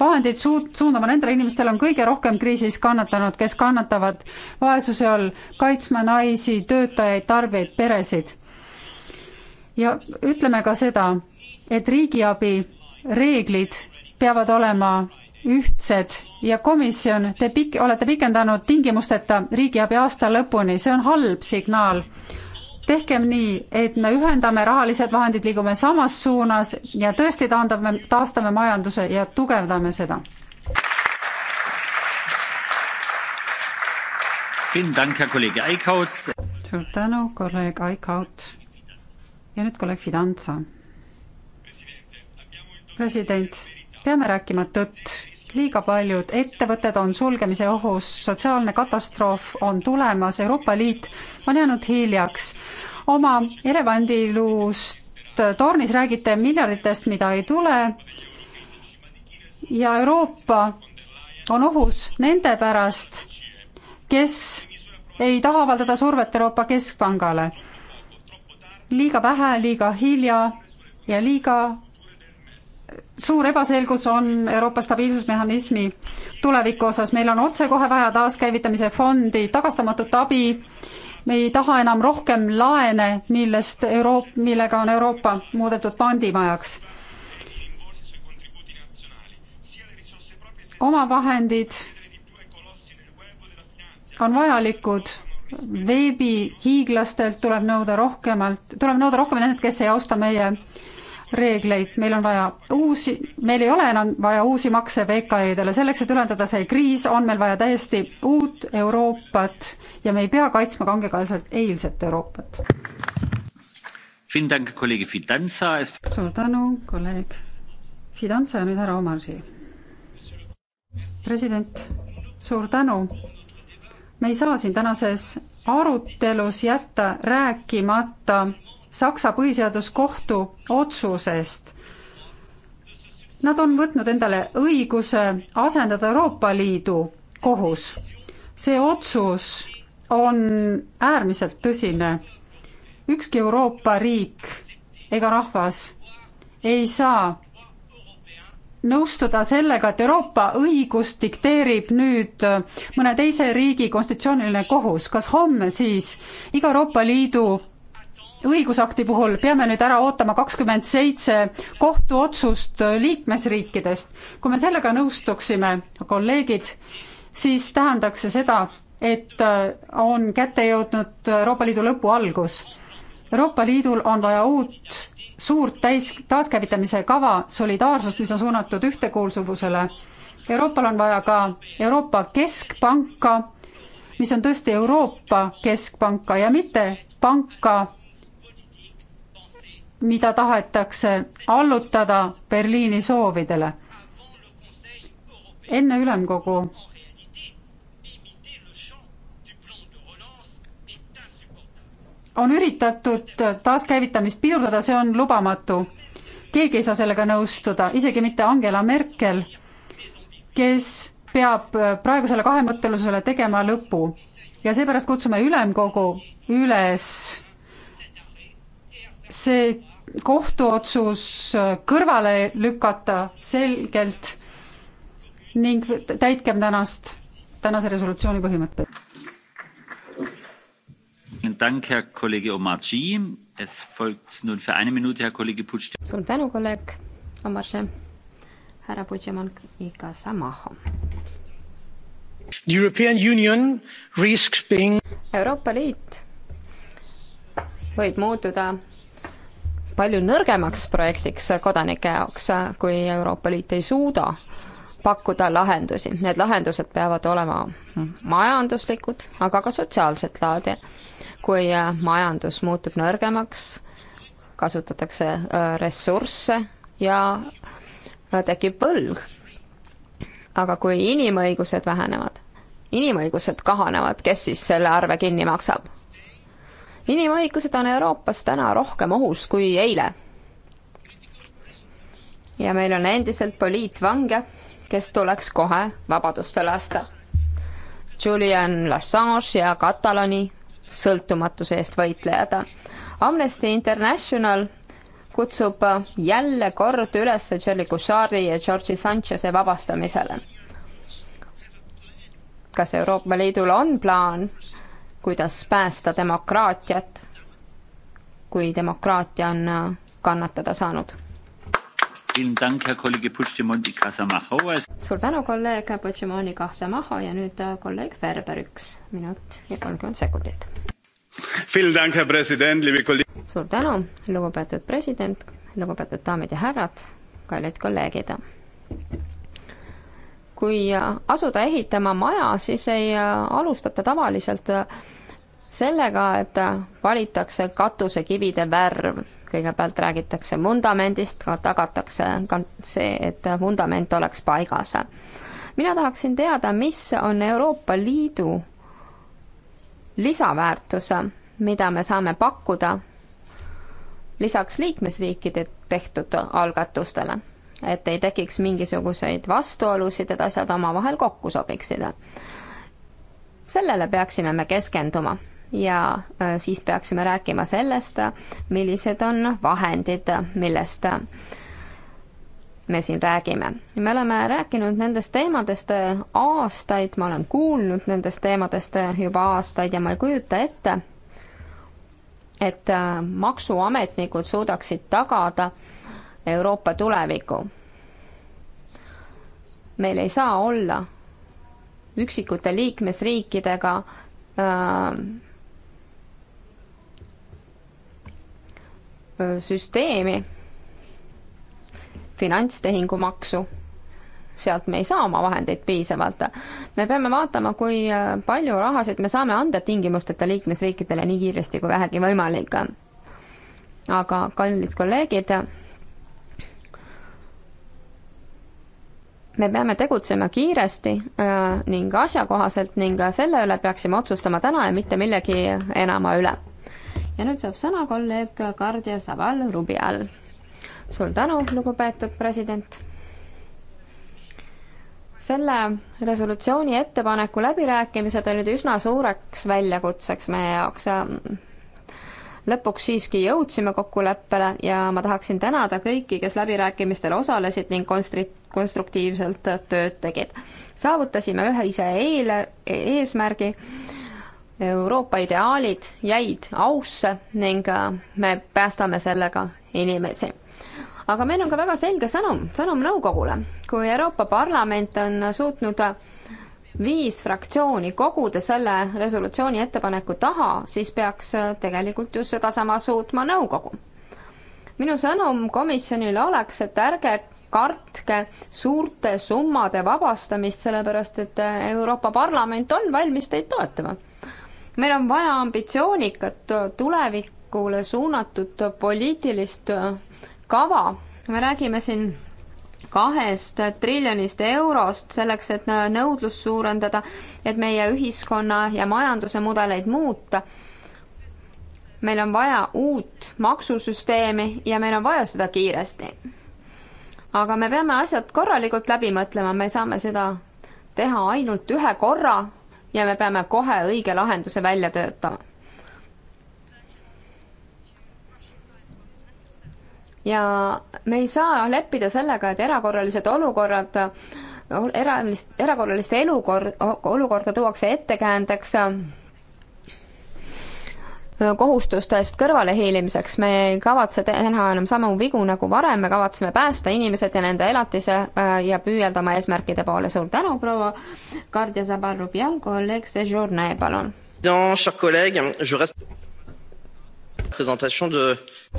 vahendeid suut-, suundama nendele inimestele, on kõige rohkem kriisis kannatanud, kes kannatavad vaesuse all, kaitsma naisi, töötajaid, tarbijaid, peresid. ja ütleme ka seda, et riigiabi reeglid peavad olema ühtsed ja komisjon, te pik-, olete pikendanud tingimusteta riigiabi aasta lõpuni, see on halb signaal tehkem nii, et me ühendame rahalised vahendid, liigume samas suunas ja tõesti taandame, taastame majanduse ja tugevdame seda. suur tänu, kolleeg Aikaut. ja nüüd kolleeg Fidanza. president, peame rääkima tõtt liiga paljud ettevõtted on sulgemise ohus, sotsiaalne katastroof on tulemas, Euroopa Liit on jäänud hiljaks. oma elevandiluust tornis räägite miljarditest, mida ei tule ja Euroopa on ohus nende pärast, kes ei taha avaldada survet Euroopa Keskpangale. liiga vähe, liiga hilja ja liiga suur ebaselgus on Euroopa stabiilsusmehhanismi tuleviku osas, meil on otsekohe vaja taaskäivitamise fondi, tagastamatut abi, me ei taha enam rohkem laene, millest Euroop-, millega on Euroopa muudetud pandimajaks. omavahendid on vajalikud, veebihiiglastelt tuleb nõuda rohkemalt, tuleb nõuda rohkem nendelt, kes ei austa meie äh, reegleid, meil on vaja uusi, meil ei ole enam vaja uusi makse VKE-dele, selleks, et ületada see kriis, on meil vaja täiesti uut Euroopat ja me ei pea kaitsma kangekaelselt eilset Euroopat. suur tänu, kolleeg Fidanza ja nüüd härra Omarži. president, suur tänu. me ei saa siin tänases arutelus jätta rääkimata Saksa põhiseaduskohtu otsusest. Nad on võtnud endale õiguse asendada Euroopa Liidu kohus. see otsus on äärmiselt tõsine. ükski Euroopa riik ega rahvas ei saa nõustuda sellega, et Euroopa õigus dikteerib nüüd mõne teise riigi konstitutsiooniline kohus, kas homme siis iga Euroopa Liidu õigusakti puhul peame nüüd ära ootama kakskümmend seitse kohtuotsust liikmesriikidest. kui me sellega nõustuksime, kolleegid, siis tähendaks see seda, et äh, on kätte jõudnud Euroopa Liidu lõpu algus. Euroopa Liidul on vaja uut suurt täis, taaskäivitamise kava, solidaarsust, mis on suunatud ühtekuuluvusele. Euroopal on vaja ka Euroopa Keskpanka, mis on tõesti Euroopa Keskpanka ja mitte panka, mida tahetakse allutada Berliini soovidele. enne ülemkogu on üritatud taaskäivitamist pidurdada, see on lubamatu. keegi ei saa sellega nõustuda, isegi mitte Angela Merkel, kes peab praegusele kahemõttelusele tegema lõpu ja seepärast kutsume ülemkogu üles see kohtuotsus kõrvale lükata selgelt ning täitkem tänast, tänase resolutsiooni põhimõtteid. suur tänu, kolleeg Omarše, härra Putšemank, ikka sama. Euroopa Liit võib muutuda palju nõrgemaks projektiks kodanike jaoks, kui Euroopa Liit ei suuda pakkuda lahendusi. Need lahendused peavad olema majanduslikud, aga ka sotsiaalset laadi. kui majandus muutub nõrgemaks, kasutatakse äh, ressursse ja äh, tekib võlg. aga kui inimõigused vähenevad, inimõigused kahanevad, kes siis selle arve kinni maksab? inimõigused on Euroopas täna rohkem ohus kui eile. ja meil on endiselt poliitvange, kes tuleks kohe vabadusse lasta. Julian Assange ja Kataloni sõltumatuse eest võitlejad. Amnesty International kutsub jälle kord üles Jerry Gushari ja Georgi Sanchez'e vabastamisele. kas Euroopa Liidul on plaan kuidas päästa demokraatiat, kui demokraatia on äh, kannatada saanud. suur tänu, kolleeg Puigdemoni Kahtsamaho ja nüüd äh, kolleeg Ferber, üks minut ja kolmkümmend sekundit. suur tänu, lugupeetud president, lugupeetud daamid ja härrad, kallid kolleegid kui asuda ehitama maja, siis ei äh, alustata tavaliselt äh, sellega, et äh, valitakse katusekivide värv. kõigepealt räägitakse vundamendist, tagatakse see, et vundament oleks paigas. mina tahaksin teada, mis on Euroopa Liidu lisaväärtus, mida me saame pakkuda lisaks liikmesriikide tehtud algatustele et ei tekiks mingisuguseid vastuolusid, et asjad omavahel kokku sobiksid. sellele peaksime me keskenduma ja äh, siis peaksime rääkima sellest, millised on vahendid, millest me siin räägime. me oleme rääkinud nendest teemadest äh, aastaid, ma olen kuulnud nendest teemadest äh, juba aastaid ja ma ei kujuta ette, et maksuametnikud suudaksid tagada äh, Euroopa tulevikku. meil ei saa olla üksikute liikmesriikidega äh, süsteemi, finantstehingumaksu, sealt me ei saa oma vahendeid piisavalt. me peame vaatama, kui palju rahasid me saame anda tingimusteta liikmesriikidele nii kiiresti kui vähegi võimalik. aga kallid kolleegid me peame tegutsema kiiresti äh, ning asjakohaselt ning selle üle peaksime otsustama täna ja mitte millegi enama üle. ja nüüd saab sõna kolleeg Kardia Saval Rubial. suur tänu, lugupeetud president. selle resolutsiooni ettepaneku läbirääkimised olid üsna suureks väljakutseks meie jaoks lõpuks siiski jõudsime kokkuleppele ja ma tahaksin tänada kõiki, kes läbirääkimistel osalesid ning konstrit-, konstruktiivselt tööd tegid. saavutasime ühise eele, eesmärgi, Euroopa ideaalid jäid ausse ning äh, me päästame sellega inimesi aga meil on ka väga selge sõnum, sõnum nõukogule. kui Euroopa Parlament on suutnud äh, viis fraktsiooni koguda selle resolutsiooni ettepaneku taha, siis peaks äh, tegelikult just sedasama suutma nõukogu. minu sõnum komisjonile oleks, et ärge kartke suurte summade vabastamist, sellepärast et eh, Euroopa Parlament on valmis teid toetama. meil on vaja ambitsioonikat tulevikule suunatud poliitilist eh, kava, me räägime siin kahest triljonist eurost selleks, et eh, nõudlust suurendada, et meie ühiskonna ja majanduse mudeleid muuta. meil on vaja uut maksusüsteemi ja meil on vaja seda kiiresti aga me peame asjad korralikult läbi mõtlema, me saame seda teha ainult ühe korra ja me peame kohe õige lahenduse välja töötama. ja me ei saa leppida sellega, et erakorralised olukorrad, erakorralist, erakorraliste elukord, olukorda tuuakse ettekäändeks äh, kohustustest kõrvalehiilimiseks, me ei kavatse teha enam samu vigu nagu varem, me kavatseme päästa inimesed ja nende elatise äh, ja püüelda oma eesmärkide poole. suur tänu, proua Kardia Zabar-Rubjal, kolleeg Sejourne, palun.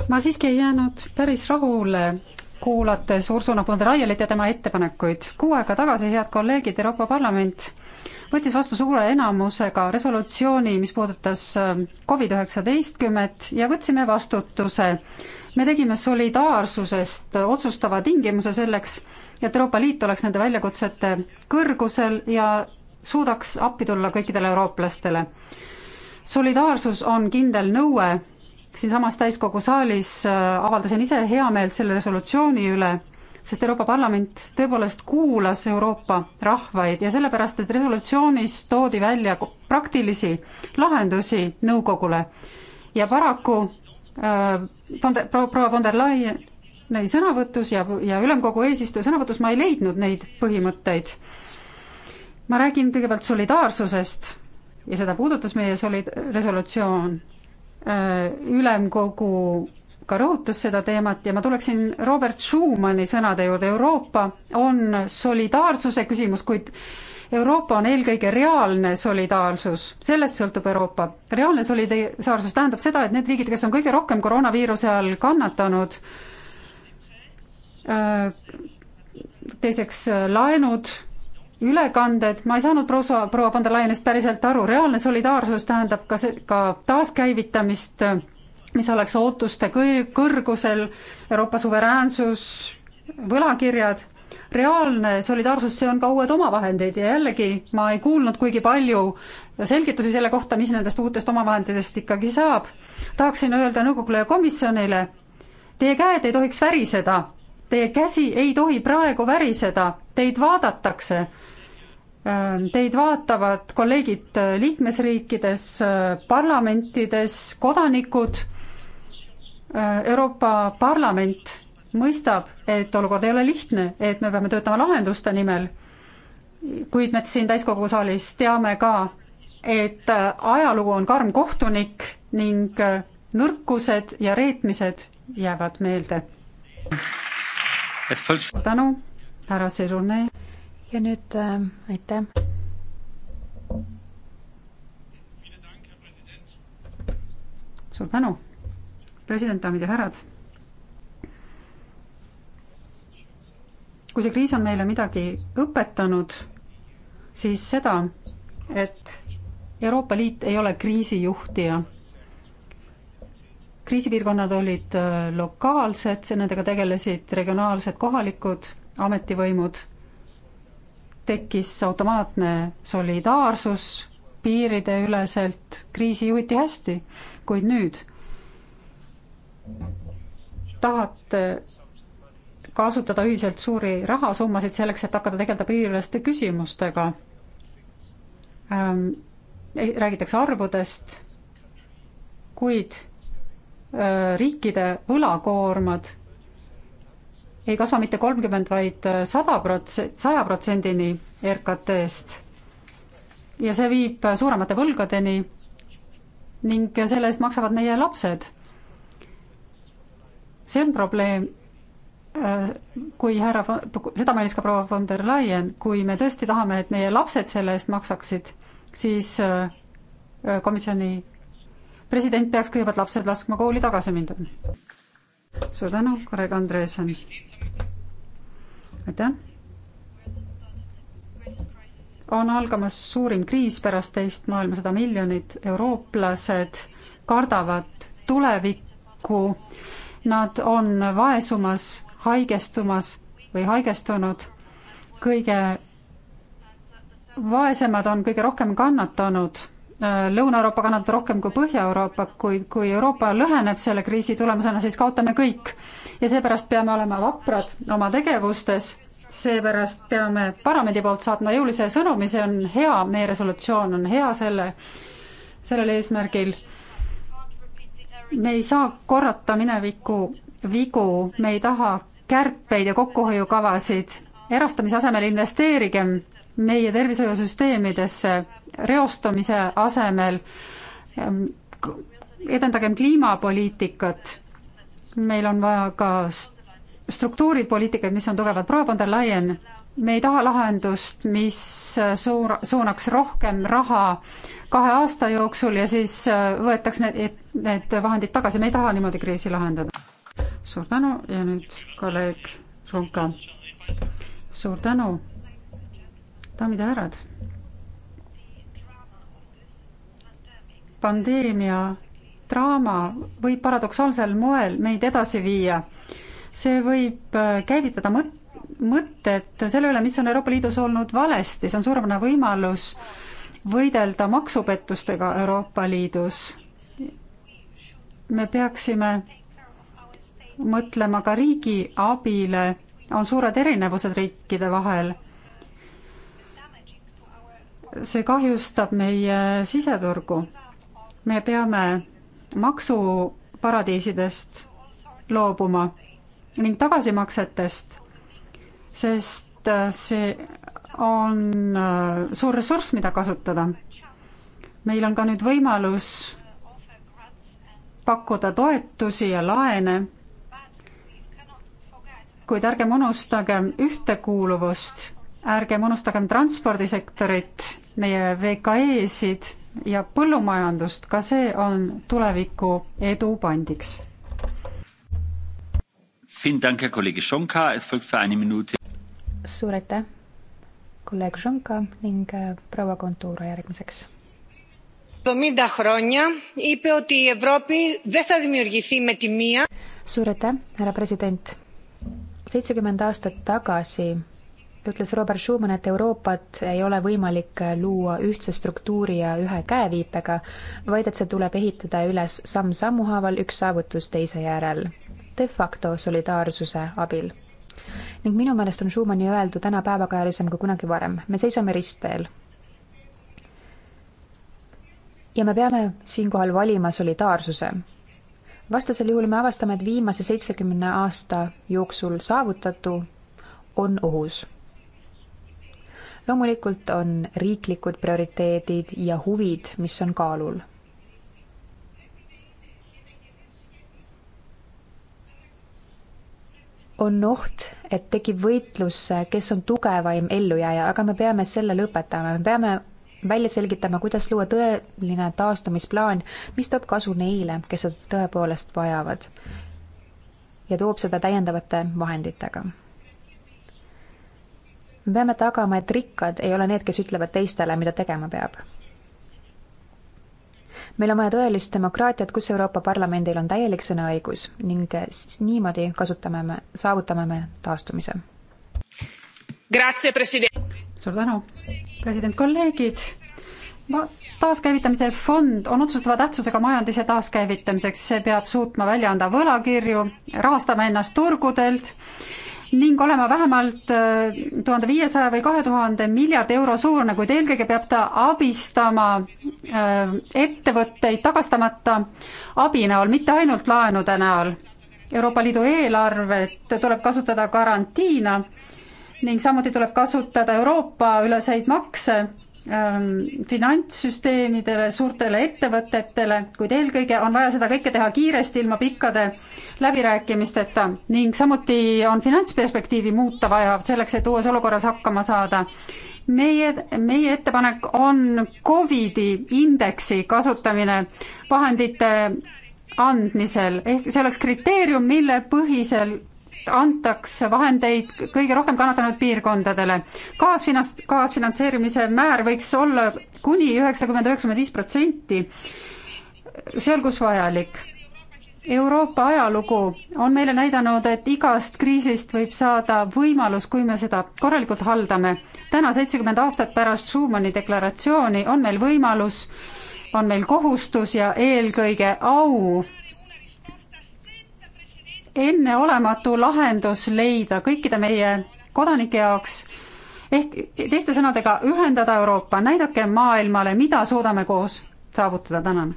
ma siiski ei jäänud päris rahule kuulates Ursula von der Leyenit ja tema ettepanekuid. Kuu aega tagasi, head kolleegid, Euroopa Parlament võttis vastu suure enamusega resolutsiooni, mis puudutas ähm, Covid üheksateistkümmet ja võtsime vastutuse. me tegime solidaarsusest otsustava tingimuse selleks, et Euroopa Liit oleks nende väljakutsete kõrgusel ja suudaks appi tulla kõikidele eurooplastele. solidaarsus on kindel nõue, siinsamas täiskogu saalis äh, avaldasin ise heameelt selle resolutsiooni üle sest Euroopa Parlament tõepoolest kuulas Euroopa rahvaid ja sellepärast, et resolutsioonis toodi välja praktilisi lahendusi nõukogule ja paraku äh, proua von der Leyen sõnavõtus ja, ja ülemkogu eesistuja sõnavõtus ma ei leidnud neid põhimõtteid. ma räägin kõigepealt solidaarsusest ja seda puudutas meie soli-, resolutsioon äh,, ülemkogu ka rõhutas seda teemat ja ma tuleksin Robert Schumanni sõnade juurde, Euroopa on solidaarsuse küsimus, kuid Euroopa on eelkõige reaalne solidaarsus, sellest sõltub Euroopa. reaalne solidaarsus tähendab seda, et need riigid, kes on kõige rohkem koroonaviiruse all kannatanud, äh, teiseks äh, laenud, ülekanded, ma ei saanud proua, proua von der Leyenist päriselt aru, reaalne solidaarsus tähendab ka see, ka taaskäivitamist mis oleks ootuste kõrgusel, Euroopa suveräänsus, võlakirjad, reaalne solidaarsus, see on ka uued omavahendid ja jällegi ma ei kuulnud kuigi palju selgitusi selle kohta, mis nendest uutest omavahenditest ikkagi saab. tahaksin öelda nõukogule ja komisjonile, teie käed ei tohiks väriseda, teie käsi ei tohi praegu väriseda, teid vaadatakse Teid vaatavad kolleegid liikmesriikides, parlamentides, kodanikud Äh, Euroopa Parlament mõistab, et olukord ei ole lihtne, et me peame töötama lahenduste nimel, kuid me siin täiskogu saalis teame ka, et äh, ajalugu on karm kohtunik ning äh, nõrkused ja reetmised jäävad meelde. tänu, härra Sirune. ja nüüd äh, aitäh. suur tänu president, daamid ja härrad. kui see kriis on meile midagi õpetanud, siis seda, et Euroopa Liit ei ole kriisijuhtija. kriisipiirkonnad olid äh, lokaalsed, nendega tegelesid regionaalsed kohalikud ametivõimud, tekkis automaatne solidaarsus piirideüleselt, kriisi juhiti hästi, kuid nüüd tahate kasutada ühiselt suuri rahasummasid selleks, et hakata tegeleda piiriüleste küsimustega ähm,. räägitakse arvudest, kuid äh, riikide võlakoormad ei kasva mitte kolmkümmend, vaid sada protsenti, saja protsendini RKT-st. ja see viib suuremate võlgadeni ning selle eest maksavad meie lapsed see on probleem, äh, kui härra, seda mainis ka proua von der Leyen, kui me tõesti tahame, et meie lapsed selle eest maksaksid, siis äh, äh, komisjoni president peaks kõigepealt lapsed laskma kooli tagasi minna. suur tänu, kolleeg Andreesen. aitäh. on algamas suurim kriis pärast teist maailmasõda, miljonid eurooplased kardavad tulevikku nad on vaesumas, haigestumas või haigestunud. kõige vaesemad on kõige rohkem kannatanud, äh, Lõuna-Euroopa kannatab rohkem kui Põhja-Euroopa, kuid kui Euroopa lõheneb selle kriisi tulemusena, siis kaotame kõik. ja seepärast peame olema vaprad oma tegevustes, seepärast peame parlamendi poolt saatma jõulise sõnumi, see on hea, meie resolutsioon on hea selle, sellel eesmärgil me ei saa korrata mineviku vigu, me ei taha kärpeid ja kokkuhoiukavasid, erastamise asemel investeerigem meie tervishoiusüsteemidesse, reostumise asemel ehm, edendagem kliimapoliitikat, meil on vaja ka struktuurid, poliitikad, mis on tugevad, proua von der Leyen, me ei taha lahendust, mis suur, suunaks rohkem raha äh, kahe aasta jooksul ja siis äh, võetaks need, need vahendid tagasi, me ei taha niimoodi kriisi lahendada. suur tänu ja nüüd kolleeg Runka. suur tänu, daamid ja härrad. pandeemia draama võib paradoksaalsel moel meid edasi viia. see võib äh, käivitada mõt-, mõtted selle üle, mis on Euroopa Liidus olnud valesti, see on suurepärane võimalus äh, võidelda maksupettustega Euroopa Liidus. me peaksime mõtlema ka riigi abile, on suured erinevused riikide vahel. see kahjustab meie siseturgu. me peame maksuparadiisidest loobuma ning tagasimaksetest, sest see on äh, suur ressurss, mida kasutada. meil on ka nüüd võimalus pakkuda toetusi ja laene, kuid ärgem unustagem ühtekuuluvust, ärgem unustagem transpordisektorit, meie VKE-sid ja põllumajandust, ka see on tuleviku edu pandiks. suur aitäh! kolleeg Žonka ning äh, proua Kontuura järgmiseks. suur aitäh, härra president. seitsekümmend aastat tagasi ütles Robert Schuman, et Euroopat ei ole võimalik äh, luua ühtse struktuuri ja ühe käeviipega, vaid et see tuleb ehitada üles samm sammu haaval, üks saavutus teise järel, de facto solidaarsuse abil ning minu meelest on Schumani öeldu täna päevakajalisem kui kunagi varem. me seisame ristteel. ja me peame siinkohal valima solidaarsuse. vastasel juhul me avastame, et viimase seitsmekümne aasta jooksul saavutatu on ohus. loomulikult on riiklikud prioriteedid ja huvid, mis on kaalul on oht, et tekib võitlus, kes on tugevaim ellujääja, aga me peame selle lõpetama, me peame välja selgitama, kuidas luua tõeline taastumisplaan, mis toob kasu neile, kes seda tõepoolest vajavad ja toob seda täiendavate vahenditega. me peame tagama, et rikkad ei ole need, kes ütlevad teistele, mida tegema peab meil on vaja tõelist demokraatiat, kus Euroopa Parlamendil on täielik sõnaõigus ning niimoodi kasutame me, saavutame me taastumise. suur tänu, president, kolleegid. ma, taaskäivitamise fond on otsustava tähtsusega majanduse taaskäivitamiseks, see peab suutma välja anda võlakirju, rahastama ennast turgudelt ning olema vähemalt äh, tuhande viiesaja või kahe tuhande miljardi euro suurune, kuid eelkõige peab ta abistama äh, ettevõtteid tagastamata abi näol, mitte ainult laenude näol. Euroopa Liidu eelarvet tuleb kasutada garantiina ning samuti tuleb kasutada Euroopa üleseid makse Ähm, finantssüsteemidele, suurtele ettevõtetele, kuid eelkõige on vaja seda kõike teha kiiresti, ilma pikkade läbirääkimisteta ning samuti on finantsperspektiivi muuta vaja selleks, et uues olukorras hakkama saada. meie, meie ettepanek on Covidi indeksi kasutamine vahendite andmisel, ehk see oleks kriteerium, mille põhisel et antaks vahendeid kõige rohkem kannatanud piirkondadele. kaasfinants-, kaasfinantseerimise määr võiks olla kuni üheksakümmend, üheksakümmend viis protsenti seal, kus vajalik. Euroopa ajalugu on meile näidanud, et igast kriisist võib saada võimalus, kui me seda korralikult haldame. täna, seitsekümmend aastat pärast Schumanni deklaratsiooni on meil võimalus, on meil kohustus ja eelkõige au enneolematu lahendus leida kõikide meie kodanike jaoks ehk teiste sõnadega ühendada Euroopa, näidake maailmale, mida suudame koos saavutada, tänan.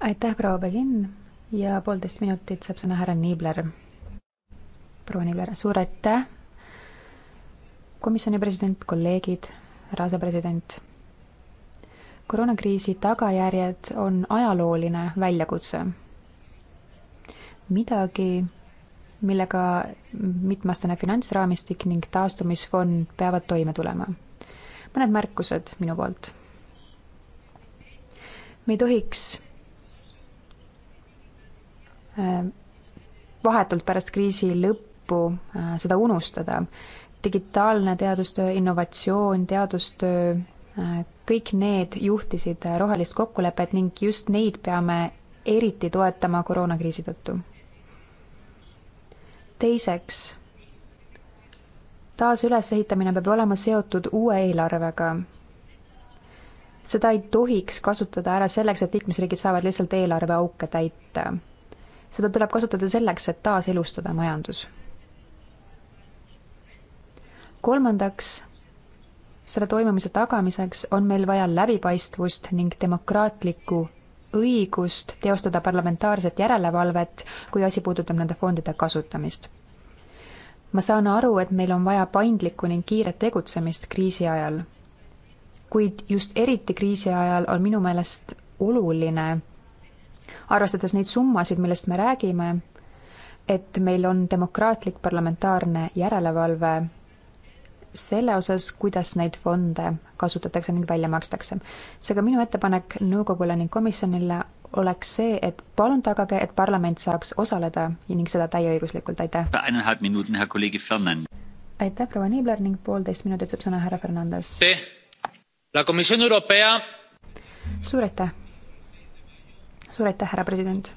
aitäh, proua Begin ja poolteist minutit saab sõna härra Niibler. proua Niibler, suur aitäh. komisjoni president, kolleegid, härra asepresident koroonakriisi tagajärjed on ajalooline väljakutse. midagi, millega mitmeaastane finantsraamistik ning taastumisfond peavad toime tulema. mõned märkused minu poolt. me ei tohiks äh, vahetult pärast kriisi lõppu äh, seda unustada digitaalne teadustöö, innovatsioon, teadustöö, kõik need juhtisid rohelist kokkulepet ning just neid peame eriti toetama koroonakriisi tõttu. teiseks, taasülesehitamine peab olema seotud uue eelarvega. seda ei tohiks kasutada ära selleks, et liikmesriigid saavad lihtsalt eelarveauke täita. seda tuleb kasutada selleks, et taaselustada majandus. kolmandaks selle toimumise tagamiseks on meil vaja läbipaistvust ning demokraatlikku õigust teostada parlamentaarset järelevalvet, kui asi puudutab nende fondide kasutamist. ma saan aru, et meil on vaja paindlikku ning kiiret tegutsemist kriisi ajal. kuid just eriti kriisi ajal on minu meelest oluline, arvestades neid summasid, millest me räägime, et meil on demokraatlik parlamentaarne järelevalve selle osas, kuidas neid fonde kasutatakse ning välja makstakse. seega minu ettepanek nõukogule ning komisjonile oleks see, et palun tagage, et parlament saaks osaleda ning seda täieõiguslikult, aitäh. aitäh, proua Niibler ning poolteist minutit saab sõna härra Fernandes. suur aitäh. suur aitäh, härra president.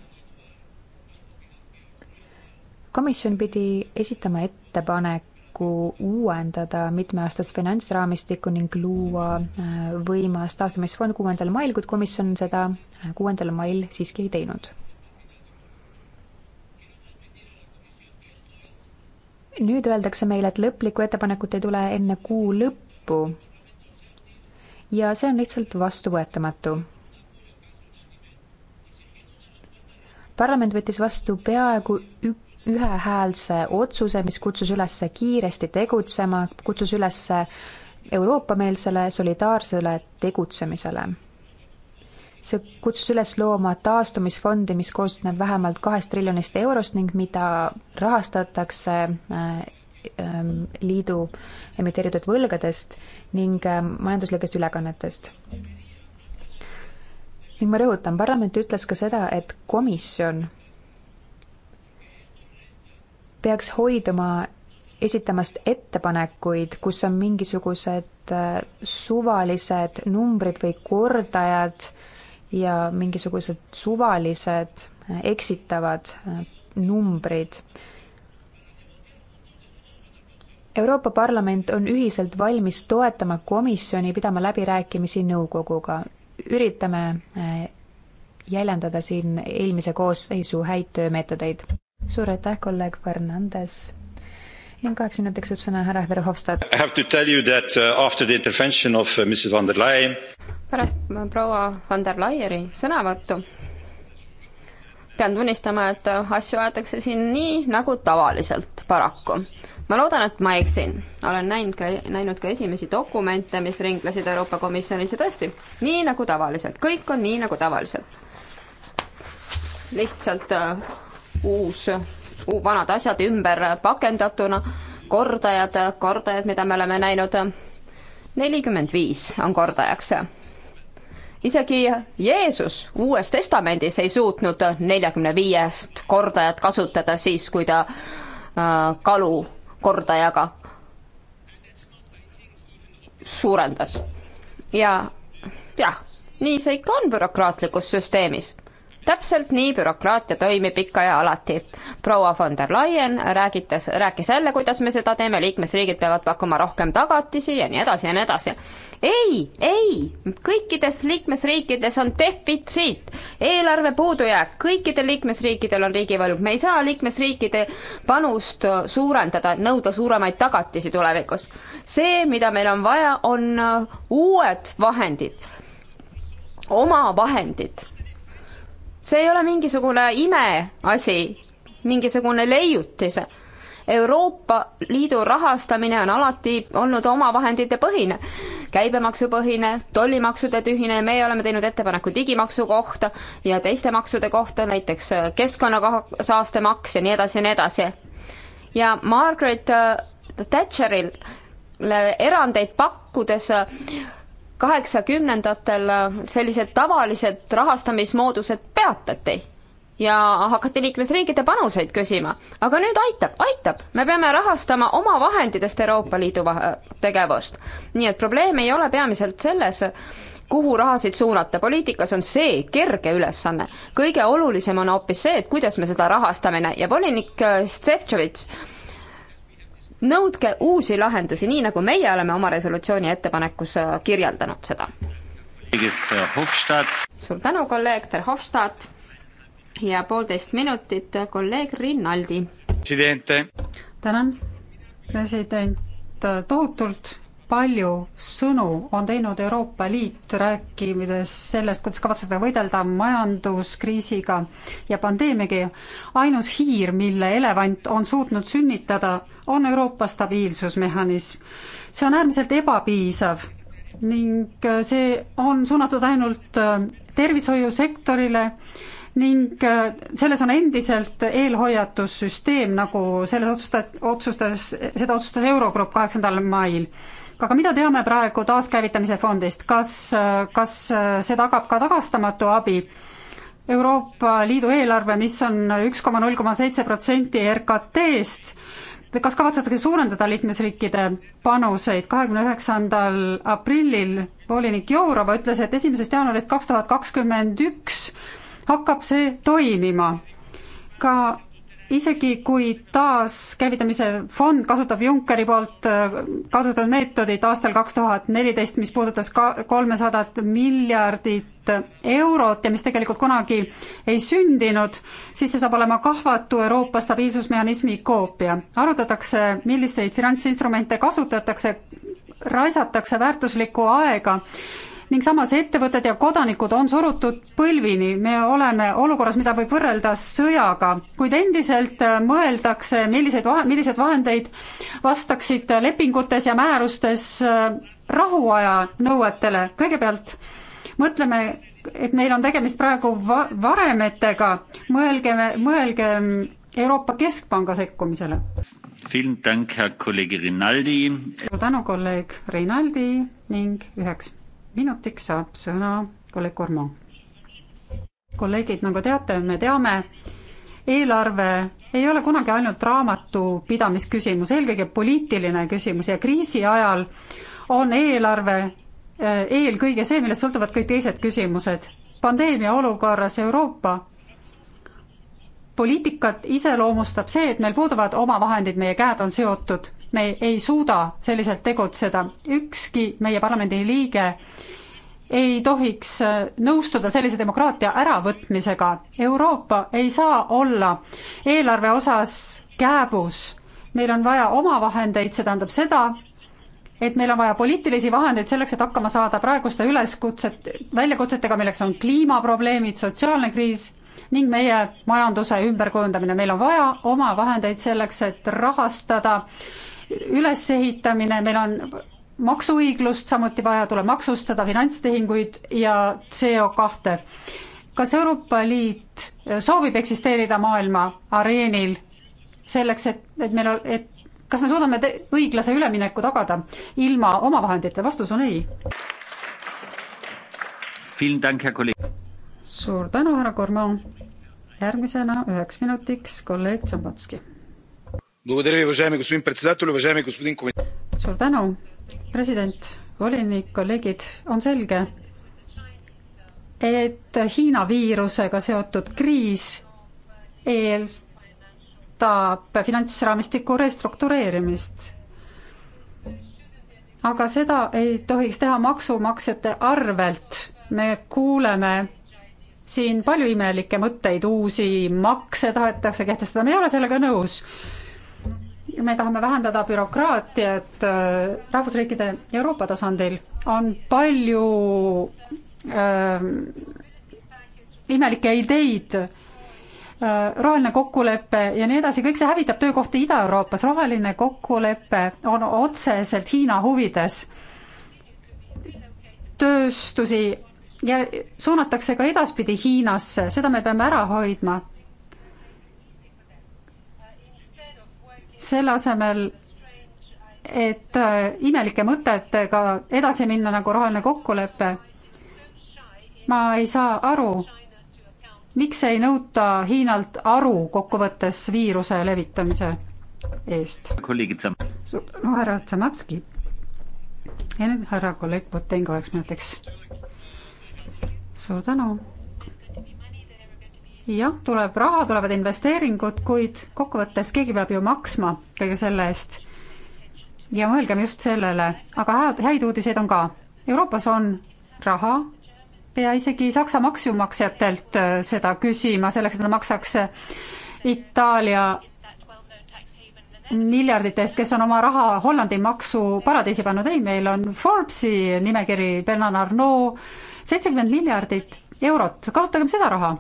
komisjon pidi esitama ettepanek ettepaneku uuendada mitmeaastast finantsraamistikku ning luua äh, võimas taastamisfond kuuendal mail, kuid komisjon seda äh, kuuendal mail siiski ei teinud. nüüd öeldakse meile, et lõplikku ettepanekut ei tule enne kuu lõppu. ja see on lihtsalt vastuvõetamatu parlament võttis vastu peaaegu ük-, ühehäälse otsuse, mis kutsus üles kiiresti tegutsema, kutsus üles Euroopa-meelsele solidaarsele tegutsemisele. see kutsus üles looma taastumisfondi, mis koosneb vähemalt kahest triljonist eurost ning mida rahastatakse äh, ähm, liidu emiteeritud võlgadest ning ähm, majanduslikest ülekannetest ning ma rõhutan, parlament ütles ka seda, et komisjon peaks hoiduma esitamast ettepanekuid, kus on mingisugused äh, suvalised numbrid või kordajad ja mingisugused suvalised äh, eksitavad äh, numbrid. Euroopa Parlament on ühiselt valmis toetama komisjoni, pidama läbirääkimisi nõukoguga. üritame jäljendada siin eelmise koosseisu häid töömeetodeid suur aitäh, kolleeg Fernandes ning kaheks minutiks saab sõna härra Verhofstadt. I have to tell you that uh, after the intervention of uh, Mrs van der Leyen pärast äh, proua van der Laieri sõnavõttu pean tunnistama, et äh, asju aetakse siin nii nagu tavaliselt paraku. ma loodan, et ma eksin. olen näinud ka, näinud ka esimesi dokumente, mis ringlesid Euroopa Komisjonis ja tõesti, nii nagu tavaliselt, kõik on nii nagu tavaliselt. lihtsalt äh, uus, vanad asjad ümber pakendatuna, kordajad, kordajad, mida me oleme näinud, nelikümmend viis on kordajaks. isegi Jeesus Uues Testamendis ei suutnud neljakümne viiest kordajat kasutada siis, kui ta äh, kalu kordajaga suurendas. ja jah, nii see ikka on bürokraatlikus süsteemis täpselt nii bürokraatia toimib ikka ja alati. proua von der Leyen räägitas, rääkis jälle, kuidas me seda teeme, liikmesriigid peavad pakkuma rohkem tagatisi ja nii edasi ja nii edasi. ei, ei, kõikides liikmesriikides on defitsiit, eelarve puudujääk, kõikidel liikmesriikidel on riigivõlg, me ei saa liikmesriikide panust suurendada, nõuda suuremaid tagatisi tulevikus. see, mida meil on vaja, on uued vahendid, oma vahendid see ei ole mingisugune imeasi, mingisugune leiutis. Euroopa Liidu rahastamine on alati olnud omavahendite põhine, käibemaksupõhine, tollimaksude tühine, meie oleme teinud ettepaneku digimaksu kohta ja teiste maksude kohta, näiteks äh, keskkonnasaastemaks ja nii edasi ja nii edasi. ja Margaret äh, Thatcheril äh, erandeid pakkudes kaheksakümnendatel sellised tavalised rahastamismoodused peatati ja hakati liikmesriikide panuseid küsima. aga nüüd aitab, aitab, me peame rahastama oma vahenditest Euroopa Liidu tegevust. nii et probleem ei ole peamiselt selles, kuhu rahasid suunata, poliitikas on see kerge ülesanne. kõige olulisem on hoopis see, et kuidas me seda rahastame ja volinik äh, Šefčovitš nõudke uusi lahendusi, nii nagu meie oleme oma resolutsiooni ettepanekus äh, kirjeldanud seda. suur tänu, kolleeg Verhofstadt ja poolteist minutit kolleeg Rinaldi. tänan, president, tohutult palju sõnu on teinud Euroopa Liit, rääkides sellest, kuidas kavatsetakse võidelda majanduskriisiga ja pandeemiaga. ainus hiir, mille elevant on suutnud sünnitada, on Euroopa stabiilsusmehhanism. see on äärmiselt ebapiisav ning äh, see on suunatud ainult äh, tervishoiusektorile ning äh, selles on endiselt eelhoiatussüsteem, nagu selles otsustas, otsustas, seda otsustas Eurogrupp kaheksandal mail. aga mida teame praegu taaskäivitamise fondist, kas, kas see tagab ka tagastamatu abi? Euroopa Liidu eelarve, mis on üks koma null koma seitse protsenti RKT-st, RKT kas kavatsetakse suurendada liikmesriikide panuseid, kahekümne üheksandal aprillil volinik Jourova ütles, et esimesest jaanuarist kaks tuhat kakskümmend üks hakkab see toimima. ka isegi kui taaskäivitamise fond kasutab Junckeri poolt äh, kasutatud meetodit aastal kaks tuhat neliteist, mis puudutas ka kolmesadat miljardit eurot ja mis tegelikult kunagi ei sündinud, siis see saab olema kahvatu Euroopa stabiilsusmehhanismi koopia. arutatakse, milliseid finantsinstrumente kasutatakse, raisatakse väärtuslikku aega ning samas ettevõtted ja kodanikud on surutud põlvini, me oleme olukorras, mida võib võrrelda sõjaga, kuid endiselt äh, mõeldakse, milliseid, millised vahendeid vastaksid lepingutes ja määrustes äh, rahuaja nõuetele, kõigepealt mõtleme, et meil on tegemist praegu va-, varemetega, mõelge, mõelge mm, Euroopa Keskpanga sekkumisele. suur tänu, kolleeg Rinaldi ning üheks minutiks saab sõna kolleeg Kormo. kolleegid, nagu teate, me teame, eelarve ei ole kunagi ainult raamatupidamisküsimus, eelkõige poliitiline küsimus ja kriisi ajal on eelarve eh, eelkõige see, millest sõltuvad kõik teised küsimused. pandeemia olukorras Euroopa poliitikat iseloomustab see, et meil puuduvad omavahendid, meie käed on seotud me ei suuda selliselt tegutseda, ükski meie parlamendi liige ei tohiks äh, nõustuda sellise demokraatia äravõtmisega. Euroopa ei saa olla eelarve osas kääbus, meil on vaja omavahendeid, see tähendab seda, et meil on vaja poliitilisi vahendeid selleks, et hakkama saada praeguste üleskutset, väljakutsetega, milleks on kliimaprobleemid, sotsiaalne kriis ning meie majanduse ümberkujundamine, meil on vaja omavahendeid selleks, et rahastada äh, ülesehitamine, meil on maksuõiglust samuti vaja, tuleb maksustada finantstehinguid ja CO kahte. kas Euroopa Liit soovib eksisteerida maailma areenil selleks, et, et meil, et kas me suudame õiglase ülemineku tagada ilma omavahendite, vastus on ei. suur tänu, härra Gormand. järgmisena üheks minutiks kolleeg Tšambatski suur tänu, president, volinik, kolleegid, on selge, et Hiina viirusega seotud kriis eeldab finantsraamistiku restruktureerimist. aga seda ei tohiks teha maksumaksjate arvelt. me kuuleme siin palju imelikke mõtteid, uusi makse tahetakse kehtestada, me ei ole sellega nõus me tahame vähendada bürokraatiat äh, rahvusriikide Euroopa tasandil, on palju äh, imelikke ideid äh,, roheline kokkulepe ja nii edasi, kõik see hävitab töökohti Ida-Euroopas, roheline kokkulepe on otseselt Hiina huvides. tööstusi ja suunatakse ka edaspidi Hiinasse, seda me peame ära hoidma selle asemel, et äh, imelike mõtetega edasi minna nagu roheline kokkulepe. ma ei saa aru, miks ei nõuta Hiinalt aru kokkuvõttes viiruse levitamise eest. no härra Tsamatski ja nüüd härra kolleeg Potenko üheks minutiks. suur tänu jah, tuleb raha, tulevad investeeringud, kuid kokkuvõttes keegi peab ju maksma kõige selle eest. ja mõelgem just sellele, aga häid, häid uudiseid on ka. Euroopas on raha ja isegi Saksa maksumaksjatelt äh, seda küsima, selleks et nad maksaks äh, Itaalia miljardite eest, kes on oma raha Hollandi maksuparadiisi pannud, ei, meil on Forbesi nimekiri, Bernard Arnault, seitsekümmend miljardit eurot, kasutagem seda raha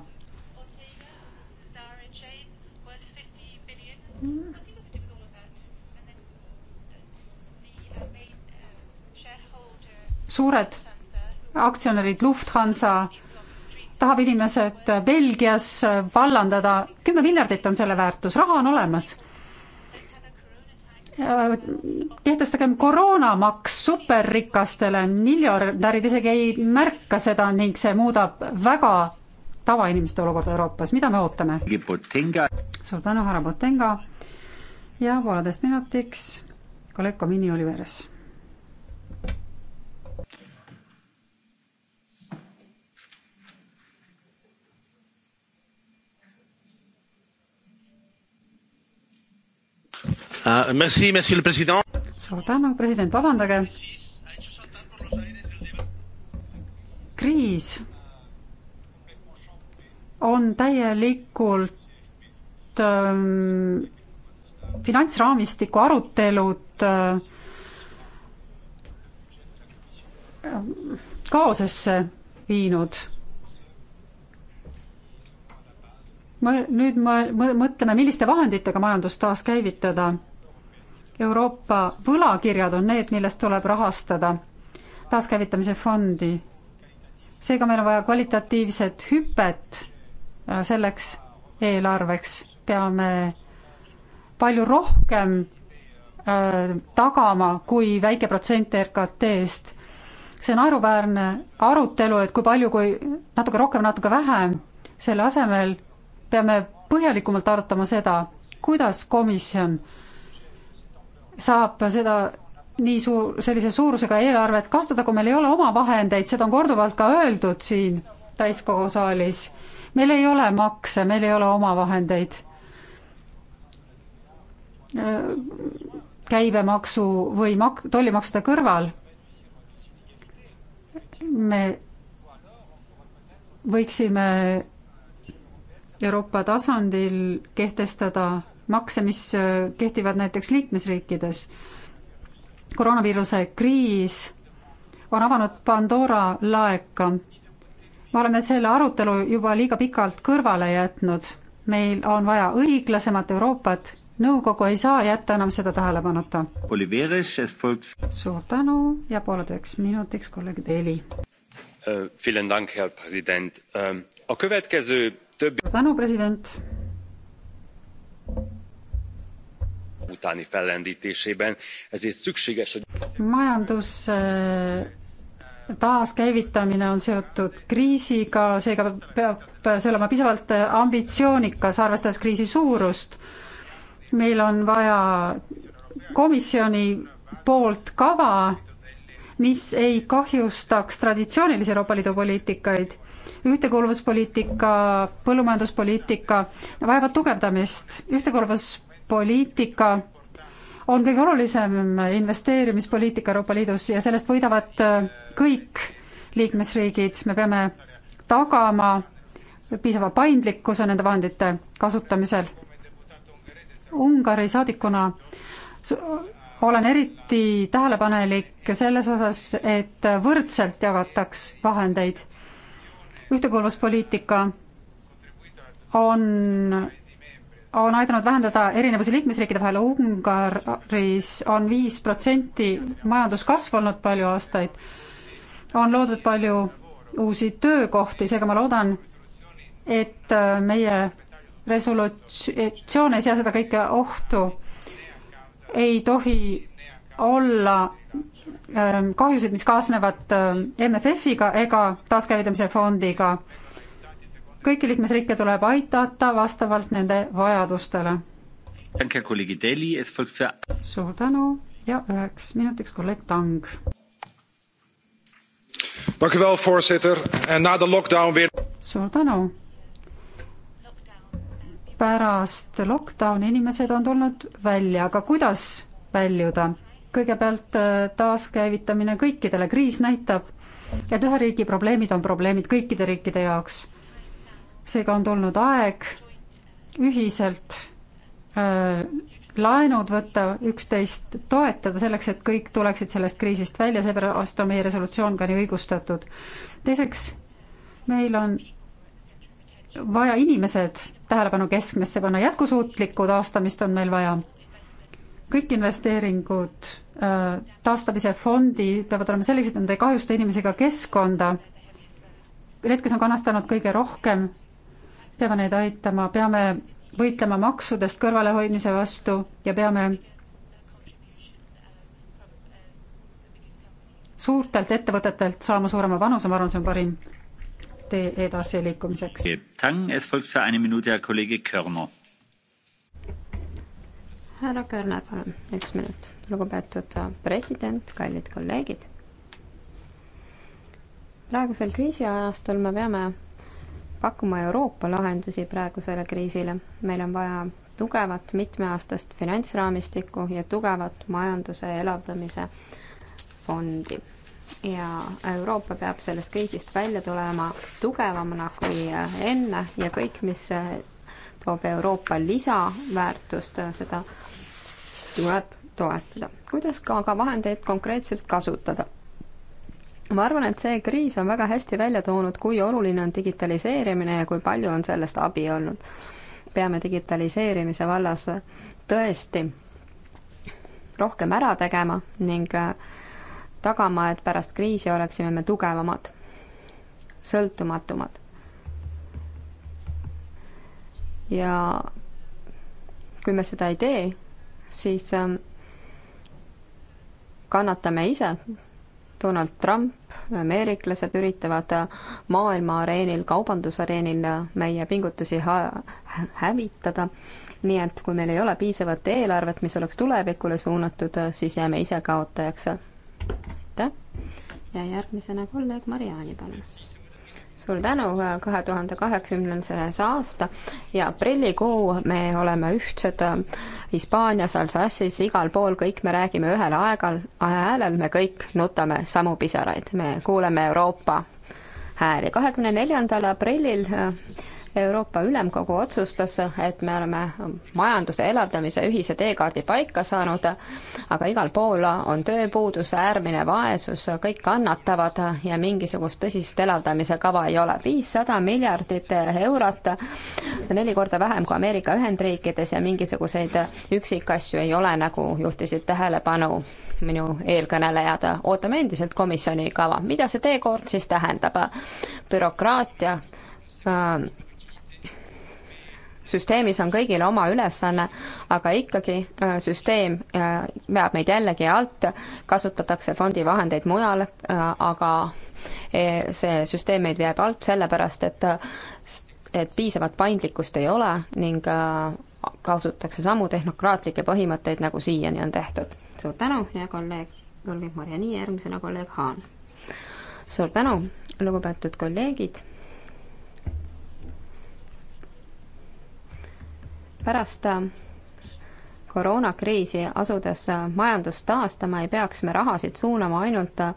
suured aktsionärid Lufthansa tahab inimesed Belgias vallandada, kümme miljardit on selle väärtus, raha on olemas kehtestagem koroonamaks superrikastele, miljardärid isegi ei märka seda ning see muudab väga tavainimeste olukorda Euroopas, mida me ootame? suur tänu, härra Botenga ja pooleteist minutiks kolleeg Comini Oliveres. Ah, merci, monsieur le president. suur tänu, president, vabandage. kriis on täielikult ähm, finantsraamistiku arutelud äh, kaosesse viinud. ma, nüüd ma, mõtleme, milliste vahenditega majandust taaskäivitada. Euroopa võlakirjad on need, millest tuleb rahastada taaskäivitamise fondi. seega meil on vaja kvalitatiivset hüpet Äh, selleks eelarveks peame palju rohkem äh, tagama kui väike protsent RKT-st. see naeruväärne arutelu, et kui palju, kui natuke rohkem, natuke vähem, selle asemel peame põhjalikumalt arutama seda, kuidas komisjon saab seda nii suur, sellise suurusega eelarvet kasutada, kui meil ei ole omavahendeid, seda on korduvalt ka öeldud siin täiskogu saalis meil ei ole makse, meil ei ole omavahendeid. käibemaksu või mak-, tollimaksude kõrval me võiksime Euroopa tasandil kehtestada makse, mis kehtivad näiteks liikmesriikides. koroonaviiruse kriis on avanud Pandora laeka me oleme selle arutelu juba liiga pikalt kõrvale jätnud. meil on vaja õiglasemat Euroopat, nõukogu ei saa jätta enam seda tähelepanuta. suur tänu ja pooleteiseks minutiks kolleeg Deli uh,. suur uh, tänu, president utáni fellendítésében, ezért szükséges, hogy... Majandus taaskäivitamine on seotud kriisiga, seega peab see olema piisavalt ambitsioonikas, arvestades kriisi suurust. meil on vaja komisjoni poolt kava, mis ei kahjustaks traditsioonilisi Euroopa Liidu poliitikaid, ühtekuuluvuspoliitika, põllumajanduspoliitika vajavad tugevdamist, ühtekuuluvuspoliitika on kõige olulisem investeerimispoliitika Euroopa Liidus ja sellest võidavad kõik liikmesriigid, me peame tagama piisava paindlikkuse nende vahendite kasutamisel. Ungari saadikuna olen eriti tähelepanelik selles osas, et võrdselt jagataks vahendeid. ühtekuuluvuspoliitika on, on aidanud vähendada erinevusi liikmesriikide vahel, Ungaris on viis protsenti majanduskasv olnud palju aastaid on loodud palju uusi töökohti, seega ma loodan, et äh, meie resolutsioon ei sea seda kõike ohtu. ei tohi olla ähm, kahjusid, mis kaasnevad äh, MFF-iga ega taaskäivitamise fondiga. kõiki liikmesriike tuleb aidata vastavalt nende vajadustele. suur tänu ja üheks minutiks kolleeg Tang voorzitter. na de lockdown weer. suur tänu. pärast lockdowni inimesed on tulnud välja, aga kuidas väljuda? kõigepealt äh, taaskäivitamine kõikidele, kriis näitab, et ühe riigi probleemid on probleemid kõikide riikide jaoks. seega on tulnud aeg ühiselt öö, äh, laenud võtta, üksteist toetada selleks, et kõik tuleksid sellest kriisist välja, seepärast on meie resolutsioon ka nii õigustatud. teiseks, meil on vaja inimesed tähelepanu keskmesse panna, jätkusuutlikku taastamist on meil vaja. kõik investeeringud äh, taastamise fondi peavad olema selleks, et nad ei kahjusta inimesega keskkonda. Need, kes on kannatanud kõige rohkem, peame neid aitama, peame võitlema maksudest kõrvalehoidmise vastu ja peame suurtelt ettevõtetelt saama suurema panuse, ma arvan, see on parim tee edasiliikumiseks. härra Körner, palun, üks minut. lugupeetud äh, president, kallid kolleegid. praegusel kriisiajastul me peame pakkuma Euroopa lahendusi praegusele kriisile. meil on vaja tugevat mitmeaastast finantsraamistikku ja tugevat majanduse elavdamise fondi. ja Euroopa peab sellest kriisist välja tulema tugevamana kui enne ja kõik, mis toob Euroopa lisaväärtust, seda tuleb toetada. kuidas ka aga vahendeid konkreetselt kasutada? ma arvan, et see kriis on väga hästi välja toonud, kui oluline on digitaliseerimine ja kui palju on sellest abi olnud. peame digitaliseerimise vallas tõesti rohkem ära tegema ning äh, tagama, et pärast kriisi oleksime me tugevamad, sõltumatumad. ja kui me seda ei tee, siis äh, kannatame ise Donald Trump, ameeriklased üritavad maailma areenil, kaubandusareenil meie pingutusi hä hävitada. nii et kui meil ei ole piisavat eelarvet, mis oleks tulevikule suunatud, siis jääme ise kaotajaks. aitäh ja järgmisena kolleeg Mariani, palun suur tänu, äh, kahe tuhande kaheksakümnendas aasta ja aprillikuu me oleme ühtsed äh, Hispaanias, Alsace'is, igal pool, kõik me räägime ühel aegal, häälel, me kõik nutame samu pisaraid, me kuuleme Euroopa hääli. kahekümne neljandal aprillil äh, Euroopa Ülemkogu otsustas, et me oleme majanduse elavdamise ühise teekaardi paika saanud, aga igal pool on tööpuudus, äärmine vaesus, kõik kannatavad ja mingisugust tõsist elavdamise kava ei ole. viissada miljardit eurot, neli korda vähem kui Ameerika Ühendriikides ja mingisuguseid üksikasju ei ole, nagu juhtisid tähelepanu minu eelkõnelejad. ootame endiselt komisjoni kava. mida see teekord siis tähendab? bürokraatia äh, süsteemis on kõigil oma ülesanne, aga ikkagi äh, süsteem äh, veab meid jällegi alt, kasutatakse fondi vahendeid mujal, äh, aga e, see süsteem meid veab alt sellepärast, et et piisavat paindlikkust ei ole ning kasutatakse samu tehnokraatlikke põhimõtteid, nagu siiani on tehtud. suur tänu, hea kolleeg, kolleeg Mariani, järgmisena kolleeg Haan. suur tänu, lugupeetud kolleegid pärast äh, koroonakriisi asudes äh, majandust taastama, ei peaks me rahasid suunama ainult äh,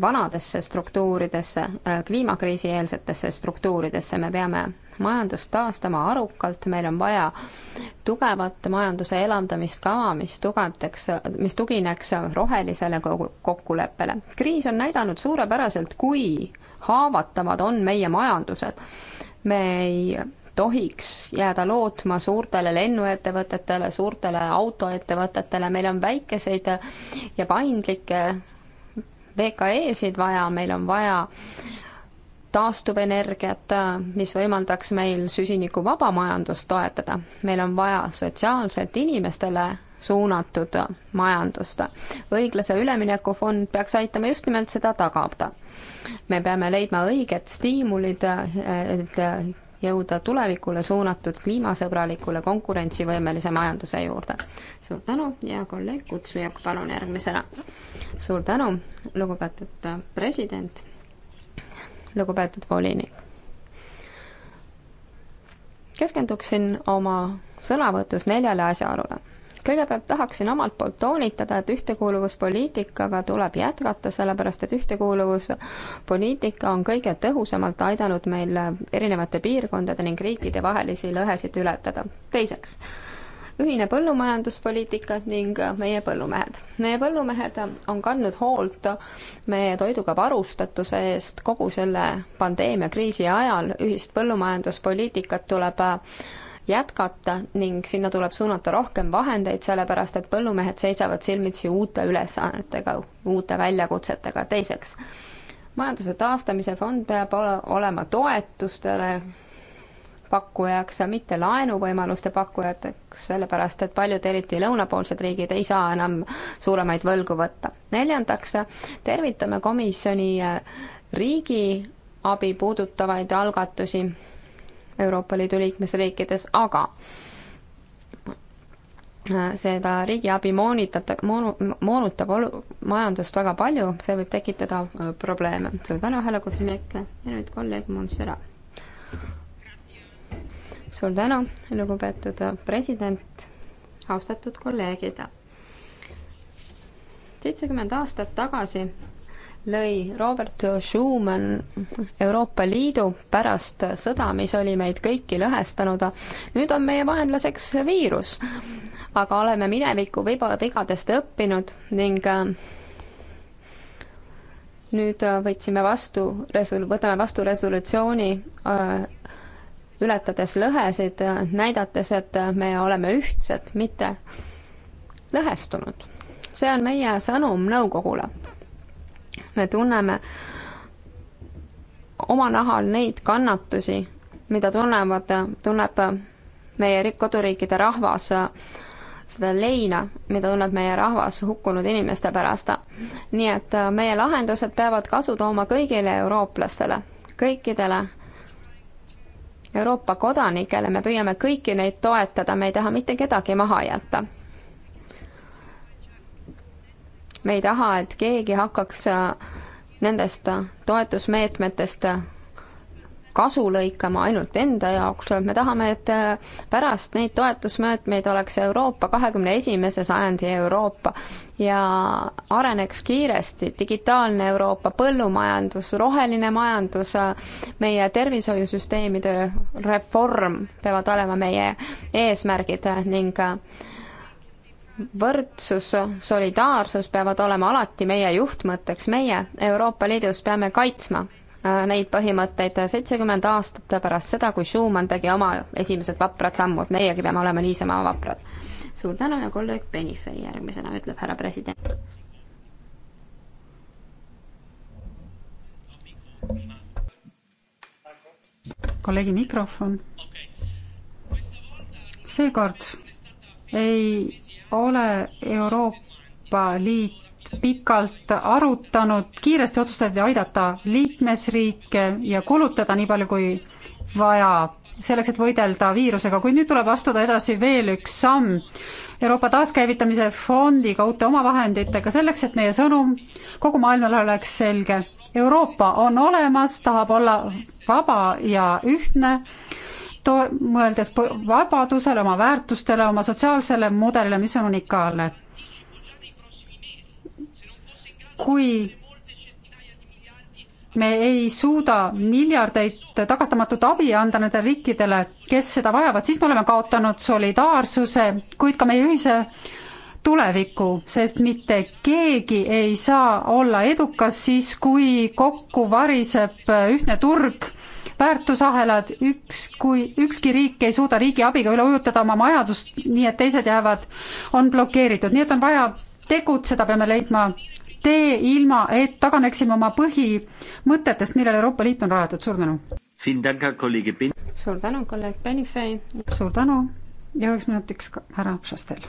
vanadesse struktuuridesse, kliimakriisieelsetesse struktuuridesse, me peame majandust taastama arukalt, meil on vaja tugevat majanduse elavdamiskava, mis tugevdaks, mis tugineks rohelisele kokkuleppele. kriis on näidanud suurepäraselt, kui haavatavad on meie majandused. me ei tohiks jääda lootma suurtele lennuettevõtetele, suurtele autoettevõtetele, meil on väikeseid ja paindlikke VKE-sid vaja, meil on vaja taastuvenergiat, mis võimaldaks meil süsinikuvaba majandust toetada. meil on vaja sotsiaalset inimestele suunatud majandust. õiglase ülemineku fond peaks aitama just nimelt seda tagada. me peame leidma õiged stiimulid, et jõuda tulevikule suunatud kliimasõbralikule konkurentsivõimelise majanduse juurde. suur tänu, hea kolleeg Kutsmiok, palun järgmisena. suur tänu, lugupeetud president, lugupeetud volinik. keskenduksin oma sõnavõtus neljale asjaolule kõigepealt tahaksin omalt poolt toonitada, et ühtekuuluvuspoliitikaga tuleb jätkata, sellepärast et ühtekuuluvuspoliitika on kõige tõhusamalt aidanud meil erinevate piirkondade ning riikide vahelisi lõhesid ületada. teiseks, ühine põllumajanduspoliitika ning meie põllumehed. meie põllumehed on kandnud hoolt meie toiduga varustatuse eest kogu selle pandeemia kriisi ajal, ühist põllumajanduspoliitikat tuleb jätkata ning sinna tuleb suunata rohkem vahendeid, sellepärast et põllumehed seisavad silmitsi uute ülesannetega, uute väljakutsetega. teiseks, majanduse taastamise fond peab ole, olema toetustele pakkujaks ja mitte laenuvõimaluste pakkujateks, sellepärast et paljud, eriti lõunapoolsed riigid, ei saa enam suuremaid võlgu võtta. neljandaks, tervitame komisjoni riigi abi puudutavaid algatusi Euroopa Liidu liikmesriikides, aga äh, seda riigiabi moonutab, moonutab olu-, majandust väga palju, see võib tekitada äh, probleeme. suur tänu, härra Kusimäik ja nüüd kolleeg Monsera. suur tänu, lugupeetud äh, president, austatud kolleegid. seitsekümmend aastat tagasi lõi Robert Schuman Euroopa Liidu pärast sõda, mis oli meid kõiki lõhestanud. nüüd on meie vaenlaseks viirus, aga oleme mineviku viba, vigadest õppinud ning äh, nüüd äh, võtsime vastu, võtame vastu resolutsiooni äh, ületades lõhesid, näidates, et me oleme ühtsed, mitte lõhestunud. see on meie sõnum nõukogule me tunneme oma nahal neid kannatusi, mida tunnevad, tunneb meie koduriikide rahvas, seda leina, mida tunneb meie rahvas hukkunud inimeste pärast. nii et meie lahendused peavad kasu tooma kõigile eurooplastele, kõikidele Euroopa kodanikele, me püüame kõiki neid toetada, me ei taha mitte kedagi maha jätta me ei taha, et keegi hakkaks äh, nendest äh, toetusmeetmetest äh, kasu lõikama ainult enda jaoks, me tahame, et pärast neid toetusmeetmeid oleks Euroopa kahekümne esimese sajandi Euroopa ja areneks kiiresti digitaalne Euroopa, põllumajandus, roheline majandus, meie tervishoiusüsteemide reform peavad olema meie eesmärgid ning äh, võrdsus, solidaarsus peavad olema alati meie juhtmõtteks, meie Euroopa Liidus peame kaitsma äh, neid põhimõtteid seitsekümmend aastat pärast seda, kui Schumann tegi oma esimesed vaprad sammud, meiegi peame olema niisama vaprad. suur tänu ja kolleeg Benifei järgmisena ütleb härra president. kolleegi mikrofon. seekord ei ole Euroopa Liit pikalt arutanud, kiiresti otsustati aidata liikmesriike ja kulutada nii palju kui vaja, selleks et võidelda viirusega, kuid nüüd tuleb astuda edasi veel üks samm. Euroopa taaskäivitamise fondiga, uute omavahenditega, selleks et meie sõnum kogu maailmale oleks selge. Euroopa on olemas, tahab olla vaba ja ühtne to-, mõeldes vabadusele, oma väärtustele, oma sotsiaalsele mudelile, mis on unikaalne. kui me ei suuda miljardeid tagastamatut abi anda nendele riikidele, kes seda vajavad, siis me oleme kaotanud solidaarsuse, kuid ka meie ühise tulevikku, sest mitte keegi ei saa olla edukas siis, kui kokku variseb ühtne turg väärtusahelad, üks, kui ükski riik ei suuda riigi abiga üle ujutada oma majandust, nii et teised jäävad, on blokeeritud, nii et on vaja tegutseda, peame leidma tee, ilma et taganeksime oma põhimõtetest, millele Euroopa Liit on rajatud, suur tänu. suur tänu, kolleeg Benifei. suur tänu ja üheks minutiks härra Šastel.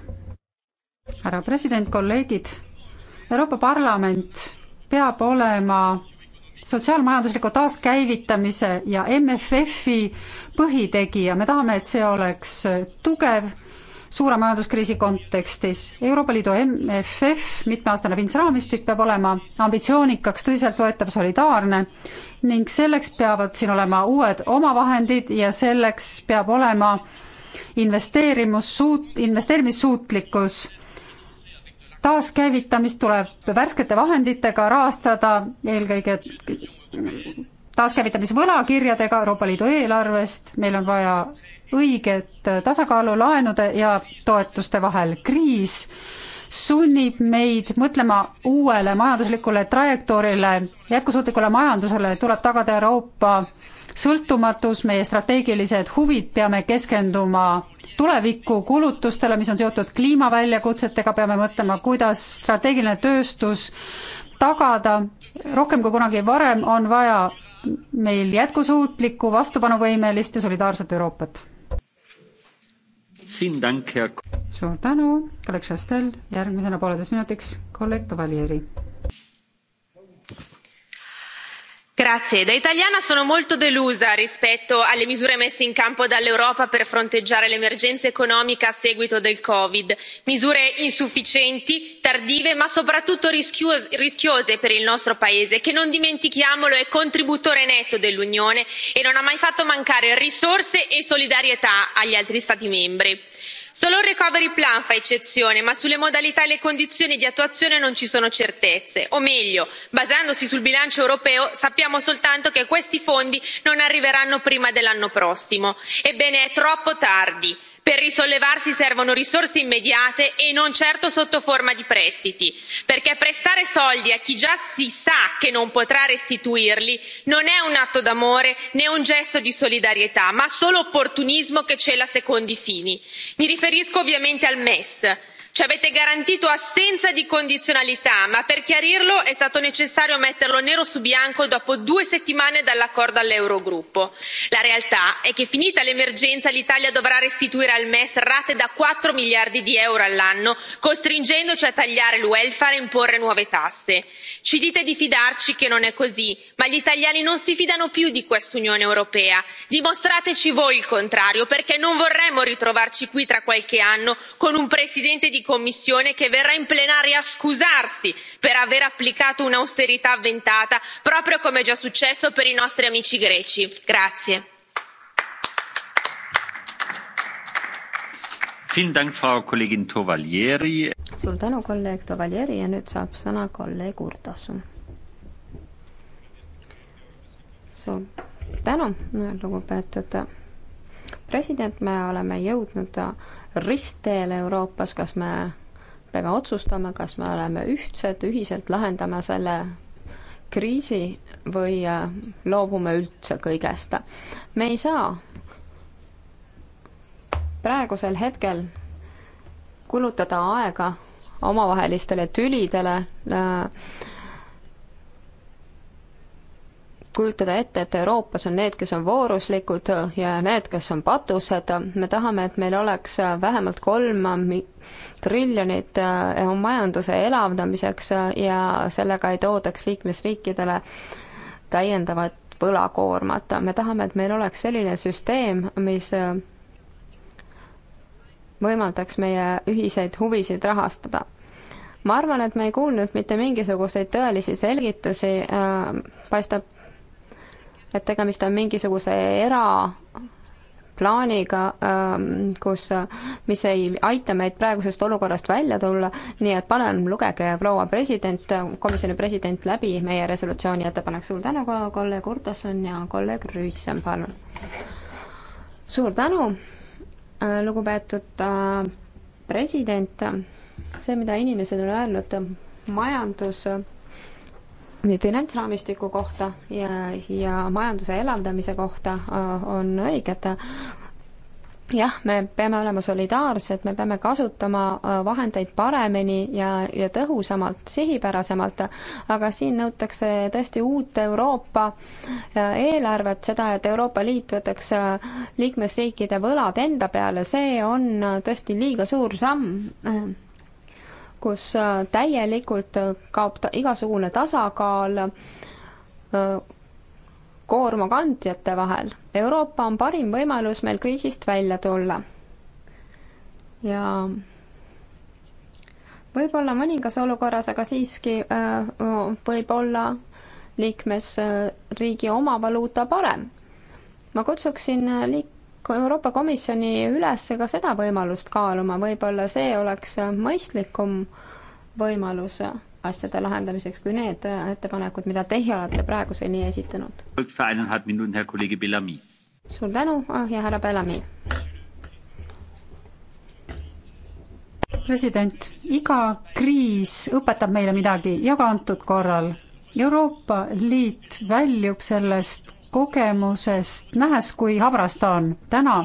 härra president, kolleegid, Euroopa Parlament peab olema sotsiaalmajandusliku taaskäivitamise ja MFF-i põhitegija, me tahame, et see oleks tugev suure majanduskriisi kontekstis. Euroopa Liidu MFF, mitmeaastane finantsraamistik peab olema ambitsioonikaks, tõsiseltvõetav, solidaarne ning selleks peavad siin olema uued omavahendid ja selleks peab olema investeerimus, investeerimissuutlikkus taaskäivitamist tuleb värskete vahenditega rahastada eelkõige taaskäivitamisvõlakirjadega Euroopa Liidu eelarvest, meil on vaja õiget tasakaalu laenude ja toetuste vahel. kriis sunnib meid mõtlema uuele majanduslikule trajektoorile, jätkusuutlikule majandusele, tuleb tagada Euroopa sõltumatus, meie strateegilised huvid, peame keskenduma tuleviku kulutustele, mis on seotud kliimaväljakutsetega, peame mõtlema, kuidas strateegiline tööstus tagada, rohkem kui kunagi varem on vaja meil jätkusuutlikku, vastupanuvõimelist ja solidaarset Euroopat. suur tänu, kolleeg Šastel, järgmisena pooleteist minutiks kolleeg Tovalieri signor presidente onorevoli colleghi da italiana sono molto delusa rispetto alle misure messe in campo dall'europa per fronteggiare l'emergenza economica a seguito del covid misure insufficienti tardive ma soprattutto rischiose per il nostro paese che non dimentichiamolo è contributore netto dell'unione e non ha mai fatto mancare risorse e solidarietà agli altri stati membri solo il recovery plan fa eccezione ma sulle modalità e le condizioni di attuazione non ci sono certezze o meglio basandosi sul bilancio europeo sappiamo soltanto che questi fondi non arriveranno prima dell'anno prossimo ebbene è troppo tardi per risollevarsi servono risorse immediate e non certo sotto forma di prestiti perché prestare soldi a chi già si sa che non potrà restituirli non è un atto d'amore né un gesto di solidarietà ma solo opportunismo che cela secondi fini. mi riferisco ovviamente al mes ci avete garantito assenza di condizionalità ma per chiarirlo è stato necessario metterlo nero su bianco dopo due settimane dall'accordo all'eurogruppo. la realtà è che finita l'emergenza l'italia dovrà restituire al mes rate da quattro miliardi di euro all'anno costringendoci a tagliare il welfare e imporre nuove tasse. ci dite di fidarci che non è così ma gli italiani non si fidano più di quest'unione europea dimostrateci voi il contrario perché non vorremmo ritrovarci qui tra qualche anno con un presidente commissione che verrà in plenaria a scusarsi per aver applicato un'austerità avventata proprio come è già successo per i nostri amici greci. suur tänu kolleeg Tovalieri ja nüüd saab sõna kolleeg Urtasun. suur tänu, lugupeetud president, me oleme jõudnud ristteel Euroopas, kas me peame otsustama, kas me oleme ühtsed, ühiselt lahendame selle kriisi või äh, loobume üldse kõigest. me ei saa praegusel hetkel kulutada aega omavahelistele tülidele äh,, kujutada ette, et Euroopas on need, kes on vooruslikud ja need, kes on patused, me tahame, et meil oleks vähemalt kolm triljonit eh, majanduse elavdamiseks ja sellega ei toodaks liikmesriikidele täiendavat võlakoormat. me tahame, et meil oleks selline süsteem, mis võimaldaks meie ühiseid huvisid rahastada ma arvan, et me ei kuulnud mitte mingisuguseid tõelisi selgitusi äh,, paistab et tegemist on mingisuguse eraplaaniga, ähm, kus, mis ei aita meid praegusest olukorrast välja tulla, nii et palun lugege proua president, komisjoni president läbi meie resolutsiooni ettepanek. suur tänu, kolleeg Urtason ja kolleeg Rüütsen, palun. suur tänu, äh, lugupeetud äh, president, see, mida inimesed on öelnud, majandus finantsraamistiku kohta ja, ja majanduse elavdamise kohta äh, on õiged. jah, me peame olema solidaarsed, me peame kasutama äh, vahendeid paremini ja, ja tõhusamalt, sihipärasemalt, aga siin nõutakse tõesti uut Euroopa äh, eelarvet, seda, et Euroopa Liit võtaks liikmesriikide võlad enda peale, see on tõesti liiga suur samm kus äh, täielikult äh, kaob ta igasugune tasakaal äh, koorma kandjate vahel. Euroopa on parim võimalus meil kriisist välja tulla. ja võib-olla mõningas olukorras, aga siiski võib olla liikmesriigi oma valuuta parem. ma kutsuksin liik-, Euroopa Komisjoni üles ka seda võimalust kaaluma, võib-olla see oleks mõistlikum võimalus asjade lahendamiseks kui need ettepanekud, mida teie olete praeguseni esitanud. suur tänu ah, ja härra Bellami. president, iga kriis õpetab meile midagi ja ka antud korral Euroopa Liit väljub sellest kogemusest nähes, kui habras ta on. täna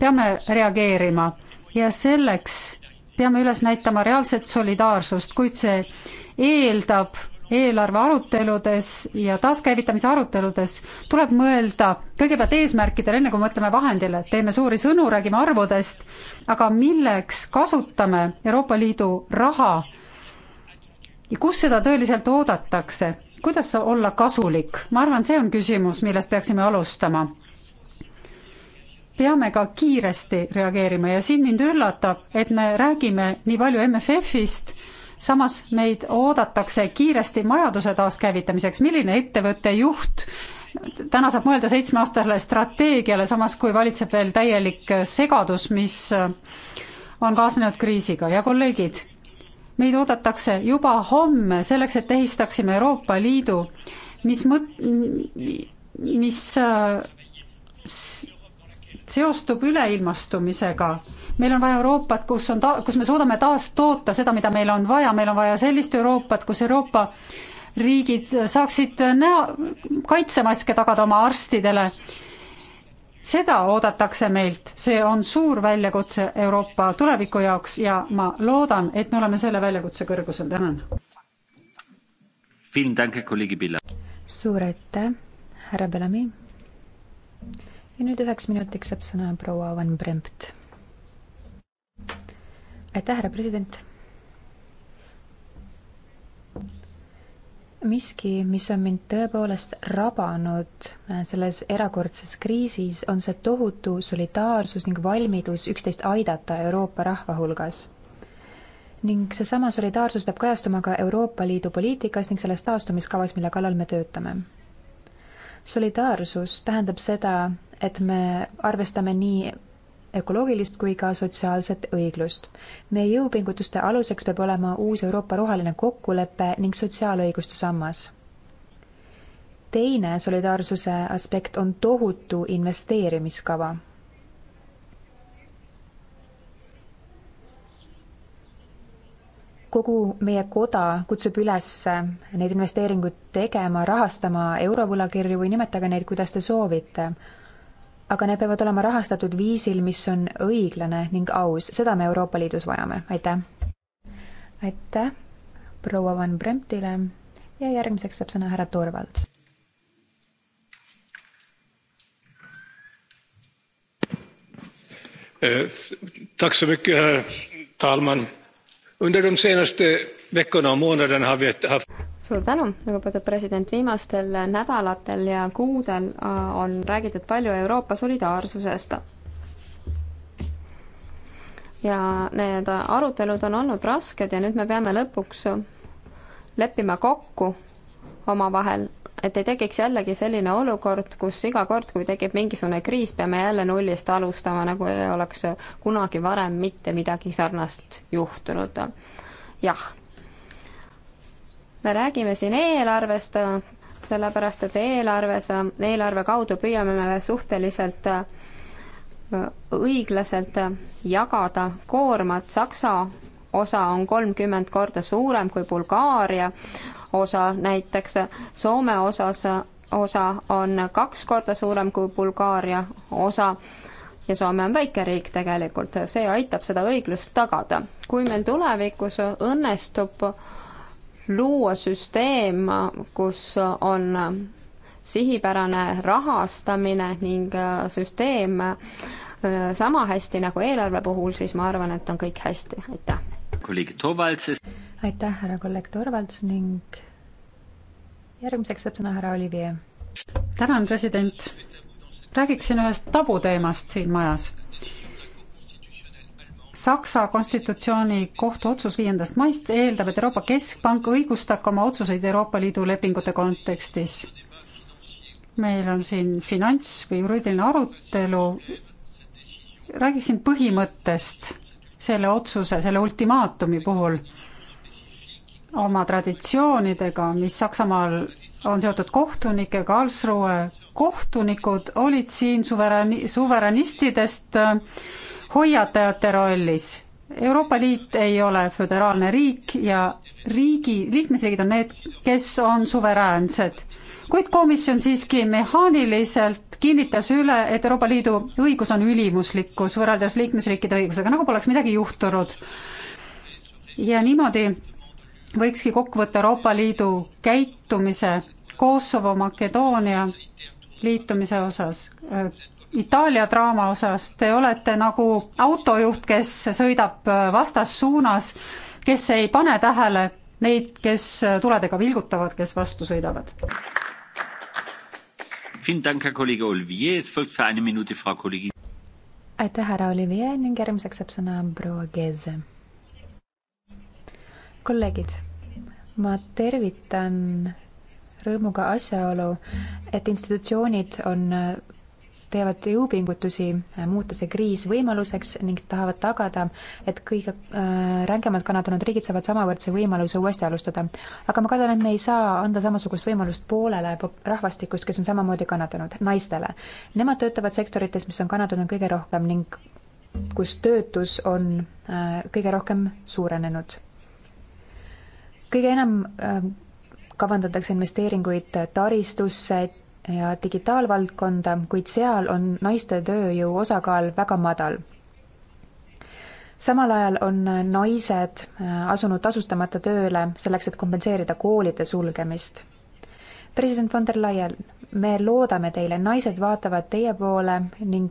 peame reageerima ja selleks peame üles näitama reaalset solidaarsust, kuid see eeldab eelarve aruteludes ja taaskäivitamise aruteludes tuleb mõelda kõigepealt eesmärkidele, enne kui mõtleme vahendile, teeme suuri sõnu, räägime arvudest, aga milleks kasutame Euroopa Liidu raha ja kus seda tõeliselt oodatakse, kuidas olla kasulik, ma arvan, see on küsimus, millest peaksime alustama. peame ka kiiresti reageerima ja siin mind üllatab, et me räägime nii palju MFF-ist, samas meid oodatakse kiiresti majanduse taaskäivitamiseks, milline ettevõtte juht täna saab mõelda seitsmeaastasele strateegiale, samas kui valitseb veel täielik segadus, mis on kaasnenud kriisiga ja kolleegid, meid oodatakse juba homme selleks, et tähistaksime Euroopa Liidu, mis mõt-, mis äh, seostub üleilmastumisega. meil on vaja Euroopat, kus on ta-, kus me suudame taastoota seda, mida meil on vaja, meil on vaja sellist Euroopat, kus Euroopa riigid saaksid näo, kaitsemaske tagada oma arstidele seda oodatakse meilt, see on suur väljakutse Euroopa tuleviku jaoks ja ma loodan, et me oleme selle väljakutse kõrgusel, tänan. suur aitäh, härra Bellami. ja nüüd üheks minutiks saab sõna proua Van Brempt. aitäh, härra president miski, mis on mind tõepoolest rabanud äh, selles erakordses kriisis, on see tohutu solidaarsus ning valmidus üksteist aidata Euroopa rahva hulgas. ning seesama solidaarsus peab kajastuma ka Euroopa Liidu poliitikas ning selles taastumiskavas, mille kallal me töötame. solidaarsus tähendab seda, et me arvestame nii ökoloogilist kui ka sotsiaalset õiglust. meie jõupingutuste aluseks peab olema uus Euroopa roheline kokkulepe ning sotsiaalõiguste sammas. teine solidaarsuse aspekt on tohutu investeerimiskava. kogu meie koda kutsub üles neid investeeringuid tegema, rahastama eurovõlakirju või nimetage neid, kuidas te soovite aga need peavad olema rahastatud viisil, mis on õiglane ning aus, seda me Euroopa Liidus vajame, aitäh! aitäh proua Van Bremtile ja järgmiseks saab sõna härra Torvalds. Tack så mycket, herr talman. Under de senaste veckorna och månaderna har vi haft suur tänu, lugupeetud president, viimastel nädalatel ja kuudel äh, on räägitud palju Euroopa solidaarsusest. ja need arutelud on olnud rasked ja nüüd me peame lõpuks leppima kokku omavahel, et ei tekiks jällegi selline olukord, kus iga kord, kui tekib mingisugune kriis, peame jälle nullist alustama, nagu ei oleks kunagi varem mitte midagi sarnast juhtunud. jah me räägime siin eelarvest, sellepärast et eelarves, eelarve kaudu püüame me suhteliselt äh, õiglaselt jagada koormat, Saksa osa on kolmkümmend korda suurem kui Bulgaaria osa näiteks, Soome osas, osa on kaks korda suurem kui Bulgaaria osa ja Soome on väike riik tegelikult, see aitab seda õiglust tagada. kui meil tulevikus õnnestub luua süsteem, kus on sihipärane rahastamine ning äh, süsteem äh, sama hästi nagu eelarve puhul, siis ma arvan, et on kõik hästi, aitäh. aitäh, härra kolleeg Torvalds ning järgmiseks saab sõna härra Olivier. tänan, president. räägiksin ühest tabuteemast siin majas Saksa konstitutsiooni kohtu otsus viiendast maist eeldab, et Euroopa Keskpank õigustab oma otsuseid Euroopa Liidu lepingute kontekstis. meil on siin finants või juriidiline arutelu, räägiksin põhimõttest selle otsuse, selle ultimaatumi puhul oma traditsioonidega, mis Saksamaal on seotud kohtunikega, Karlsruhe kohtunikud olid siin suverääni-, suveräänistidest hoiatajate rollis. Euroopa Liit ei ole föderaalne riik ja riigi, liikmesriigid on need, kes on suveräänsed. kuid komisjon siiski mehaaniliselt kinnitas üle, et Euroopa Liidu õigus on ülimuslikkus võrreldes liikmesriikide õigusega, nagu poleks midagi juhtunud. ja niimoodi võikski kokku võtta Euroopa Liidu käitumise Kosovo, Makedoonia liitumise osas Itaalia draama osas, te olete nagu autojuht, kes sõidab vastassuunas, kes ei pane tähele neid, kes tuledega vilgutavad, kes vastu sõidavad. aitäh, härra Olivier ning järgmiseks saab sõna proua Geze. kolleegid, ma tervitan rõõmuga asjaolu, et institutsioonid on teevad jõupingutusi äh, muuta see kriis võimaluseks ning tahavad tagada, et kõige äh, rängemalt kannatanud riigid saavad samavõrdse võimaluse uuesti alustada. aga ma kardan, et me ei saa anda samasugust võimalust poolele rahvastikust, kes on samamoodi kannatanud, naistele. Nemad töötavad sektorites, mis on kannatanud kõige rohkem ning kus töötus on äh, kõige rohkem suurenenud. kõige enam äh, kavandatakse investeeringuid taristusse, ja digitaalvaldkonda, kuid seal on naiste tööjõu osakaal väga madal. samal ajal on naised äh, asunud tasustamata tööle selleks, et kompenseerida koolide sulgemist. president von der Leyen, me loodame teile, naised vaatavad teie poole ning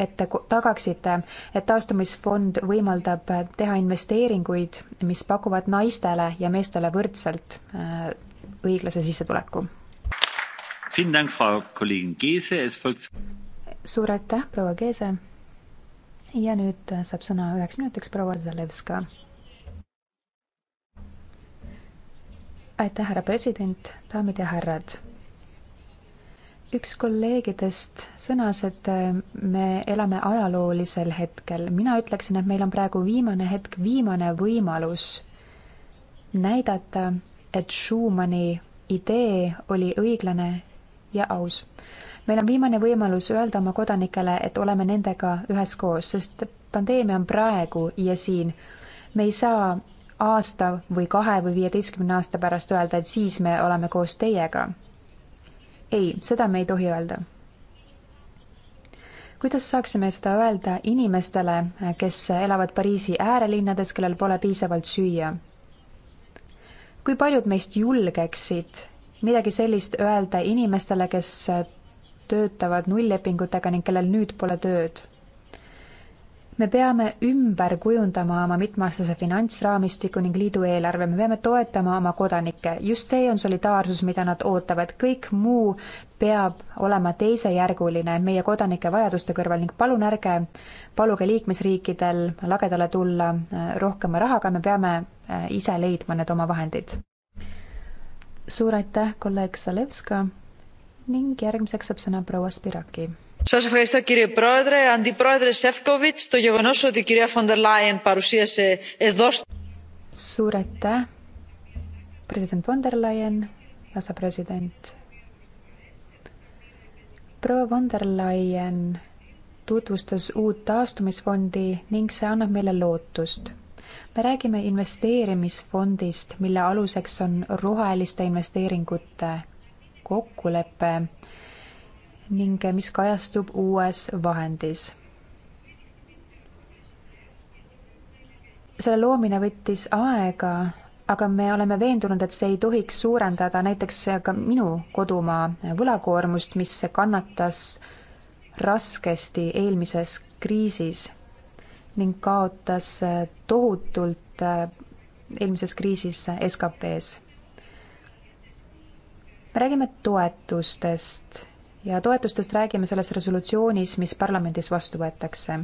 et te tagaksite, et taastumisfond võimaldab teha investeeringuid, mis pakuvad naistele ja meestele võrdselt äh, õiglase sissetuleku suur aitäh, proua Keese. ja nüüd saab sõna üheks minutiks proua Zalevska. aitäh, härra president, daamid ja härrad üks kolleegidest sõnas, et me elame ajaloolisel hetkel. mina ütleksin, et meil on praegu viimane hetk, viimane võimalus näidata, et Schumanni idee oli õiglane ja aus. meil on viimane võimalus öelda oma kodanikele, et oleme nendega üheskoos, sest pandeemia on praegu ja siin. me ei saa aasta või kahe või viieteistkümne aasta pärast öelda, et siis me oleme koos teiega. ei, seda me ei tohi öelda kuidas saaksime seda öelda inimestele, kes elavad Pariisi äärelinnades, kellel pole piisavalt süüa? kui paljud meist julgeksid midagi sellist öelda inimestele, kes töötavad nulllepingutega ning kellel nüüd pole tööd. me peame ümber kujundama oma mitmeaastase finantsraamistiku ning liidu eelarve, me peame toetama oma kodanikke, just see on solidaarsus, mida nad ootavad, kõik muu peab olema teisejärguline meie kodanike vajaduste kõrval ning palun ärge paluge liikmesriikidel lagedale tulla eh, rohkema rahaga, me peame eh, ise leidma need omavahendid suur aitäh, kolleeg Zalevska ning järgmiseks saab sõna proua Spiraki. Σας ευχαριστώ κύριε Πρόεδρε. Αντιπρόεδρε Σεύκοβιτς, το γεγονός ότι η κυρία Φοντερ Λάιεν παρουσίασε εδώ... Suur aitäh, president von der Leyen, asepresident. proua von der Leyen tutvustas uut taastumisfondi ning see annab meile lootust me räägime investeerimisfondist, mille aluseks on roheliste investeeringute kokkulepe ning mis kajastub uues vahendis. selle loomine võttis aega, aga me oleme veendunud, et see ei tohiks suurendada näiteks ka minu kodumaa võlakoormust, mis kannatas raskesti eelmises kriisis ning kaotas äh, tohutult äh, eelmises kriisis äh, SKP-s. me räägime toetustest ja toetustest räägime selles resolutsioonis, mis parlamendis vastu võetakse.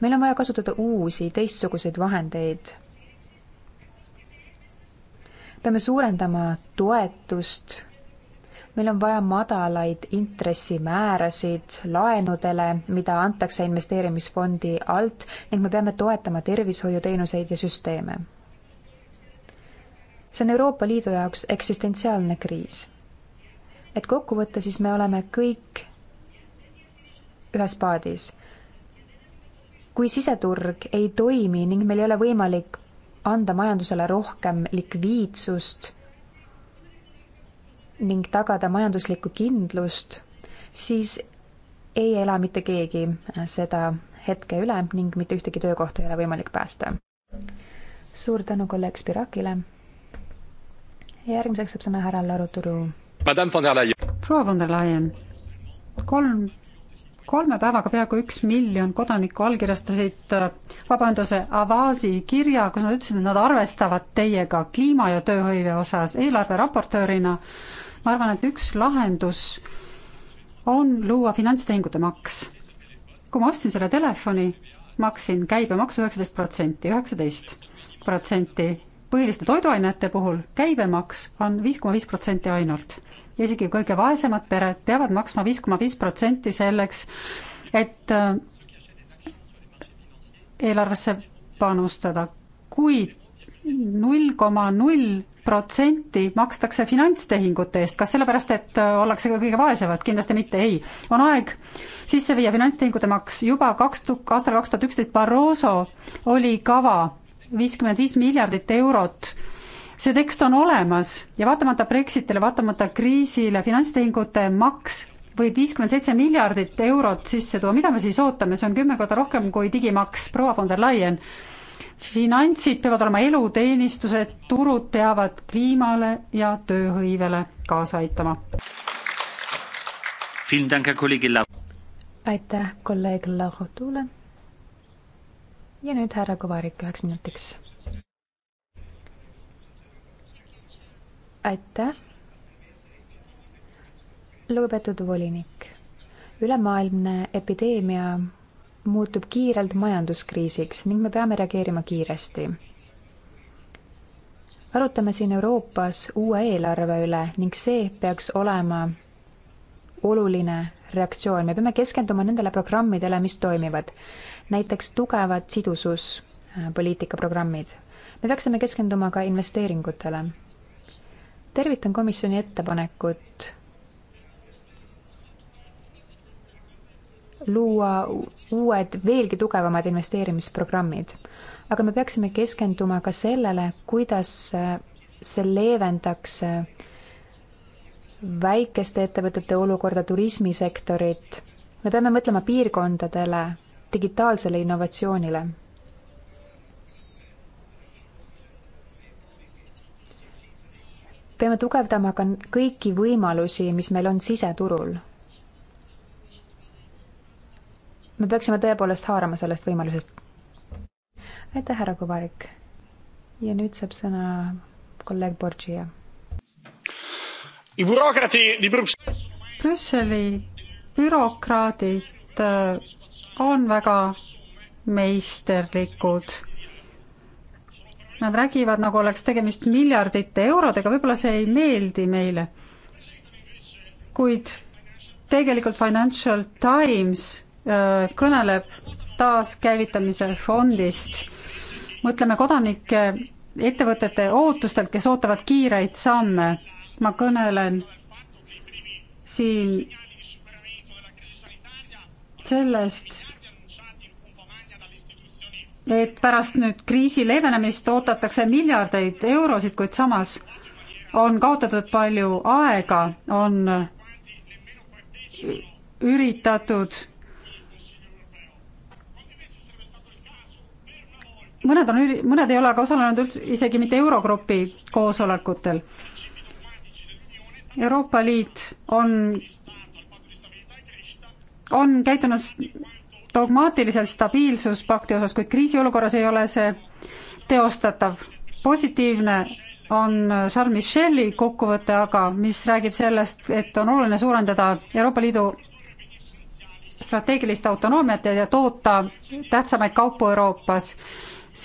meil on vaja kasutada uusi, teistsuguseid vahendeid. peame suurendama toetust meil on vaja madalaid intressimäärasid laenudele, mida antakse investeerimisfondi alt ning me peame toetama tervishoiuteenuseid ja süsteeme. see on Euroopa Liidu jaoks eksistentsiaalne kriis. et kokku võtta, siis me oleme kõik ühes paadis. kui siseturg ei toimi ning meil ei ole võimalik anda majandusele rohkem likviidsust ning tagada majanduslikku kindlust, siis ei ela mitte keegi seda hetke üle ning mitte ühtegi töökohta ei ole võimalik päästa. suur tänu kolleeg Spirakile. järgmiseks saab sõna härra Laru Turu. proua von der Leyen, kolm, kolme päevaga peaaegu üks miljon kodanikku allkirjastasid äh, vabaühenduse Avasi kirja, kus nad ütlesid, et nad arvestavad teiega kliima ja tööhõive osas eelarve raportöörina ma arvan, et üks lahendus on luua finantstehingute maks. kui ma ostsin selle telefoni, maksin käibemaksu üheksateist protsenti, üheksateist protsenti. põhiliste toiduainete puhul käibemaks on viis koma viis protsenti ainult. ja isegi kõige vaesemad pered peavad maksma viis koma viis protsenti selleks, et äh, eelarvesse panustada, kuid null koma null protsenti makstakse finantstehingute eest, kas sellepärast, et äh, ollakse ka kõige vaesemad, kindlasti mitte, ei. on aeg sisse viia finantstehingute maks, juba kaks tu-, aastal kaks tuhat üksteist Barroso oli kava viiskümmend viis miljardit eurot, see tekst on olemas ja vaatamata Brexitile, vaatamata kriisile, finantstehingute maks võib viiskümmend seitse miljardit eurot sisse tuua, mida me siis ootame, see on kümme korda rohkem kui digimaks, proua von der Leyen finantsid peavad olema eluteenistused, turud peavad kliimale ja tööhõivele kaasa aitama. aitäh kolleeg Lahotule. ja nüüd härra Kovarik üheks minutiks. aitäh. lugupeetud volinik, ülemaailmne epideemia muutub kiirelt majanduskriisiks ning me peame reageerima kiiresti. arutame siin Euroopas uue eelarve üle ning see peaks olema oluline reaktsioon, me peame keskenduma nendele programmidele, mis toimivad. näiteks tugevad sidususpoliitika äh, programmid. me peaksime keskenduma ka investeeringutele. tervitan komisjoni ettepanekut luua uued, veelgi tugevamad investeerimisprogrammid. aga me peaksime keskenduma ka sellele, kuidas see leevendaks väikeste ettevõtete olukorda, turismisektorit. me peame mõtlema piirkondadele, digitaalsele innovatsioonile peame tugevdama ka kõiki võimalusi, mis meil on siseturul. me peaksime tõepoolest haarama sellest võimalusest. aitäh, härra Kubarik. ja nüüd saab sõna kolleeg Borgia. Brüsseli bürokraadid äh, on väga meisterlikud. Nad räägivad, nagu oleks tegemist miljardite eurodega, võib-olla see ei meeldi meile. kuid tegelikult Financial Times Äh, kõneleb taaskäivitamise fondist. mõtleme kodanike, ettevõtete ootustelt, kes ootavad kiireid samme. ma kõnelen siin sellest, et pärast nüüd kriisi leevenemist oodatakse miljardeid eurosid, kuid samas on kaotatud palju aega, on üritatud mõned on, mõned ei ole aga osalenud üldse isegi mitte Eurogrupi koosolekutel. Euroopa Liit on, on käitunud dogmaatiliselt stabiilsuspakti osas, kuid kriisiolukorras ei ole see teostatav. positiivne on Charles Micheli kokkuvõte aga, mis räägib sellest, et on oluline suurendada Euroopa Liidu strateegilist autonoomiat ja toota tähtsamaid kaupu Euroopas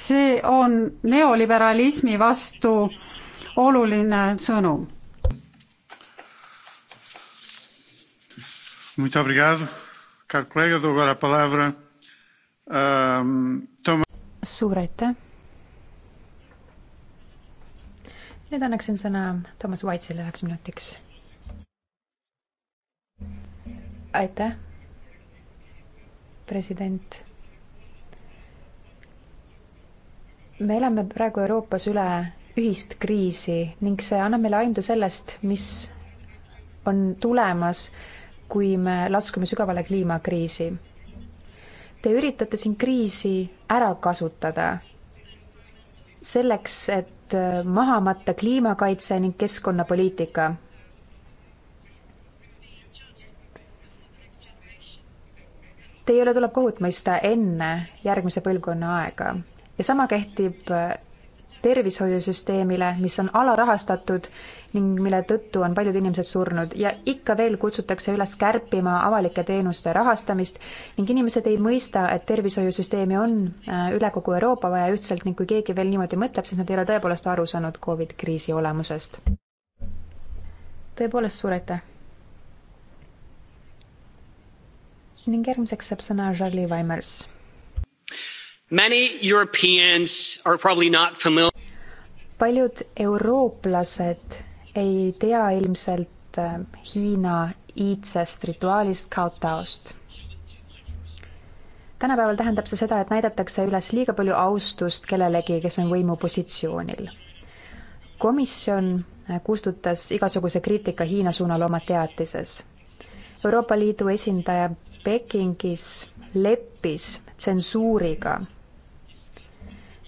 see on neoliberalismi vastu oluline sõnum. Muito obrigado, caro colega. Dou agora a palavra a um, Thomas. Suur aitäh. nüüd annaksin sõna Toomas Vaitsile üheks minutiks. aitäh, president me elame praegu Euroopas üle ühist kriisi ning see annab meile aimdu sellest, mis on tulemas, kui me laskume sügavale kliimakriisi. Te üritate siin kriisi ära kasutada selleks, et maha matta kliimakaitse ning keskkonnapoliitika Teie üle tuleb kohut mõista enne järgmise põlvkonna aega ja sama kehtib äh, tervishoiusüsteemile, mis on alarahastatud ning mille tõttu on paljud inimesed surnud ja ikka veel kutsutakse üles kärpima avalike teenuste rahastamist ning inimesed ei mõista, et tervishoiusüsteemi on äh, üle kogu Euroopa vaja ühtselt ning kui keegi veel niimoodi mõtleb, siis nad ei ole tõepoolest aru saanud Covid kriisi olemusest. tõepoolest, suur aitäh! ning järgmiseks saab sõna Charlie Weimers paljud eurooplased ei tea ilmselt äh, Hiina iidsest rituaalist Kaotaost. tänapäeval tähendab see seda, et näidatakse üles liiga palju austust kellelegi, kes on võimupositsioonil. komisjon äh, kustutas igasuguse kriitika Hiina suunal oma teatises. Euroopa Liidu esindaja Pekingis leppis tsensuuriga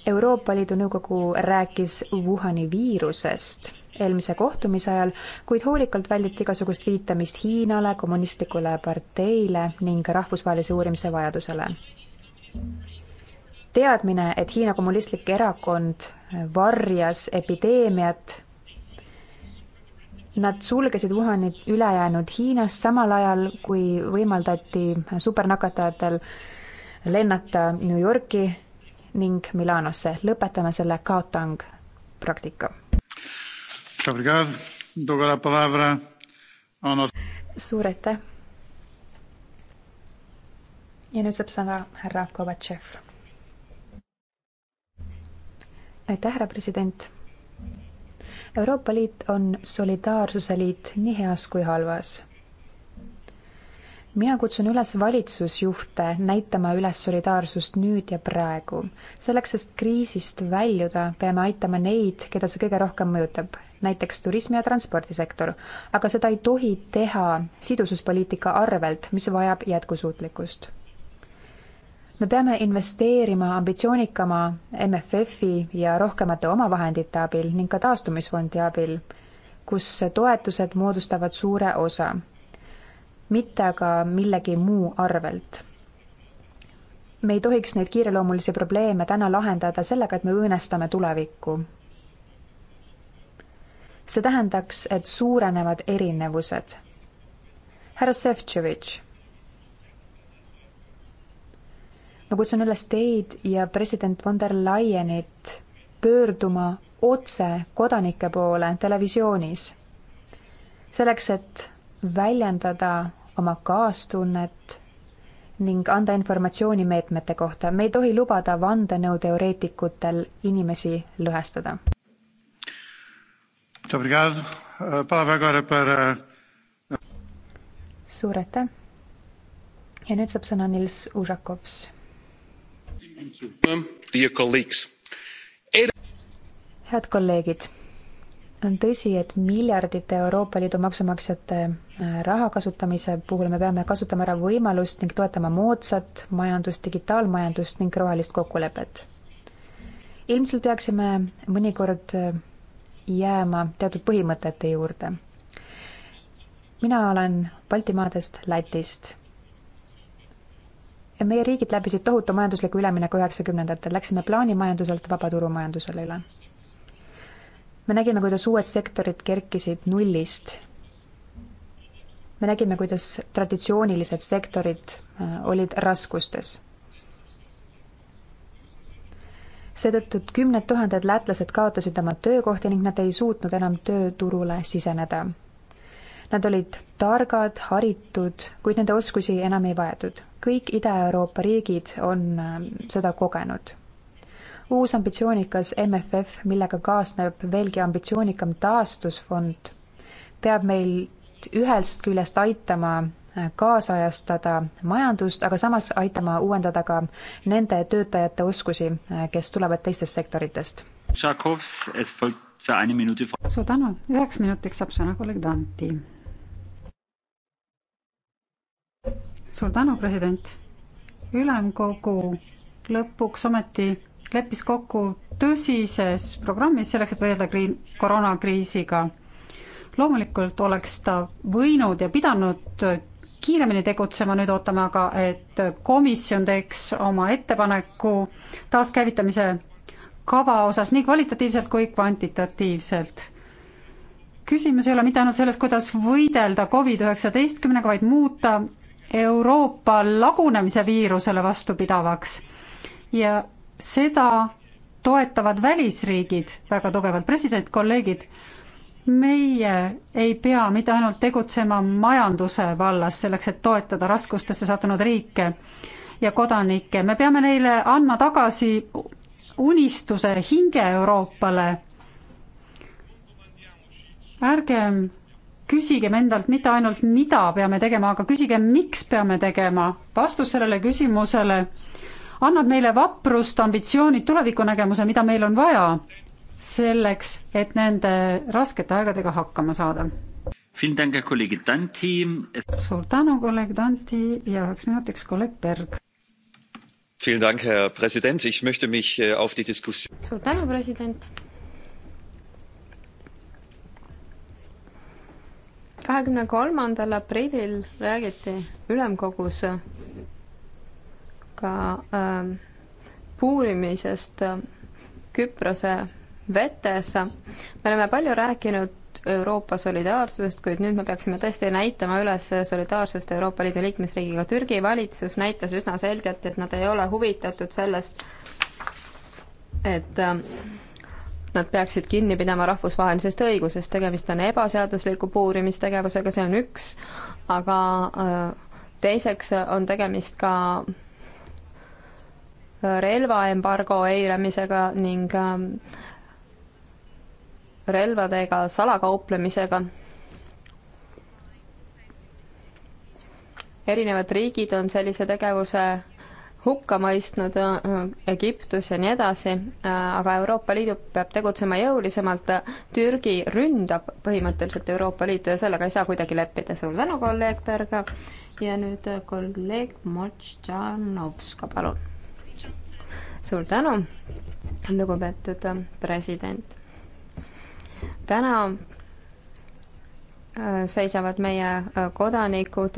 Euroopa Liidu Nõukogu rääkis Wuhani viirusest eelmise kohtumise ajal, kuid hoolikalt välditi igasugust viitamist Hiinale, kommunistlikule parteile ning rahvusvahelise uurimise vajadusele. teadmine, et Hiina Kommunistlik Erakond varjas epideemiat, Nad sulgesid Wuhani ülejäänud Hiinas samal ajal, kui võimaldati supernakatajatel lennata New Yorki ning Milanosse. lõpetame selle Kaotang praktika. suur aitäh. ja nüüd saab sõna härra Kovatšev. aitäh, härra president. Euroopa Liit on solidaarsuse liit nii heas kui halvas mina kutsun üles valitsusjuhte näitama üles solidaarsust nüüd ja praegu. selleks, et kriisist väljuda, peame aitama neid, keda see kõige rohkem mõjutab, näiteks turismi- ja transpordisektor, aga seda ei tohi teha sidususpoliitika arvelt, mis vajab jätkusuutlikkust. me peame investeerima ambitsioonikama MFF-i ja rohkemate omavahendite abil ning ka taastumisfondi abil, kus toetused moodustavad suure osa mitte aga millegi muu arvelt. me ei tohiks neid kiireloomulisi probleeme täna lahendada sellega, et me õõnestame tulevikku. see tähendaks, et suurenevad erinevused. härra Šefčovitš, ma kutsun üles teid ja president von der Leyenit pöörduma otse kodanike poole televisioonis, selleks et väljendada oma kaastunnet ning anda informatsiooni meetmete kohta. me ei tohi lubada vandenõuteoreetikutel inimesi lõhestada. suur aitäh. ja nüüd saab sõna Nils Užakovs. head kolleegid on tõsi, et miljardite Euroopa Liidu maksumaksjate äh, raha kasutamise puhul me peame kasutama ära võimalust ning toetama moodsat majandust, digitaalmajandust ning rohelist kokkulepet. ilmselt peaksime mõnikord äh, jääma teatud põhimõtete juurde. mina olen Baltimaadest, Lätist. ja meie riigid läbisid tohutu majandusliku ülemineku üheksakümnendatel, läksime plaanimajanduselt vabaturumajandusele üle me nägime, kuidas uued sektorid kerkisid nullist. me nägime, kuidas traditsioonilised sektorid äh, olid raskustes. seetõttu kümned tuhanded lätlased kaotasid oma töökohti ning nad ei suutnud enam tööturule siseneda. Nad olid targad, haritud, kuid nende oskusi enam ei vajatud. kõik Ida-Euroopa riigid on äh, seda kogenud uus ambitsioonikas MFF, millega kaasneb veelgi ambitsioonikam taastusfond, peab meilt ühest küljest aitama äh, kaasajastada majandust, aga samas aitama uuendada ka nende töötajate oskusi, äh, kes tulevad teistest sektoritest. suur tänu, üheks minutiks saab sõna kolleeg Danti. suur tänu, president. ülemkogu lõpuks ometi leppis kokku tõsises programmis selleks, et võidelda kriin-, koroonakriisiga. loomulikult oleks ta võinud ja pidanud kiiremini tegutsema, nüüd ootame aga, et komisjon teeks oma ettepaneku taaskäivitamise kava osas nii kvalitatiivselt kui kvantitatiivselt. küsimus ei ole mitte ainult selles, kuidas võidelda Covid-19-ga, vaid muuta Euroopa lagunemise viirusele vastupidavaks ja seda toetavad välisriigid väga tugevalt, president, kolleegid, meie ei pea mitte ainult tegutsema majanduse vallas selleks, et toetada raskustesse sattunud riike ja kodanikke, me peame neile andma tagasi unistuse hinge Euroopale. ärgem küsigem endalt mitte ainult, mida peame tegema, aga küsigem, miks peame tegema. vastus sellele küsimusele annab meile vaprust, ambitsioonid, tulevikunägemuse, mida meil on vaja selleks, et nende raskete aegadega hakkama saada. suur tänu, kolleeg Tanti ja üheks minutiks kolleeg Berg. Herr Präsident, ich möchte mich äh, auf die Diskussion. Suur tänu, president. kahekümne kolmandal aprillil räägiti ülemkogus ka äh, puurimisest äh, Küprose vetes. me oleme palju rääkinud Euroopa solidaarsusest, kuid nüüd me peaksime tõesti näitama üles solidaarsust Euroopa Liidu liikmesriigiga. Türgi valitsus näitas üsna selgelt, et nad ei ole huvitatud sellest, et äh, nad peaksid kinni pidama rahvusvahelisest õigusest, tegemist on ebaseadusliku puurimistegevusega, see on üks, aga äh, teiseks on tegemist ka relvaembargo eiramisega ning ähm, relvadega salakauplemisega. erinevad riigid on sellise tegevuse hukka mõistnud äh, Egiptus ja nii edasi, äh, aga Euroopa Liidu peab tegutsema jõulisemalt. Türgi ründab põhimõtteliselt Euroopa Liitu ja sellega ei saa kuidagi leppida. suur tänu, kolleeg Berga. ja nüüd äh, kolleeg Motšanovska, palun suur tänu, lugupeetud äh, president. täna äh, seisavad meie äh, kodanikud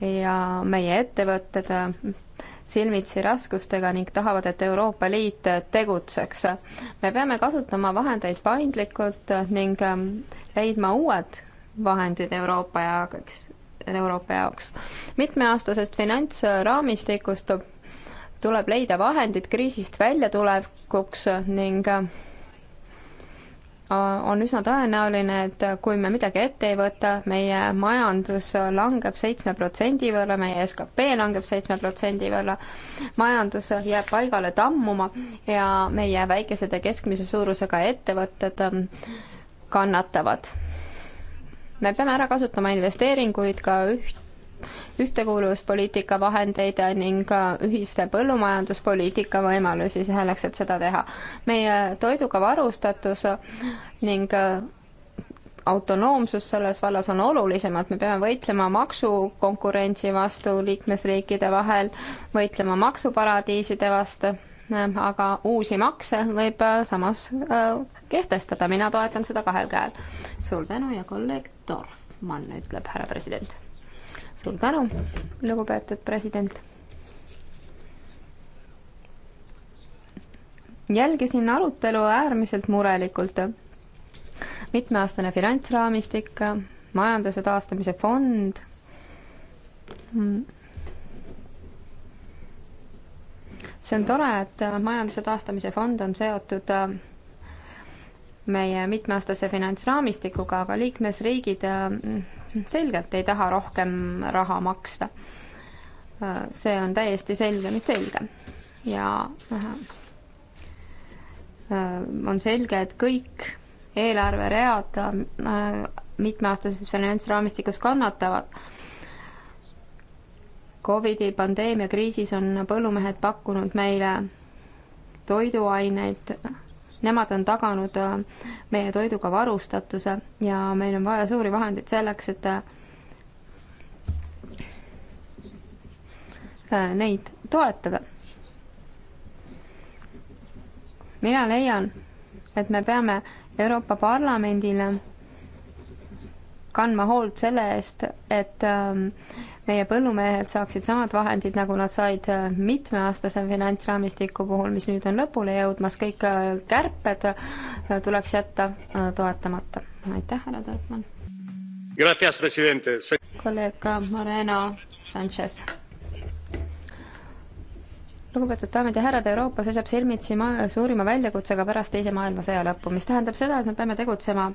ja meie ettevõtted silmitsi raskustega ning tahavad, et Euroopa Liit tegutseks. me peame kasutama vahendeid paindlikult ning ähm, leidma uued vahendid Euroopa jaoks, Euroopa jaoks. mitmeaastasest finantsraamistikust tuleb leida vahendid kriisist väljatulekuks ning äh, on üsna tõenäoline, et kui me midagi ette ei võta, meie majandus langeb seitsme protsendi võrra, meie skp langeb seitsme protsendi võrra, majandus jääb paigale tammuma ja meie väikesed ja keskmise suurusega ettevõtted ähm, kannatavad. me peame ära kasutama investeeringuid ka üht ühtekuuluvuspoliitika vahendeid ning ühiste põllumajanduspoliitika võimalusi selleks, et seda teha. meie toiduga varustatus ning äh, autonoomsus selles vallas on olulisemad, me peame võitlema maksukonkurentsi vastu liikmesriikide vahel, võitlema maksuparadiiside vastu, aga uusi makse võib äh, samas äh, kehtestada, mina toetan seda kahel käel. suur tänu ja kolleeg Dorfmann, ütleb härra president suur tänu, lugupeetud president. jälgisin arutelu äärmiselt murelikult. mitmeaastane finantsraamistik, majanduse taastamise fond see on tore, et majanduse taastamise fond on seotud meie mitmeaastase finantsraamistikuga, aga liikmesriigid selgelt ei taha rohkem raha maksta. see on täiesti selge, nüüd selge. ja äh, äh, on selge, et kõik eelarveread äh, mitmeaastases finantsraamistikus kannatavad. Covidi pandeemia kriisis on põllumehed pakkunud meile toiduaineid Nemad on taganud äh, meie toiduga varustatuse ja meil on vaja suuri vahendeid selleks, et äh, neid toetada. mina leian, et me peame Euroopa Parlamendile kandma hoolt selle eest, et ähm, meie põllumehed saaksid samad vahendid, nagu nad said äh, mitmeaastase finantsraamistiku puhul, mis nüüd on lõpule jõudmas, kõik äh, kärped äh, tuleks jätta toetamata. aitäh, härra Tarkmann! kolleeg Moreno Sanchez. lugupeetud daamid ja härrad, Euroopa seisab silmitsi maa-, suurima väljakutsega pärast Teise maailmasõja lõppu, mis tähendab seda, et me peame tegutsema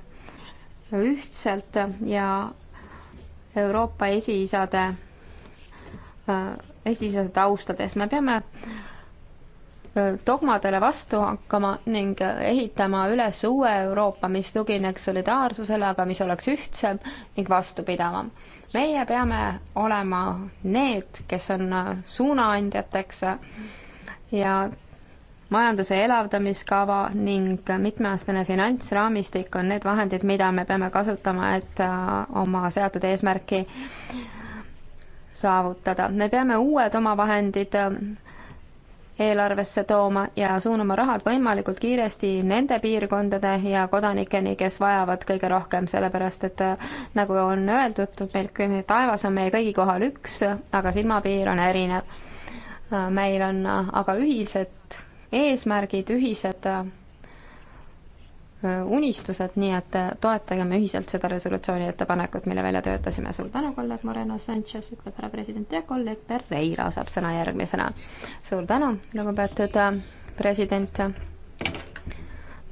ühtselt ja Euroopa esiisade, äh, esiisade taustades, me peame äh, dogmadele vastu hakkama ning äh, ehitama üles uue Euroopa, mis tugineks solidaarsusele, aga mis oleks ühtsem ning vastupidavam. meie peame olema need, kes on suunaandjateks ja majanduse elavdamiskava ning mitmeaastane finantsraamistik on need vahendid, mida me peame kasutama, et äh, oma seatud eesmärki saavutada. me peame uued omavahendid äh, eelarvesse tooma ja suunama rahad võimalikult kiiresti nende piirkondade ja kodanikeni, kes vajavad kõige rohkem, sellepärast et äh, nagu on öeldud, meil taevas on meie kõigi kohal üks, aga silmapiir on erinev. meil on aga ühised eesmärgid, ühised äh, unistused, nii et äh, toetagem ühiselt seda resolutsiooni ettepanekut, mille välja töötasime. suur tänu, kolleeg Moreno Sanchez, ütleb härra president ja kolleeg Pereira saab sõna järgmisena. suur tänu, lugupeetud äh, president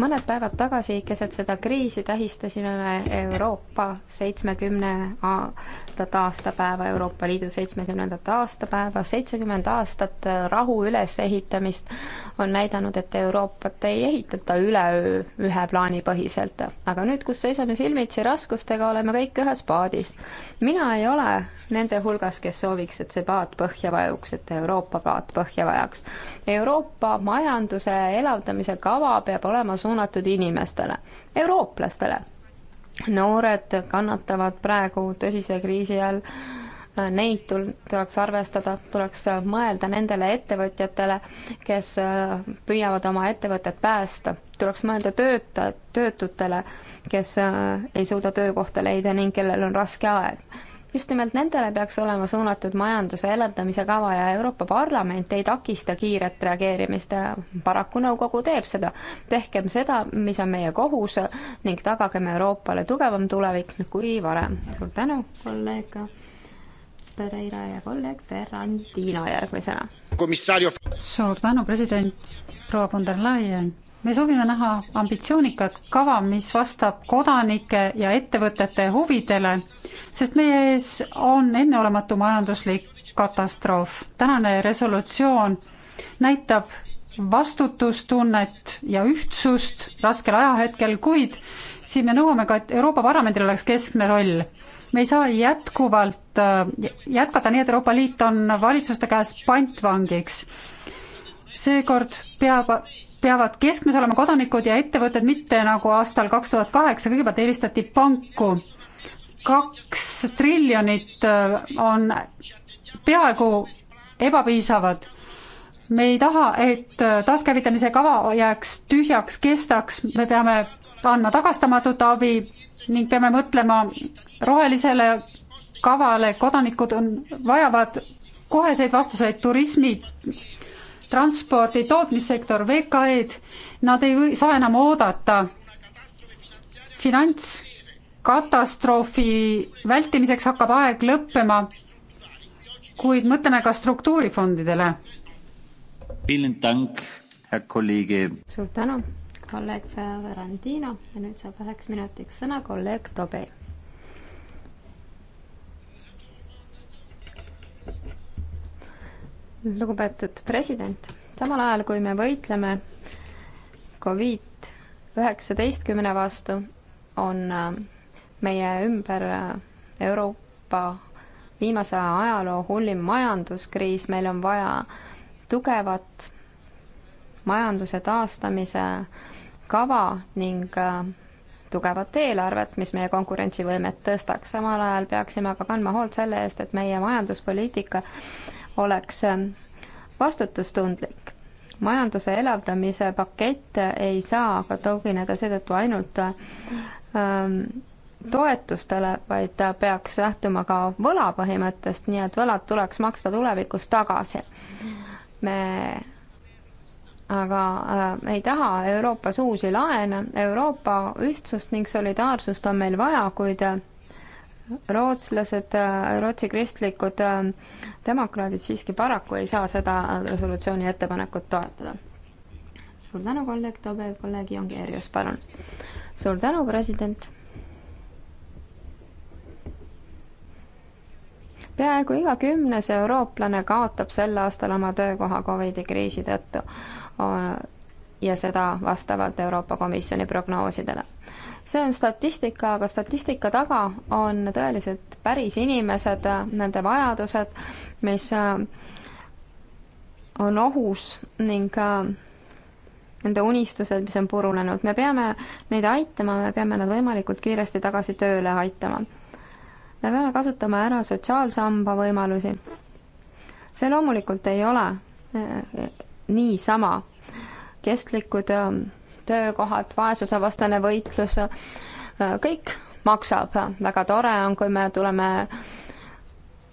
mõned päevad tagasi keset seda kriisi tähistasime me Euroopa seitsmekümnendat aastapäeva, Euroopa Liidu seitsmekümnendat aastapäeva, seitsekümmend aastat rahu ülesehitamist on näidanud, et Euroopat ei ehitata üleöö ühe plaani põhiselt. aga nüüd, kus seisame silmitsi raskustega, oleme kõik ühes paadis. mina ei ole nende hulgas, kes sooviks, et see paat põhja vajuks, et Euroopa paat põhja vajaks. Euroopa majanduse elavdamise kava peab olema suunatud inimestele, eurooplastele. noored kannatavad praegu tõsise kriisi all neid tul-, tuleks arvestada, tuleks mõelda nendele ettevõtjatele, kes äh, püüavad oma ettevõtet päästa. tuleks mõelda tööta-, töötutele, kes äh, ei suuda töökohta leida ning kellel on raske aeg just nimelt nendele peaks olema suunatud majanduse elavdamise kava ja Euroopa Parlament ei takista kiiret reageerimist. paraku nõukogu teeb seda. tehkem seda, mis on meie kohus ning tagagem Euroopale tugevam tulevik kui varem. suur tänu, kolleeg Pereira ja kolleeg Ferrandino järgmisena. suur tänu, president proua von der Leyen me soovime näha ambitsioonikat kava, mis vastab kodanike ja ettevõtete huvidele, sest meie ees on enneolematu majanduslik katastroof. tänane resolutsioon näitab vastutustunnet ja ühtsust raskel ajahetkel, kuid siin me nõuame ka, et Euroopa Parlamendil oleks keskne roll. me ei saa jätkuvalt äh, jätkata nii, et Euroopa Liit on valitsuste käes pantvangiks. seekord peab peavad keskmes olema kodanikud ja ettevõtted, mitte nagu aastal kaks tuhat kaheksa, kõigepealt eelistati panku. kaks triljonit äh, on peaaegu ebapiisavad. me ei taha, et äh, taaskäivitamise kava jääks tühjaks, kestaks, me peame andma tagastamatut abi ning peame mõtlema rohelisele kavale, kodanikud on, vajavad koheseid vastuseid turismi transpordi, tootmissektor, VKE-d, nad ei või, saa enam oodata finantskatastroofi vältimiseks hakkab aeg lõppema, kuid mõtleme ka struktuurifondidele. suur tänu, kolleeg Ferrandino ja nüüd saab üheks minutiks sõna kolleeg Tobe lugupeetud president, samal ajal kui me võitleme Covid üheksateistkümne vastu, on äh, meie ümber äh, Euroopa viimase ajaloo hullim majanduskriis, meil on vaja tugevat majanduse taastamise kava ning äh, tugevat eelarvet, mis meie konkurentsivõimet tõstaks, samal ajal peaksime aga kandma hoolt selle eest, et meie majanduspoliitika oleks ähm, vastutustundlik. majanduse elavdamise pakett ei saa aga tugineda seetõttu ainult ähm, toetustele, vaid ta peaks lähtuma ka võlapõhimõttest, nii et võlad tuleks maksta tulevikus tagasi. me aga äh, ei taha Euroopas uusi laene, Euroopa ühtsust ning solidaarsust on meil vaja, kuid äh, rootslased, äh, Rootsi kristlikud ähm, demokraadid siiski paraku ei saa seda äh, resolutsiooni ettepanekut toetada. suur tänu, kolleeg Tobe, kolleeg Jongi Erjus, palun. suur tänu, president. peaaegu iga kümnes eurooplane kaotab sel aastal oma töökoha Covidi kriisi tõttu ja seda vastavalt Euroopa Komisjoni prognoosidele see on statistika, aga statistika taga on tõeliselt päris inimesed, nende vajadused, mis äh, on ohus ning äh, nende unistused, mis on purunenud, me peame neid aitama, me peame nad võimalikult kiiresti tagasi tööle aitama. me peame kasutama ära sotsiaalsamba võimalusi. see loomulikult ei ole äh, niisama. kestlikud töökohad, vaesusevastane võitlus, kõik maksab. väga tore on, kui me tuleme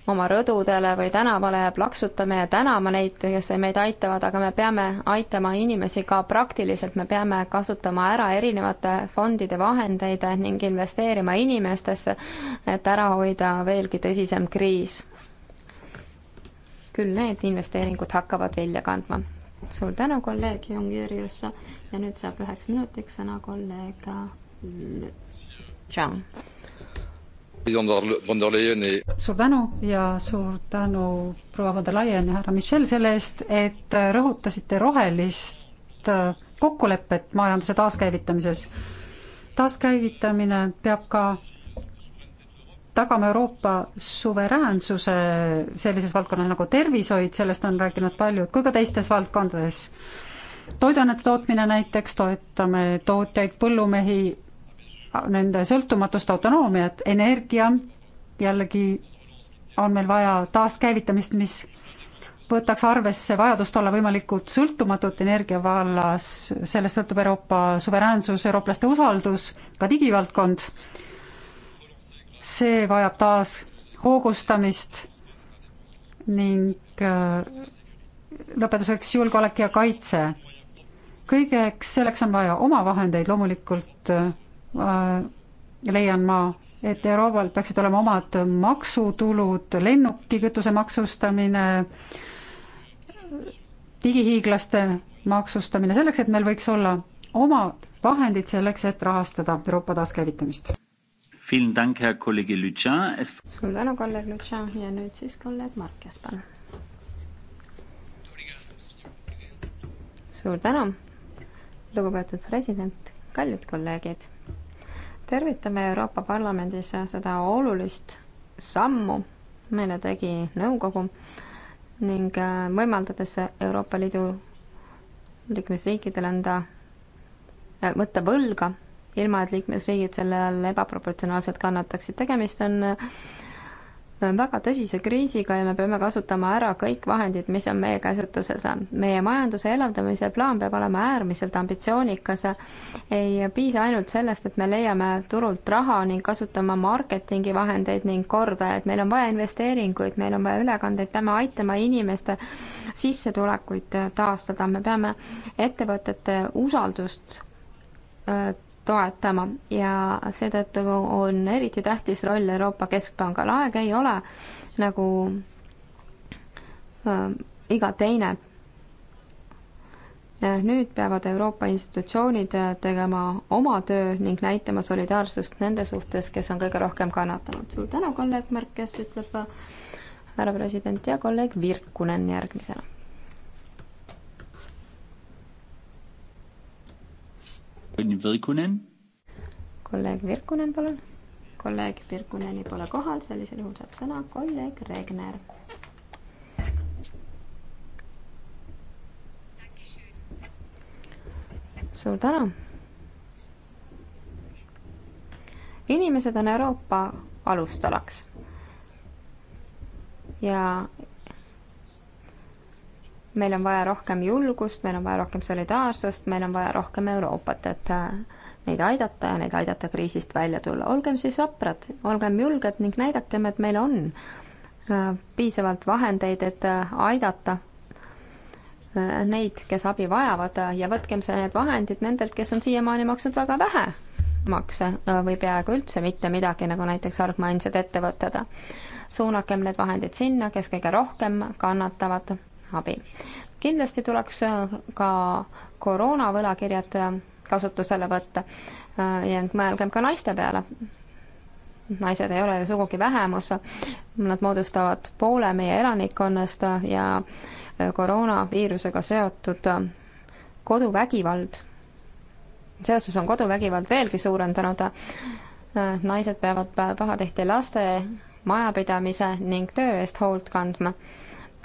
oma rõdudele või tänavale ja plaksutame ja täname neid, kes meid aitavad, aga me peame aitama inimesi ka praktiliselt, me peame kasutama ära erinevate fondide vahendeid ning investeerima inimestesse, et ära hoida veelgi tõsisem kriis. küll need investeeringud hakkavad vilja kandma suur tänu, kolleeg Jungirius ja nüüd saab üheks minutiks sõna kolleeg Tšang. suur tänu ja suur tänu proua von der Leyen ja härra Michel selle eest, et rõhutasite rohelist kokkulepet majanduse taaskäivitamises. taaskäivitamine peab ka tagame Euroopa suveräänsuse sellises valdkonnas nagu tervishoid, sellest on rääkinud paljud, kui ka teistes valdkondades. toiduainete tootmine näiteks, toetame tootjaid, põllumehi, nende sõltumatust, autonoomiat, energia, jällegi on meil vaja taaskäivitamist, mis võtaks arvesse vajadust olla võimalikult sõltumatut energia vallas, sellest sõltub Euroopa suveräänsus, eurooplaste usaldus, ka digivaldkond see vajab taas hoogustamist ning äh, lõpetuseks julgeolek ja kaitse. kõigeks selleks on vaja omavahendeid, loomulikult äh, leian ma, et Euroopal peaksid olema omad maksutulud, lennukikütuse maksustamine, digihiiglaste maksustamine, selleks et meil võiks olla omad vahendid selleks, et rahastada Euroopa taaskäivitamist suur tänu, kolleeg Lutšan ja nüüd siis kolleeg Markes, palun. suur tänu, lugupeetud president, kallid kolleegid. tervitame Euroopa Parlamendis seda olulist sammu, mille tegi nõukogu ning äh, võimaldades Euroopa Liidu liikmesriikidel anda, äh, võtta võlga ilma et liikmesriigid selle all ebaproportsionaalselt kannataksid. tegemist on äh, väga tõsise kriisiga ja me peame kasutama ära kõik vahendid, mis on meie käsutuses. meie majanduse elavdamise plaan peab olema äärmiselt ambitsioonikas. ei piisa ainult sellest, et me leiame turult raha ning kasutame marketingi vahendeid ning kordajaid, meil on vaja investeeringuid, meil on vaja ülekandeid, peame aitama inimeste sissetulekuid taastada, me peame ettevõtete usaldust äh, toetama ja seetõttu on eriti tähtis roll Euroopa Keskpangal. aeg ei ole nagu äh, iga teine. nüüd peavad Euroopa institutsioonid tegema oma töö ning näitama solidaarsust nende suhtes, kes on kõige rohkem kannatanud. suur tänu, kolleeg Märkes, ütleb härra president ja kolleeg Virkunen järgmisena Virkunen. kolleeg Virkunen, palun. kolleeg Virkuneni pole kohal, sellisel juhul saab sõna kolleeg Regner. suur tänu. inimesed on Euroopa alustalaks ja meil on vaja rohkem julgust, meil on vaja rohkem solidaarsust, meil on vaja rohkem Euroopat, et äh, neid aidata ja neid aidata kriisist välja tulla. olgem siis vaprad, olgem julged ning näidakem, et meil on äh, piisavalt vahendeid, et äh, aidata neid, kes abi vajavad ja võtkem see, need vahendid nendelt, kes on siiamaani maksnud väga vähe makse või peaaegu üldse mitte midagi, nagu näiteks hargmainsed ettevõtted. suunakem need vahendid sinna, kes kõige rohkem kannatavad abi. kindlasti tuleks äh, ka koroonavõlakirjad äh, kasutusele võtta äh, ja mõelgem ka naiste peale. naised ei ole ju sugugi vähemus, nad moodustavad poole meie elanikkonnast ja koroonaviirusega seotud koduvägivald, seoses on koduvägivald veelgi suurendanud, naised peavad pahatihti laste, majapidamise ning töö eest hoolt kandma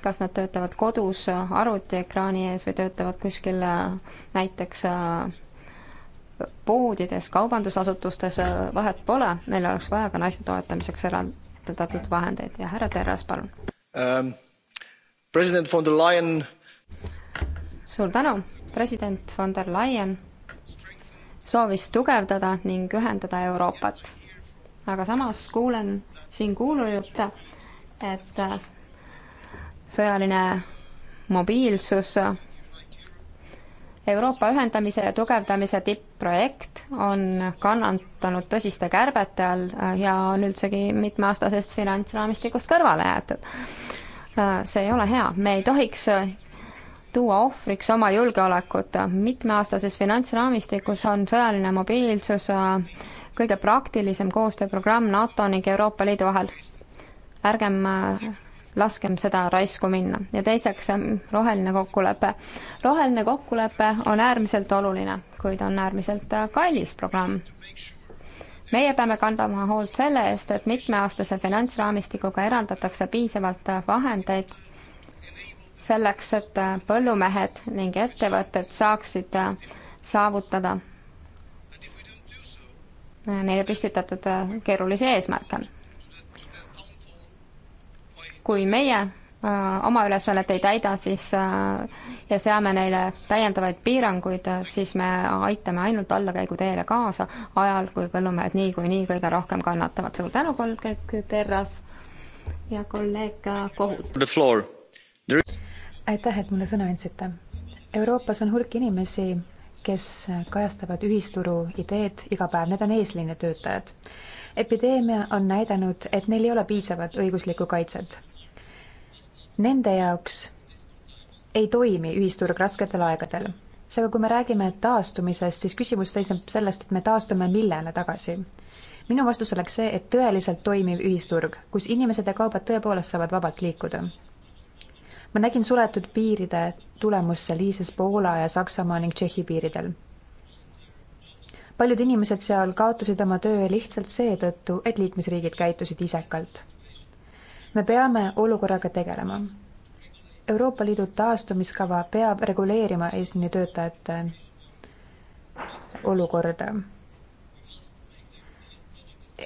kas nad töötavad kodus arvutiekraani ees või töötavad kuskil äh, näiteks äh, poodides, kaubandusasutustes, äh, vahet pole, meil oleks vaja ka naiste toetamiseks eraldatud vahendeid ja härra Terras, palun um,. president von der Leyen. suur tänu, president von der Leyen soovis tugevdada ning ühendada Euroopat. aga samas kuulen siin kuulujutte, et sõjaline mobiilsus. Euroopa ühendamise ja tugevdamise tippprojekt on kannatanud tõsiste kärbete all ja on üldsegi mitmeaastasest finantsraamistikust kõrvale jäetud. see ei ole hea, me ei tohiks tuua ohvriks oma julgeolekut. mitmeaastases finantsraamistikus on sõjaline mobiilsus kõige praktilisem koostööprogramm NATO ning Euroopa Liidu vahel. ärgem laskem seda raisku minna. ja teiseks, ähm, roheline kokkulepe. roheline kokkulepe on äärmiselt oluline, kuid on äärmiselt äh, kallis programm. meie peame kandma hoolt selle eest, et mitmeaastase finantsraamistikuga eraldatakse piisavalt äh, vahendeid selleks, et äh, põllumehed ning ettevõtted saaksid saavutada neile püstitatud keerulisi eesmärke kui meie äh, oma ülesannet ei täida, siis äh, ja seame neile täiendavaid piiranguid, äh, siis me aitame ainult allakäigu teele kaasa ajal, kui põllumehed niikuinii nii kõige rohkem kannatavad. suur tänu, kolleeg Terras ja kolleeg Kohut. aitäh, et mulle sõna andsite. Euroopas on hulk inimesi, kes kajastavad ühisturu ideed iga päev, need on eesliinitöötajad. epideemia on näidanud, et neil ei ole piisavat õiguslikku kaitset nende jaoks ei toimi ühisturg rasketel aegadel. seega, kui me räägime taastumisest, siis küsimus seisneb sellest, et me taastume millele tagasi. minu vastus oleks see, et tõeliselt toimiv ühisturg, kus inimesed ja kaubad tõepoolest saavad vabalt liikuda. ma nägin suletud piiride tulemust seal Iises Poola ja Saksamaa ning Tšehhi piiridel. paljud inimesed seal kaotasid oma töö lihtsalt seetõttu, et liikmesriigid käitusid isekalt me peame olukorraga tegelema. Euroopa Liidu taastumiskava peab reguleerima eesliini töötajate olukorda.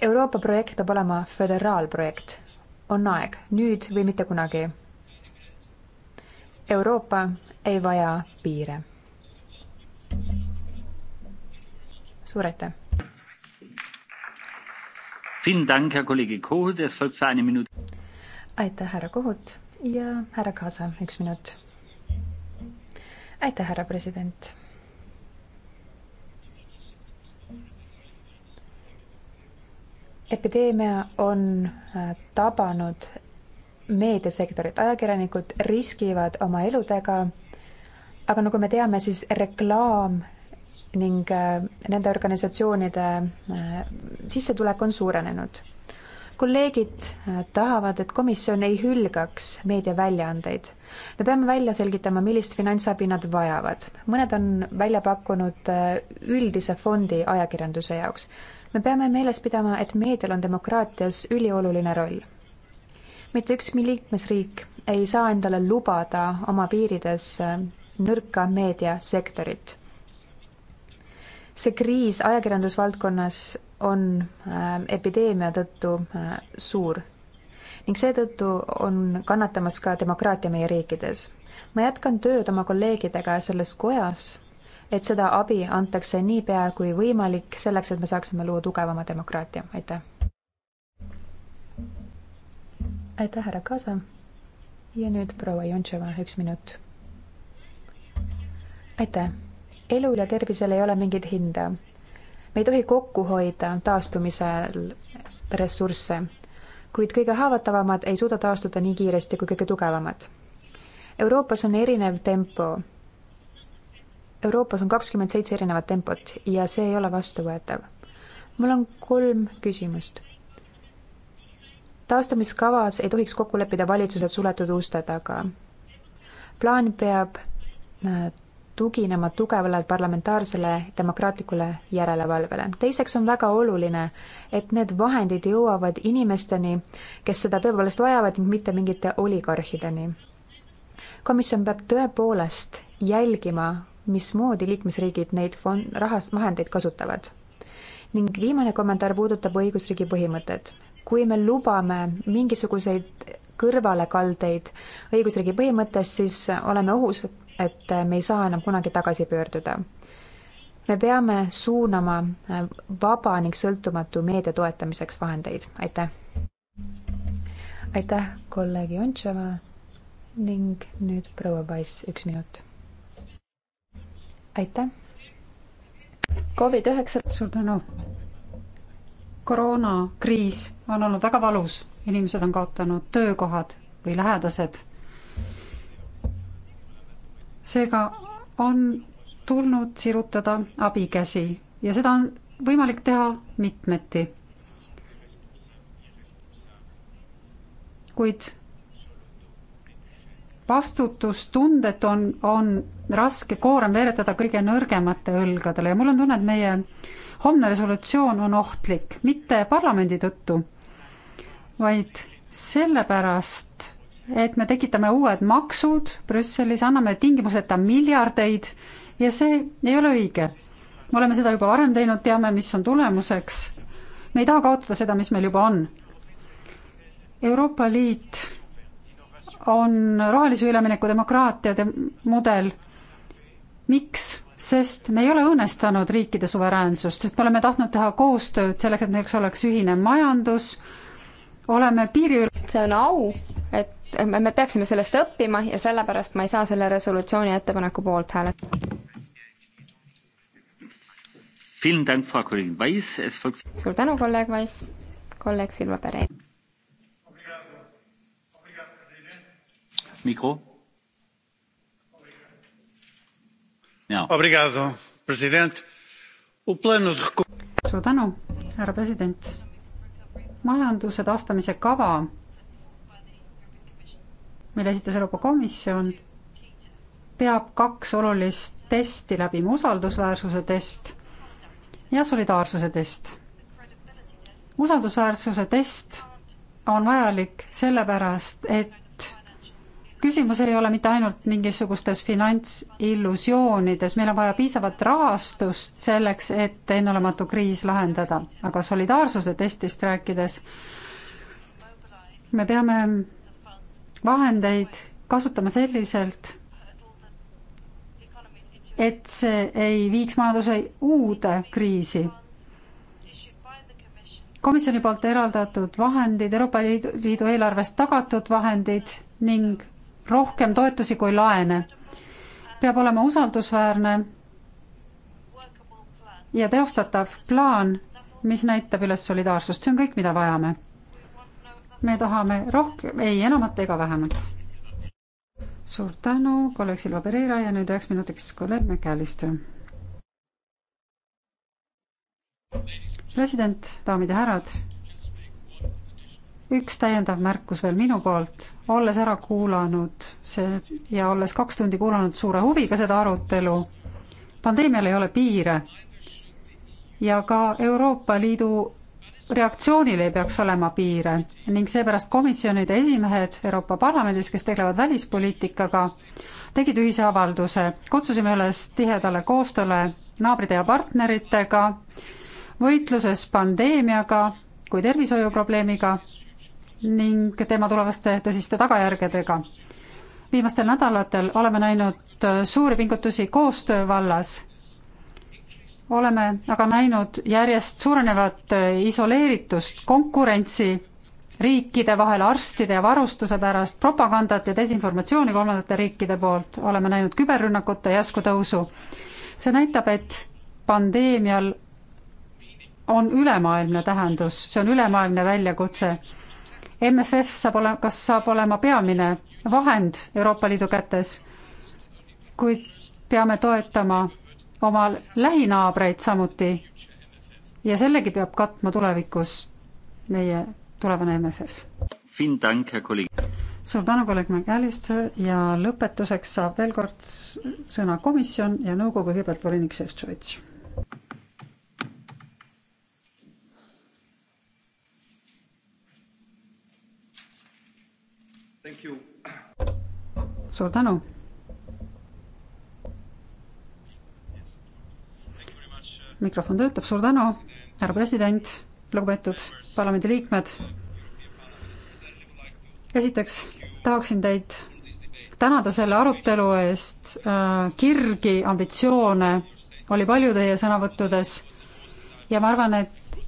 Euroopa projekt peab olema föderaalprojekt. on aeg, nüüd või mitte kunagi. Euroopa ei vaja piire. suur aitäh! Vielen Dank, Herr Kollege Kohl. Das folgt für eine Minute aitäh, härra Kohut ja härra Kaasa, üks minut. aitäh, härra president. epideemia on äh, tabanud meediasektorit, ajakirjanikud riskivad oma eludega, aga nagu me teame, siis reklaam ning äh, nende organisatsioonide äh, sissetulek on suurenenud kolleegid äh, tahavad, et komisjon ei hülgaks meediaväljaandeid. me peame välja selgitama, millist finantsabi nad vajavad. mõned on välja pakkunud äh, üldise fondi ajakirjanduse jaoks. me peame meeles pidama, et meedial on demokraatias ülioluline roll. mitte ükski liikmesriik ei saa endale lubada oma piirides äh, nõrka meediasektorit see kriis ajakirjandusvaldkonnas on ähm, epideemia tõttu äh, suur ning seetõttu on kannatamas ka demokraatia meie riikides. ma jätkan tööd oma kolleegidega selles kojas, et seda abi antakse niipea kui võimalik, selleks et me saaksime luua tugevama demokraatia, aitäh. aitäh, härra Kaasa. ja nüüd proua Jontšova, üks minut. aitäh. elul ja tervisel ei ole mingit hinda me ei tohi kokku hoida taastumisel ressursse, kuid kõige haavatavamad ei suuda taastuda nii kiiresti kui kõige tugevamad. Euroopas on erinev tempo. Euroopas on kakskümmend seitse erinevat tempot ja see ei ole vastuvõetav. mul on kolm küsimust. taastumiskavas ei tohiks kokku leppida valitsused suletud uste taga. plaan peab äh, tuginema tugevale parlamentaarsele demokraatlikule järelevalvele. teiseks on väga oluline, et need vahendid jõuavad inimesteni, kes seda tõepoolest vajavad, mitte mingite oligarhideni. komisjon peab tõepoolest jälgima, mismoodi liikmesriigid neid fond, rahast, vahendeid kasutavad. ning viimane kommentaar puudutab õigusriigi põhimõtet. kui me lubame mingisuguseid kõrvalekaldeid õigusriigi põhimõttest, siis oleme ohus, et me ei saa enam kunagi tagasi pöörduda. me peame suunama vaba ning sõltumatu meedia toetamiseks vahendeid, aitäh! aitäh, kolleeg Jontšova ning nüüd proua Pais, üks minut. aitäh! Covid üheksa, suur tänu! koroonakriis on olnud väga valus, inimesed on kaotanud töökohad või lähedased. seega on tulnud sirutada abikäsi ja seda on võimalik teha mitmeti. kuid vastutustundet on, on raske koorem veeretada kõige nõrgemate õlgadele ja mul on tunne, et meie homne resolutsioon on ohtlik mitte parlamendi tõttu, vaid sellepärast, et me tekitame uued maksud Brüsselis, anname tingimuseta miljardeid ja see ei ole õige. me oleme seda juba varem teinud, teame, mis on tulemuseks. me ei taha kaotada seda, mis meil juba on. Euroopa Liit on rohelise ülemineku demokraatia mudel. miks sest me ei ole õõnestanud riikide suveräänsust, sest me oleme tahtnud teha koostööd selleks, et meieks oleks ühine majandus, oleme piiri üle. see on au, et me, me peaksime sellest õppima ja sellepärast ma ei saa selle resolutsiooni ettepaneku poolt hääletada. suur tänu, kolleeg Wise, kolleeg Silva Pere. mikro suur tänu, härra president. majanduse taastamise kava, mille esitas Euroopa Komisjon, peab kaks olulist testi läbima, usaldusväärsuse test ja solidaarsuse test. usaldusväärsuse test on vajalik sellepärast, et küsimus ei ole mitte ainult mingisugustes finantsillusioonides, meil on vaja piisavat rahastust selleks, et enneolematu kriis lahendada, aga solidaarsuse testist rääkides me peame vahendeid kasutama selliselt, et see ei viiks majanduse uude kriisi komisjoni poolt eraldatud vahendid, Euroopa Liidu, Liidu eelarvest tagatud vahendid ning rohkem toetusi kui laene. peab olema usaldusväärne ja teostatav plaan, mis näitab üles solidaarsust, see on kõik, mida vajame. me tahame rohkem, ei enamat ega vähemat. suur tänu, kolleeg Silva Pereira ja nüüd üheks minutiks kolleeg McAllister. president, daamid ja härrad üks täiendav märkus veel minu poolt, olles ära kuulanud see ja olles kaks tundi kuulanud suure huviga seda arutelu, pandeemial ei ole piire ja ka Euroopa Liidu reaktsioonil ei peaks olema piire ning seepärast komisjonide esimehed Euroopa Parlamendis, kes tegelevad välispoliitikaga, tegid ühise avalduse, kutsusime üles tihedale koostööle naabrite ja partneritega, võitluses pandeemiaga kui tervishoiuprobleemiga ning tema tulevaste tõsiste tagajärgedega. viimastel nädalatel oleme näinud äh, suuri pingutusi koostöö vallas, oleme aga näinud järjest suurenevat äh, isoleeritust, konkurentsi riikide vahel arstide ja varustuse pärast, propagandat ja desinformatsiooni kolmandate riikide poolt, oleme näinud küberrünnakute järsku tõusu. see näitab, et pandeemial on ülemaailmne tähendus, see on ülemaailmne väljakutse MFF saab olema, kas saab olema peamine vahend Euroopa Liidu kätes, kuid peame toetama oma lähinaabreid samuti ja sellegi peab katma tulevikus meie tulevane MFF. suur tänu, kolleeg McAllister ja lõpetuseks saab veel kord sõna komisjon ja nõukogu kõigepealt volinik Šeftšovitš suur tänu. mikrofon töötab, suur tänu, härra president, lugupeetud parlamendiliikmed. esiteks tahaksin teid tänada selle arutelu eest, äh, kirgi, ambitsioone oli palju teie sõnavõttudes ja ma arvan, et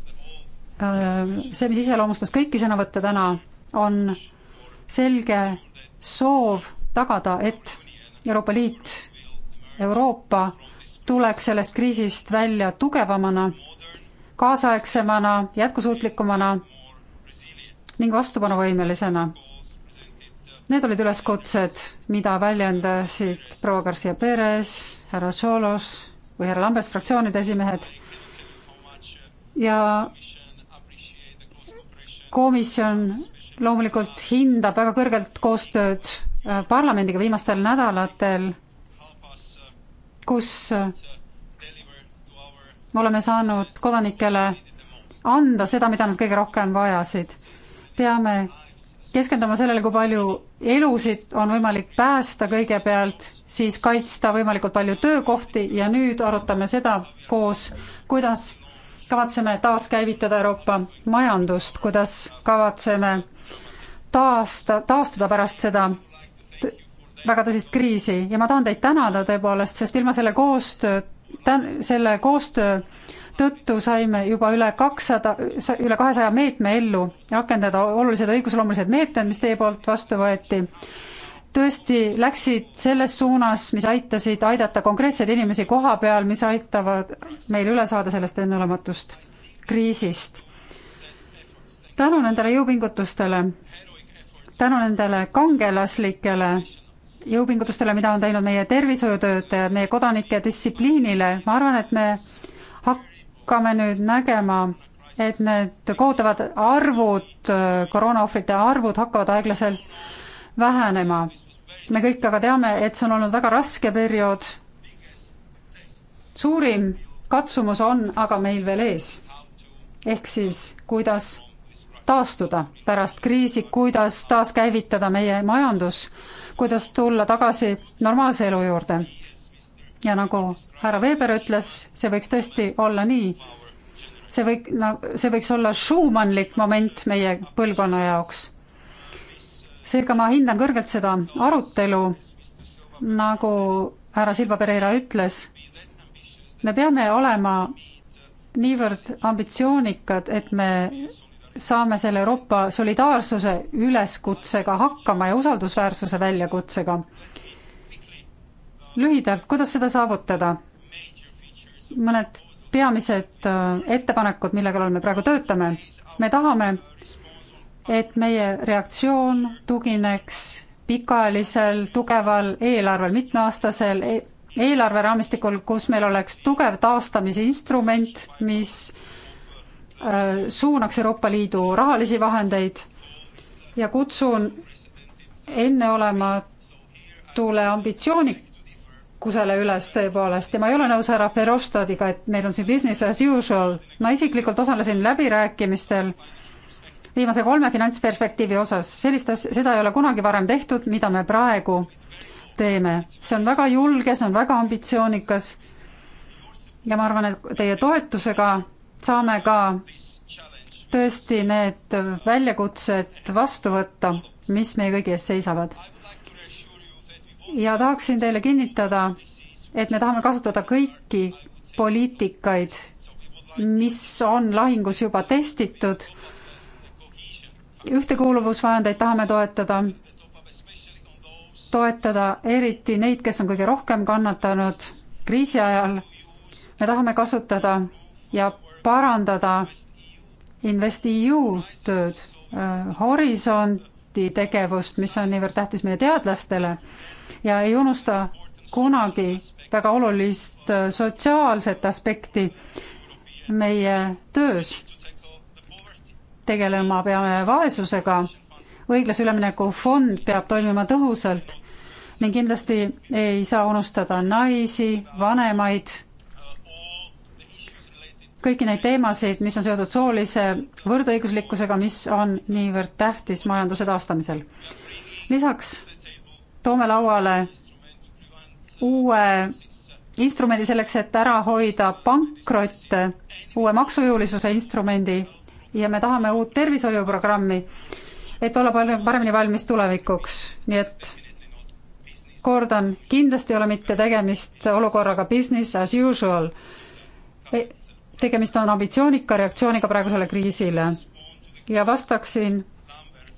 äh, see, mis iseloomustas kõiki sõnavõtte täna, on selge soov tagada, et Euroopa Liit, Euroopa tuleks sellest kriisist välja tugevamana, kaasaegsemana, jätkusuutlikumana ning vastupanuvõimelisena. Need olid üleskutsed, mida väljendasid proua Garcia Perez, härra Solos või härra Lambes, fraktsioonide esimehed ja komisjon loomulikult hindab väga kõrgelt koostööd Äh, parlamendiga viimastel nädalatel, kus äh, oleme saanud kodanikele anda seda, mida nad kõige rohkem vajasid. peame keskenduma sellele, kui palju elusid on võimalik päästa kõigepealt, siis kaitsta võimalikult palju töökohti ja nüüd arutame seda koos, kuidas kavatseme taaskäivitada Euroopa majandust, kuidas kavatseme taasta, taastuda pärast seda väga tõsist kriisi ja ma tahan teid tänada tõepoolest, sest ilma selle koostöö, selle koostöö tõttu saime juba üle kakssada, üle kahesaja meetme ellu rakendada olulised õigusloomulised meetmed, mis teie poolt vastu võeti. tõesti läksid selles suunas, mis aitasid aidata konkreetseid inimesi koha peal, mis aitavad meil üle saada sellest enneolematust kriisist. tänu nendele jõupingutustele, tänu nendele kangelaslikele jõupingutustele, mida on teinud meie tervishoiutöötajad, meie kodanike distsipliinile, ma arvan, et me hakkame nüüd nägema, et need kohutavad arvud, koroonaohvrite arvud hakkavad aeglaselt vähenema. me kõik aga teame, et see on olnud väga raske periood. suurim katsumus on aga meil veel ees. ehk siis, kuidas taastuda pärast kriisi, kuidas taaskäivitada meie majandus kuidas tulla tagasi normaalse elu juurde. ja nagu härra Weber ütles, see võiks tõesti olla nii, see võik-, see võiks olla Schumannlik moment meie põlvkonna jaoks. seega ma hindan kõrgelt seda arutelu, nagu härra Silva Pereira ütles, me peame olema niivõrd ambitsioonikad, et me saame selle Euroopa solidaarsuse üleskutsega hakkama ja usaldusväärsuse väljakutsega. lühidalt, kuidas seda saavutada? mõned peamised äh, ettepanekud, mille kallal me praegu töötame. me tahame, et meie reaktsioon tugineks pikaajalisel tugeval eelarvel, mitmeaastasel e-, eelarveraamistikul, kus meil oleks tugev taastamise instrument, mis Äh, suunaks Euroopa Liidu rahalisi vahendeid ja kutsun enneolematule ambitsioonikusele üles tõepoolest ja ma ei ole nõus härra Verhofstadiga, et meil on siin business as usual. ma isiklikult osalesin läbirääkimistel viimase kolme finantsperspektiivi osas, sellist asja, seda ei ole kunagi varem tehtud, mida me praegu teeme. see on väga julge, see on väga ambitsioonikas ja ma arvan, et teie toetusega saame ka tõesti need väljakutsed vastu võtta, mis meie kõigi ees seisavad. ja tahaksin teile kinnitada, et me tahame kasutada kõiki poliitikaid, mis on lahingus juba testitud. ühtekuuluvusvahendeid tahame toetada, toetada eriti neid, kes on kõige rohkem kannatanud kriisi ajal. me tahame kasutada ja parandada InvestEU tööd, äh, horisonti tegevust, mis on niivõrd tähtis meie teadlastele ja ei unusta kunagi väga olulist äh, sotsiaalset aspekti meie töös. tegelema peame vaesusega, õiglase ülemineku fond peab toimima tõhusalt ning kindlasti ei saa unustada naisi, vanemaid kõiki neid teemasid, mis on seotud soolise võrdõiguslikkusega, mis on niivõrd tähtis majanduse taastamisel. lisaks toome lauale uue instrumendi selleks, et ära hoida pankrotte, uue maksujõulisuse instrumendi ja me tahame uut tervishoiuprogrammi, et olla palju paremini valmis tulevikuks, nii et kordan, kindlasti ei ole mitte tegemist olukorraga business as usual e, tegemist on ambitsioonika reaktsiooniga praegusele kriisile ja vastaksin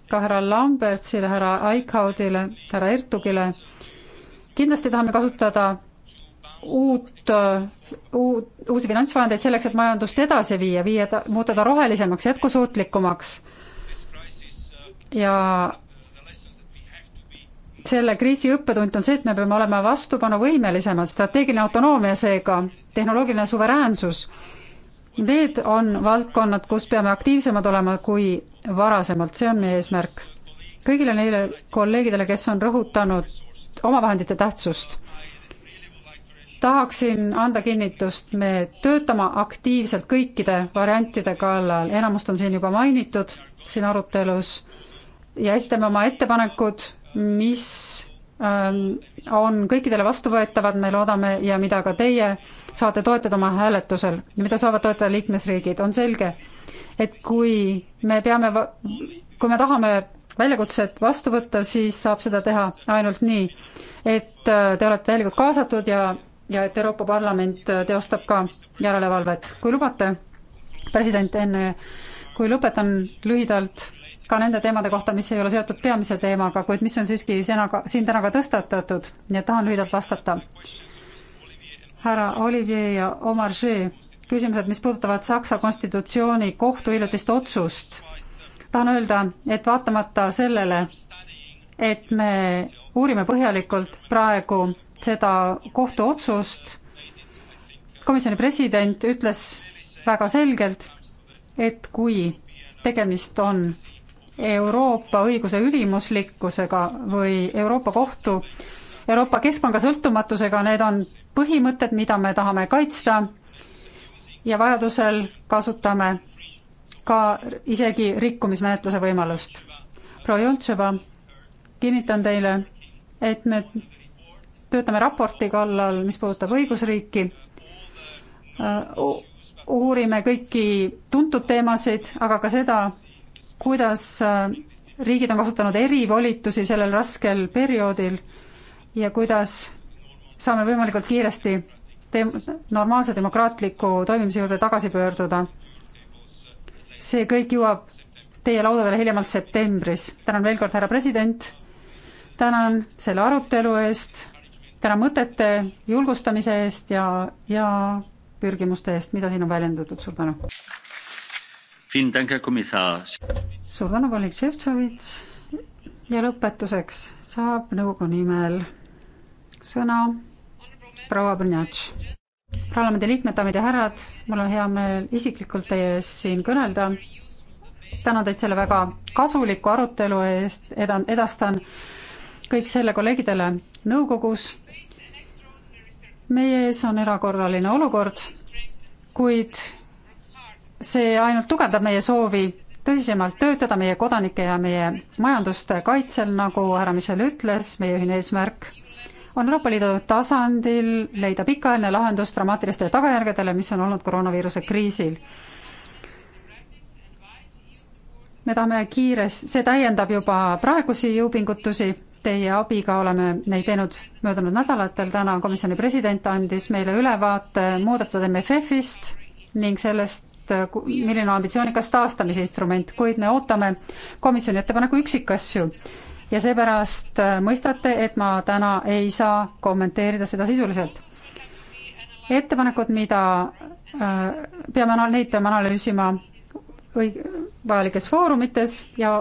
ka härra Lambertsile, härra Eichhaudile, härra Ertugile. kindlasti tahame kasutada uut, uut, uusi finantsvahendeid selleks, et majandust edasi viia, viia ta, muuta ta rohelisemaks, jätkusuutlikumaks. ja selle kriisi õppetund on see, et me peame olema vastupanuvõimelisemad, strateegiline autonoomia seega, tehnoloogiline suveräänsus Need on valdkonnad, kus peame aktiivsemad olema kui varasemalt, see on meie eesmärk. kõigile neile kolleegidele, kes on rõhutanud omavahendite tähtsust, tahaksin anda kinnitust, me töötame aktiivselt kõikide variantide kallal, enamust on siin juba mainitud siin arutelus ja esitame oma ettepanekud, mis ähm, on kõikidele vastuvõetavad, me loodame, ja mida ka teie äh, saate toetada oma hääletusel ja mida saavad toetada liikmesriigid, on selge, et kui me peame, kui me tahame väljakutset vastu võtta, siis saab seda teha ainult nii, et äh, te olete täielikult kaasatud ja, ja et Euroopa Parlament äh, teostab ka järelevalvet. kui lubate, president, enne kui lõpetan lühidalt ka nende teemade kohta, mis ei ole seotud peamise teemaga, kuid mis on siiski sena, siin täna ka tõstatatud, nii et tahan lühidalt vastata härra Olivier ja Omar G küsimused, mis puudutavad Saksa konstitutsiooni kohtu hiljutist otsust. tahan öelda, et vaatamata sellele, et me uurime põhjalikult praegu seda kohtuotsust, komisjoni president ütles väga selgelt, et kui tegemist on Euroopa õiguse ülimuslikkusega või Euroopa Kohtu, Euroopa Keskpanga sõltumatusega, need on põhimõtted, mida me tahame kaitsta ja vajadusel kasutame ka isegi rikkumismenetluse võimalust. proua Jontševa, kinnitan teile, et me töötame raporti kallal, mis puudutab õigusriiki, uurime kõiki tuntud teemasid, aga ka seda, kuidas riigid on kasutanud erivolitusi sellel raskel perioodil ja kuidas saame võimalikult kiiresti te-, normaalse demokraatliku toimimise juurde tagasi pöörduda. see kõik jõuab teie laudadele hiljemalt septembris. tänan veel kord, härra president, tänan selle arutelu eest, tänan mõtete julgustamise eest ja, ja pürgimuste eest, mida siin on väljendatud, suur tänu. suur tänu, Oleg Šeftšovitš ja lõpetuseks saab nõukogu nimel sõna proua Brnjatš. parlamendi liikmed, daamid ja härrad, mul on hea meel isiklikult teie ees siin kõnelda. tänan teid selle väga kasuliku arutelu eest, edan, edastan kõik selle kolleegidele nõukogus. meie ees on erakorraline olukord, kuid see ainult tugevdab meie soovi tõsisemalt töötada meie kodanike ja meie majanduste kaitsel, nagu härra Michel ütles, meie ühine eesmärk on Euroopa Liidu tasandil leida pikaajaline lahendus dramaatilistele tagajärgedele, mis on olnud koroonaviiruse kriisil. me tahame kiires, see täiendab juba praegusi jõupingutusi, teie abiga oleme neid teinud möödunud nädalatel, täna komisjoni president andis meile ülevaate muudetud MFF-ist ning sellest, milline on ambitsioonikas taastamise instrument, kuid me ootame komisjoni ettepaneku üksikasju ja seepärast äh, mõistate, et ma täna ei saa kommenteerida seda sisuliselt. ettepanekud, mida äh, peame, neid peame analüüsima õig-, vajalikes foorumites ja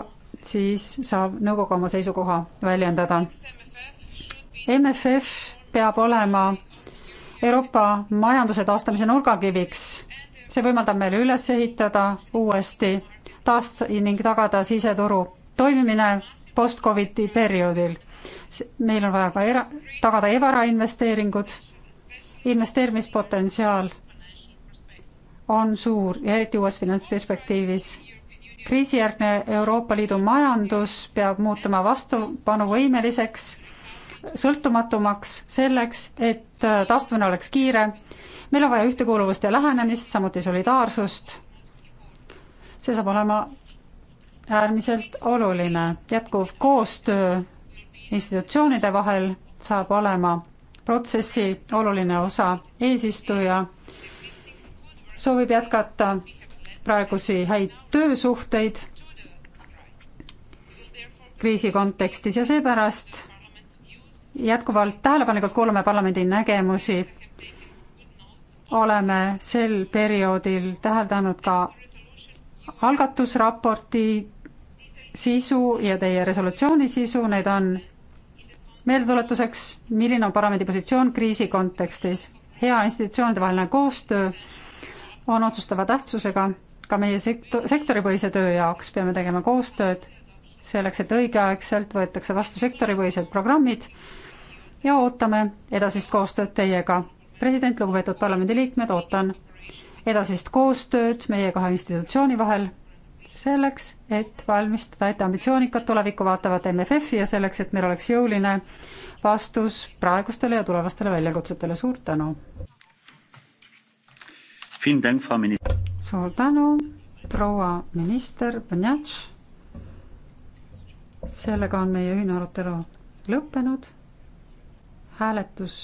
siis saab nõukogu oma seisukoha väljendada. MFF peab olema Euroopa majanduse taastamise nurgakiviks. see võimaldab meil üles ehitada uuesti taast- ning tagada siseturu toimimine post-Covidi perioodil. meil on vaja ka era-, tagada evarainvesteeringud, investeerimispotentsiaal on suur ja eriti uues finantsperspektiivis. kriisijärgne Euroopa Liidu majandus peab muutuma vastupanuvõimeliseks, sõltumatumaks, selleks, et äh, taastumine oleks kiire, meil on vaja ühtekuuluvust ja lähenemist, samuti solidaarsust, see saab olema äärmiselt oluline. jätkuv koostöö institutsioonide vahel saab olema protsessi oluline osa. eesistuja soovib jätkata praegusi häid töösuhteid kriisi kontekstis ja seepärast jätkuvalt tähelepanelikult kuulame parlamendi nägemusi. oleme sel perioodil täheldanud ka algatusraporti sisu ja teie resolutsiooni sisu, need on meeldetuletuseks, milline on parlamendi positsioon kriisi kontekstis. hea institutsioonidevaheline koostöö on otsustava tähtsusega ka meie sektor, sektoripõhise töö jaoks peame tegema koostööd selleks, et õigeaegselt võetakse vastu sektoripõhised programmid ja ootame edasist koostööd teiega. president, lugupeetud parlamendiliikmed, ootan edasist koostööd meie kahe institutsiooni vahel selleks, et valmistada ette ambitsioonikat tulevikku vaatavat MFF-i ja selleks, et meil oleks jõuline vastus praegustele ja tulevastele väljakutsetele, suur tänu! suur tänu, proua minister Benjatš. sellega on meie ühine arutelu lõppenud. hääletus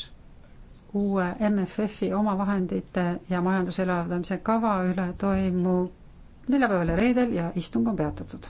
uue MFF-i omavahendite ja majanduse elavdamise kava üle toimub neljapäeval ja reedel ja istung on peatatud.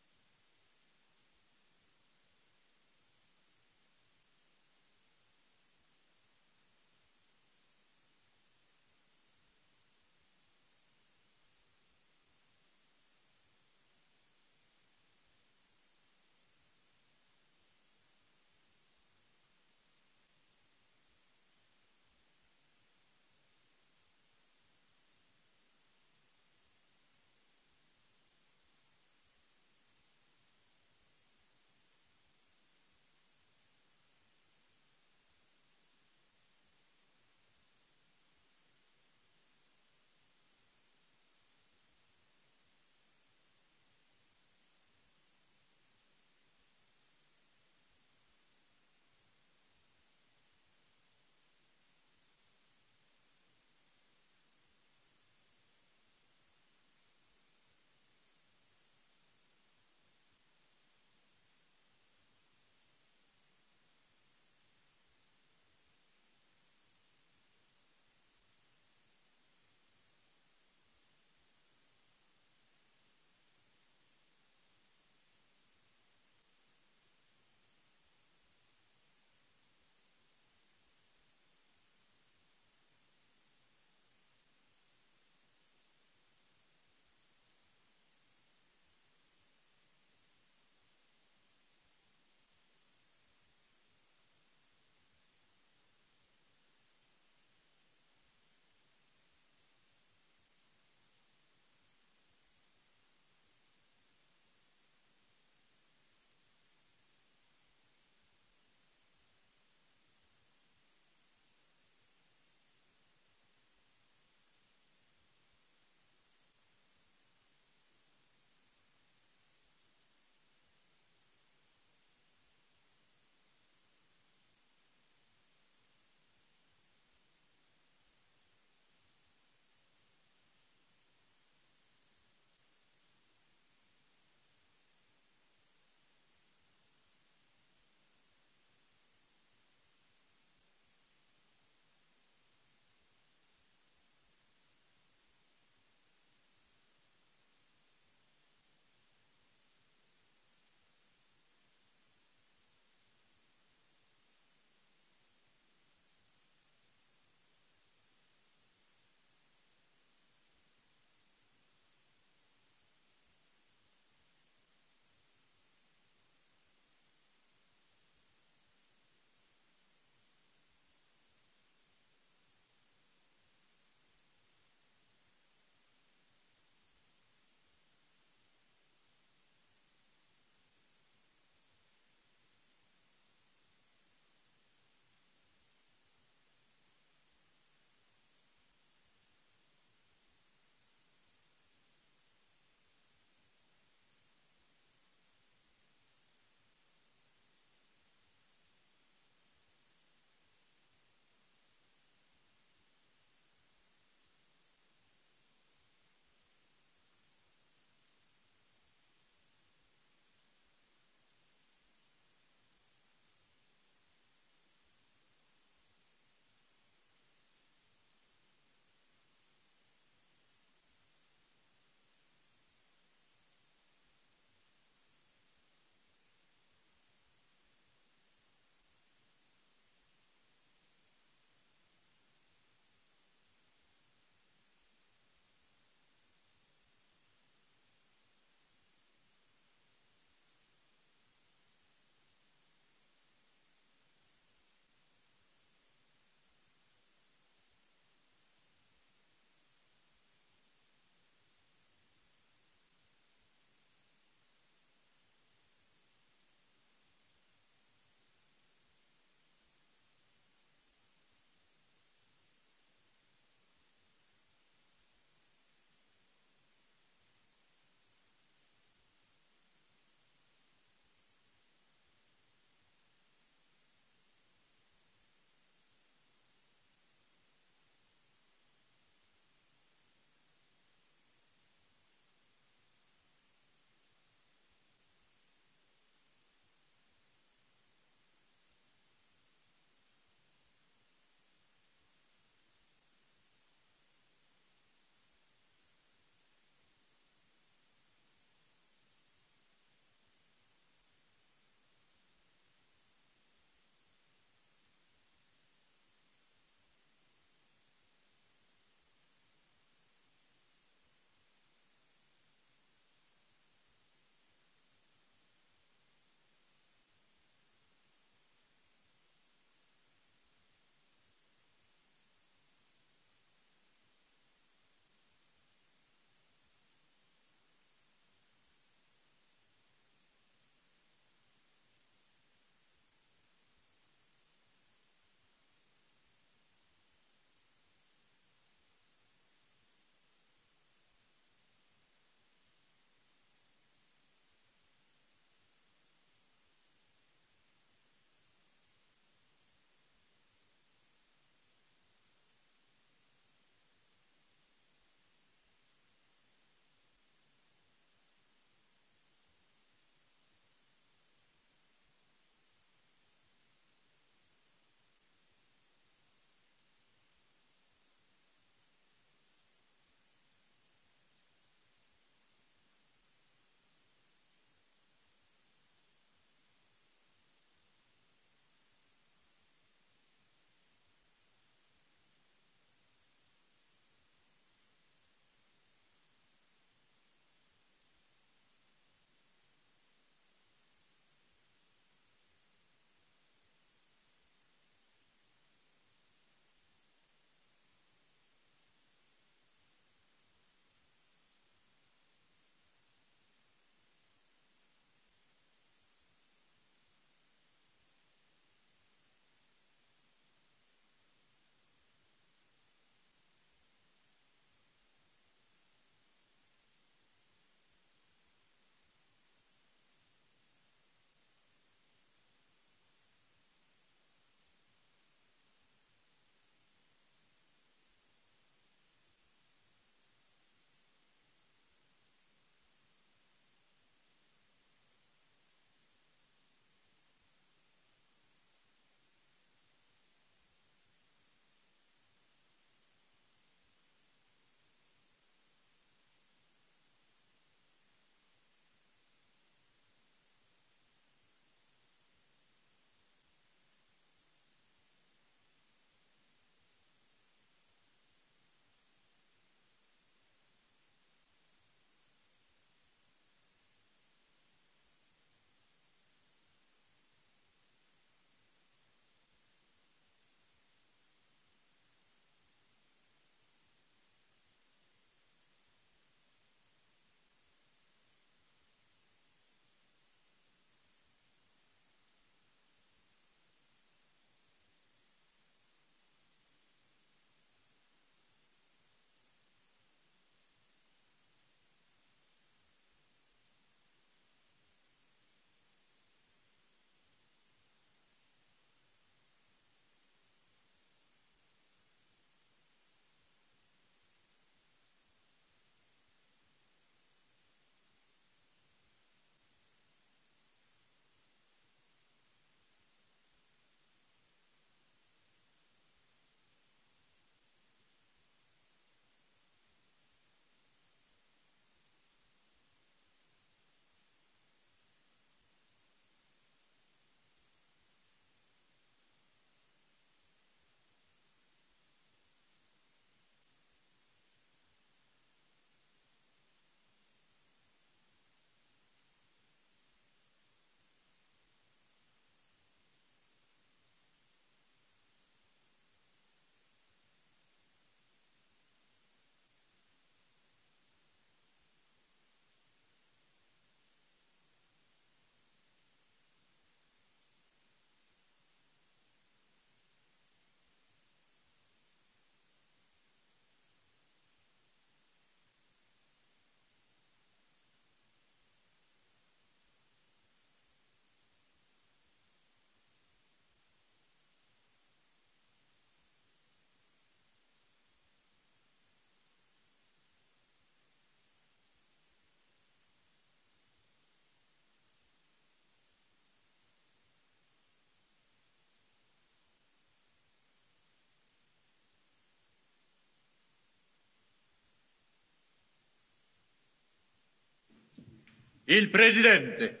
il presidente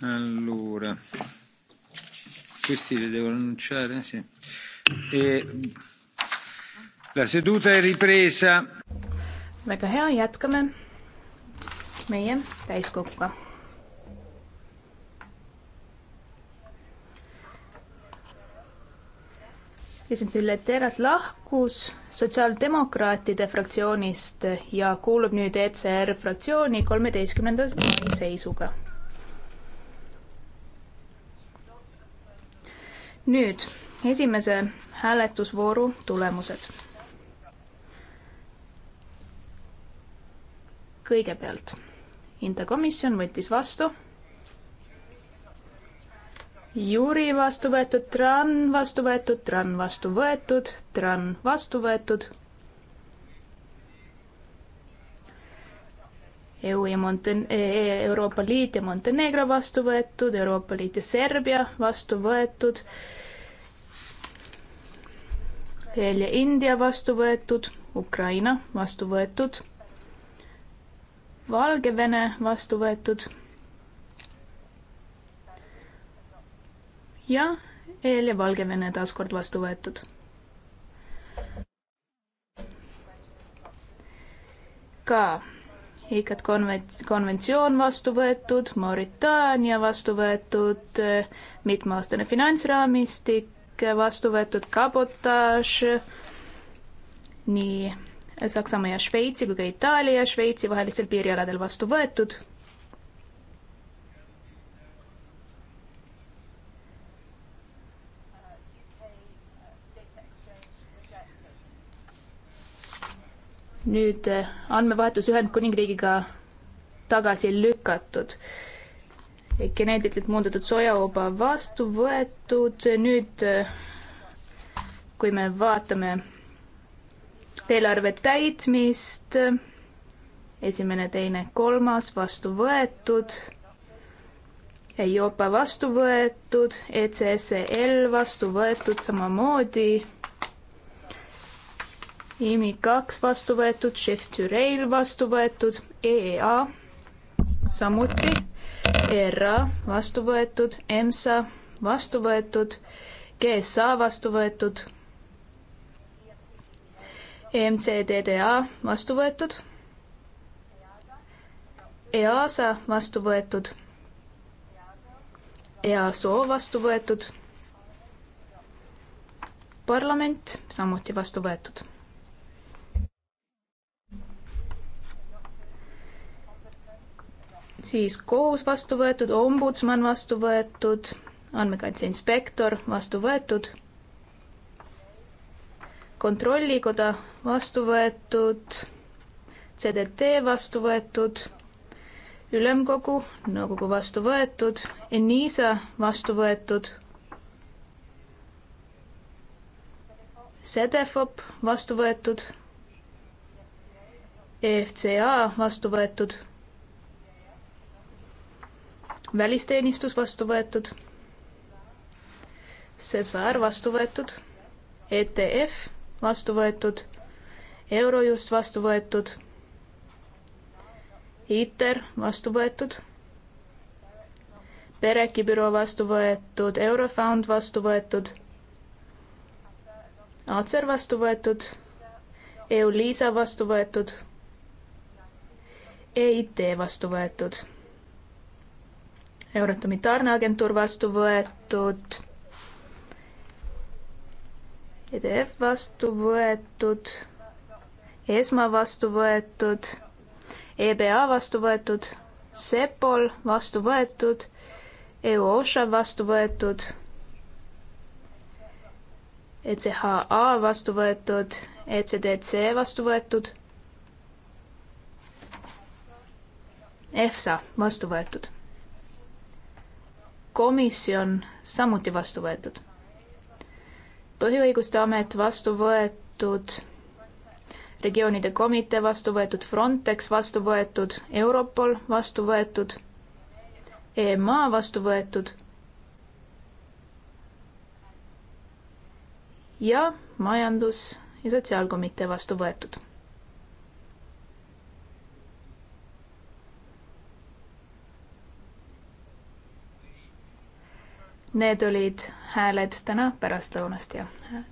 allora questi li devo annunciare sì. e, la seduta è ripresa väga hea jätkame meie täiskoguga esindaja Leteras lahkus sotsiaaldemokraatide fraktsioonist ja kuulub nüüd ECR fraktsiooni kolmeteistkümnenda mai seisuga. nüüd esimese hääletusvooru tulemused. kõigepealt Inta komisjon võttis vastu Juri vastu võetud, Tran vastu võetud, Tran vastu võetud, Tran vastu võetud. EU ja Monten-, e, e, Euroopa Liit ja Montenegro vastu võetud, Euroopa Liit ja Serbia vastu võetud, veel ja India vastu võetud, Ukraina vastu võetud, Valgevene vastu võetud ja EL ja Valgevene taas kord vastu võetud. ka ICAT konvents-, konventsioon vastu võetud, Mauritaania vastu võetud, mitmeaastane finantsraamistik vastu võetud, kabotaaž, nii Saksamaa ja Šveitsi kui ka Itaalia ja Šveitsi vahelistel piirialadel vastu võetud nüüd eh, andmevahetus Ühendkuningriigiga tagasi lükatud. geneetiliselt muundatud sojaoba vastu võetud, nüüd eh, kui me vaatame eelarve täitmist, esimene, teine, kolmas vastu võetud, EIOPA vastu võetud, ECSL vastu võetud samamoodi IMI kaks vastu võetud, Shift to Rail vastu võetud, EEA samuti, ERA vastu võetud, EMSA vastu võetud, GSA vastu võetud, EMCDDA vastu võetud, EASA vastu võetud, EASO vastu võetud parlament samuti vastu võetud. siis kohus vastu võetud, ombudsman vastu võetud, andmekaitse inspektor vastu võetud, kontrollikoda vastu võetud, CDT vastu võetud, ülemkogu, nõukogu vastu võetud, ENISA vastu võetud, CDFOP vastu võetud, EFCA vastu võetud välisteenistus vastu võetud, CESAR vastu võetud, ETF vastu võetud, Eurojust vastu võetud, ITER vastu võetud, Pereki büroo vastu võetud, Eurofond vastu võetud, ACER vastu võetud, EULISA vastu võetud, EIT vastu võetud Euratomi tarneagentuur vastu võetud, EDF vastu võetud, ESMA vastu võetud, EBA vastu võetud, CEPOL vastu võetud, EUOSHA vastu võetud, ECHA vastu võetud, ECDC vastu võetud EFSA vastu võetud komisjon samuti vastu võetud. põhiõiguste amet vastu võetud, regioonide komitee vastu võetud, Frontex vastu võetud, Europol vastu võetud, EMA vastu võetud ja majandus- ja sotsiaalkomitee vastu võetud Need olid hääled täna pärastlõunast ja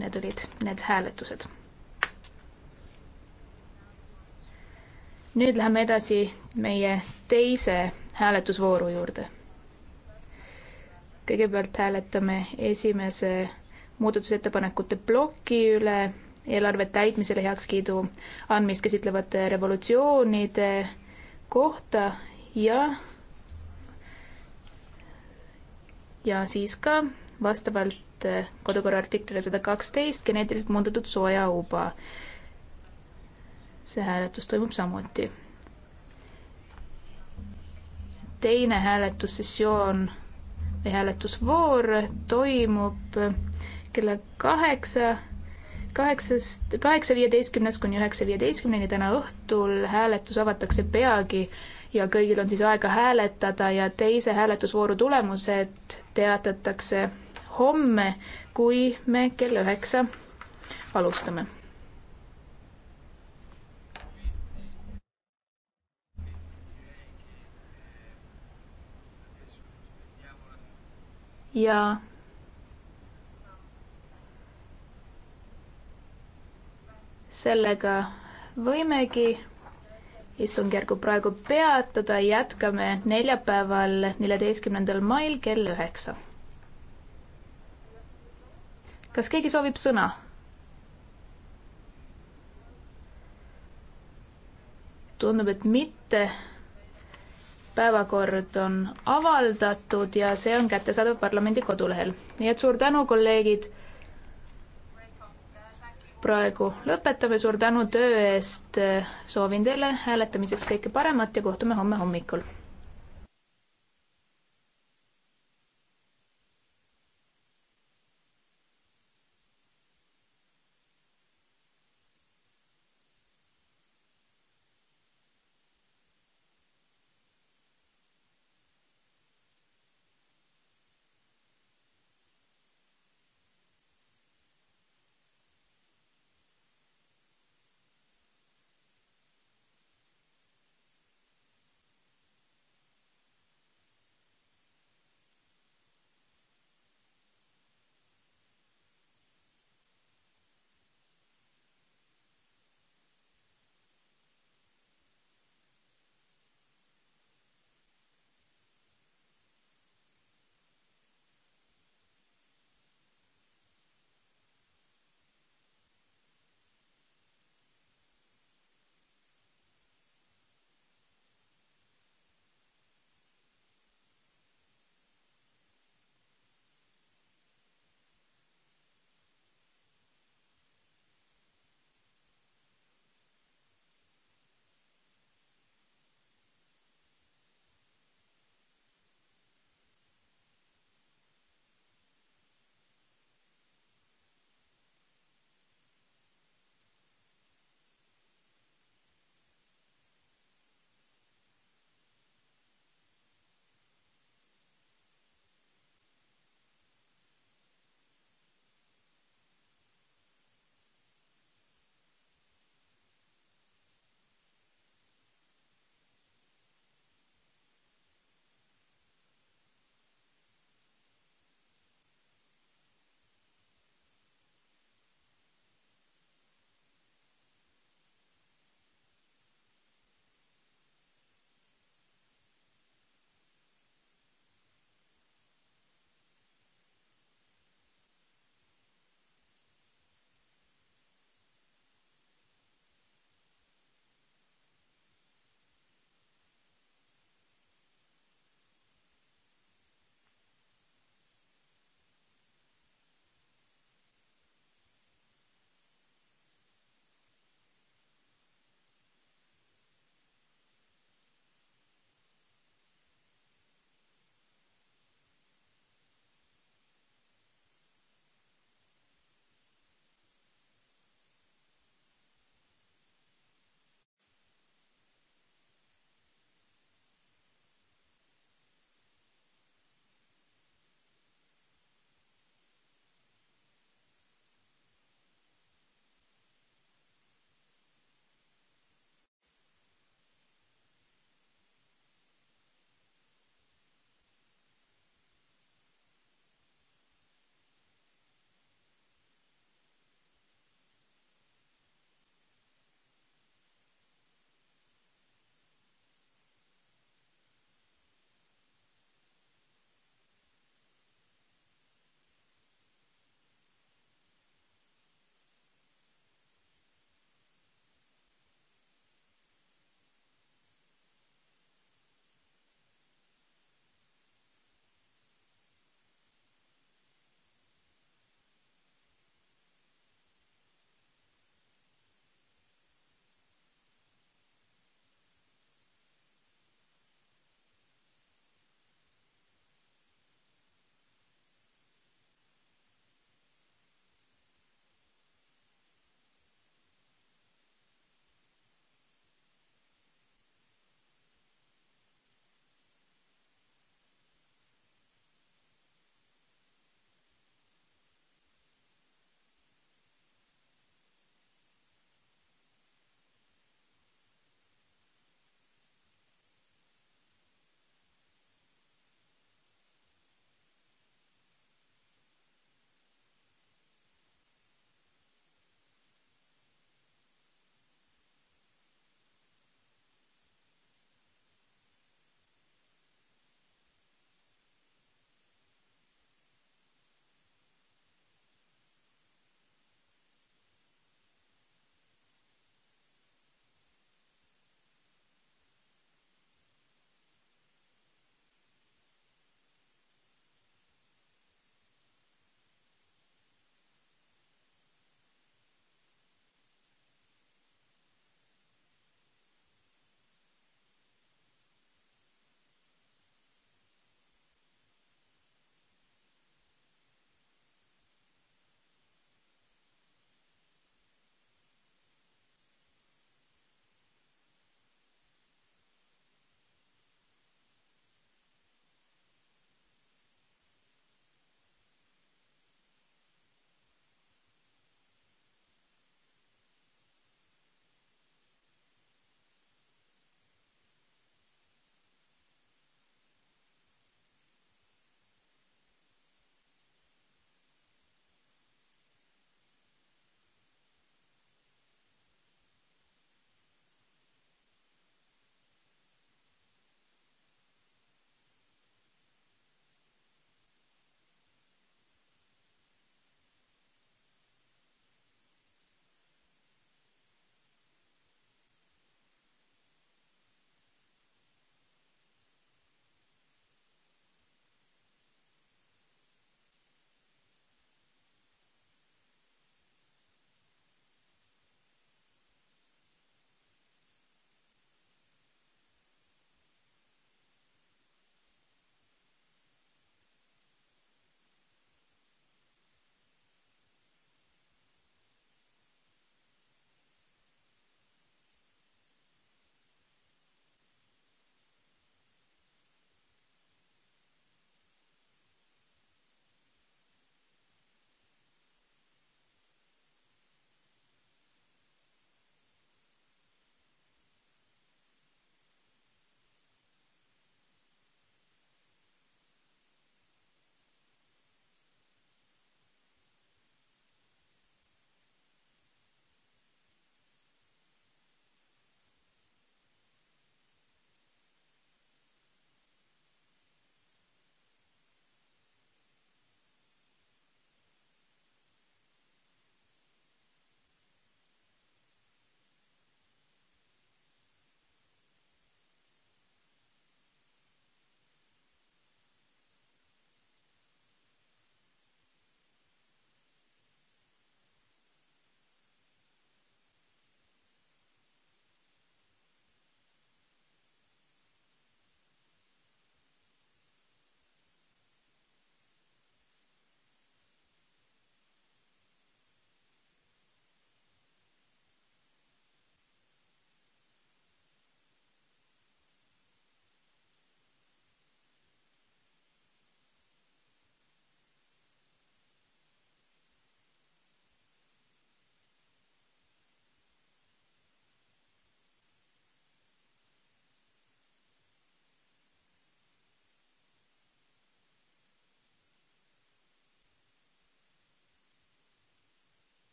need olid need hääletused. nüüd läheme edasi meie teise hääletusvooru juurde. kõigepealt hääletame esimese muudatusettepanekute ploki üle, eelarve täitmisele heakskiidu andmist käsitlevate revolutsioonide kohta ja ja siis ka vastavalt eh, kodukorra artiklile sada kaksteist geneetiliselt muundatud soojauba. see hääletus toimub samuti. teine hääletussessioon või hääletusvoor toimub kella kaheksa, kaheksast, kaheksa viieteistkümnest kuni üheksa viieteistkümneni täna õhtul. hääletus avatakse peagi ja kõigil on siis aega hääletada ja teise hääletusvooru tulemused teatatakse homme, kui me kell üheksa alustame. ja sellega võimegi istungjärgu praegu peatada, jätkame neljapäeval, neljateistkümnendal mail kell üheksa. kas keegi soovib sõna? tundub, et mitte. päevakord on avaldatud ja see on kättesaadav parlamendi kodulehel. nii et suur tänu, kolleegid praegu lõpetame, suur tänu töö eest, soovin teile hääletamiseks kõike paremat ja kohtume homme hommikul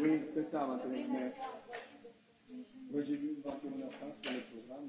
Oui, c'est ça, 21 mai. Moi, j'ai vu 21 h 30 sur le programme.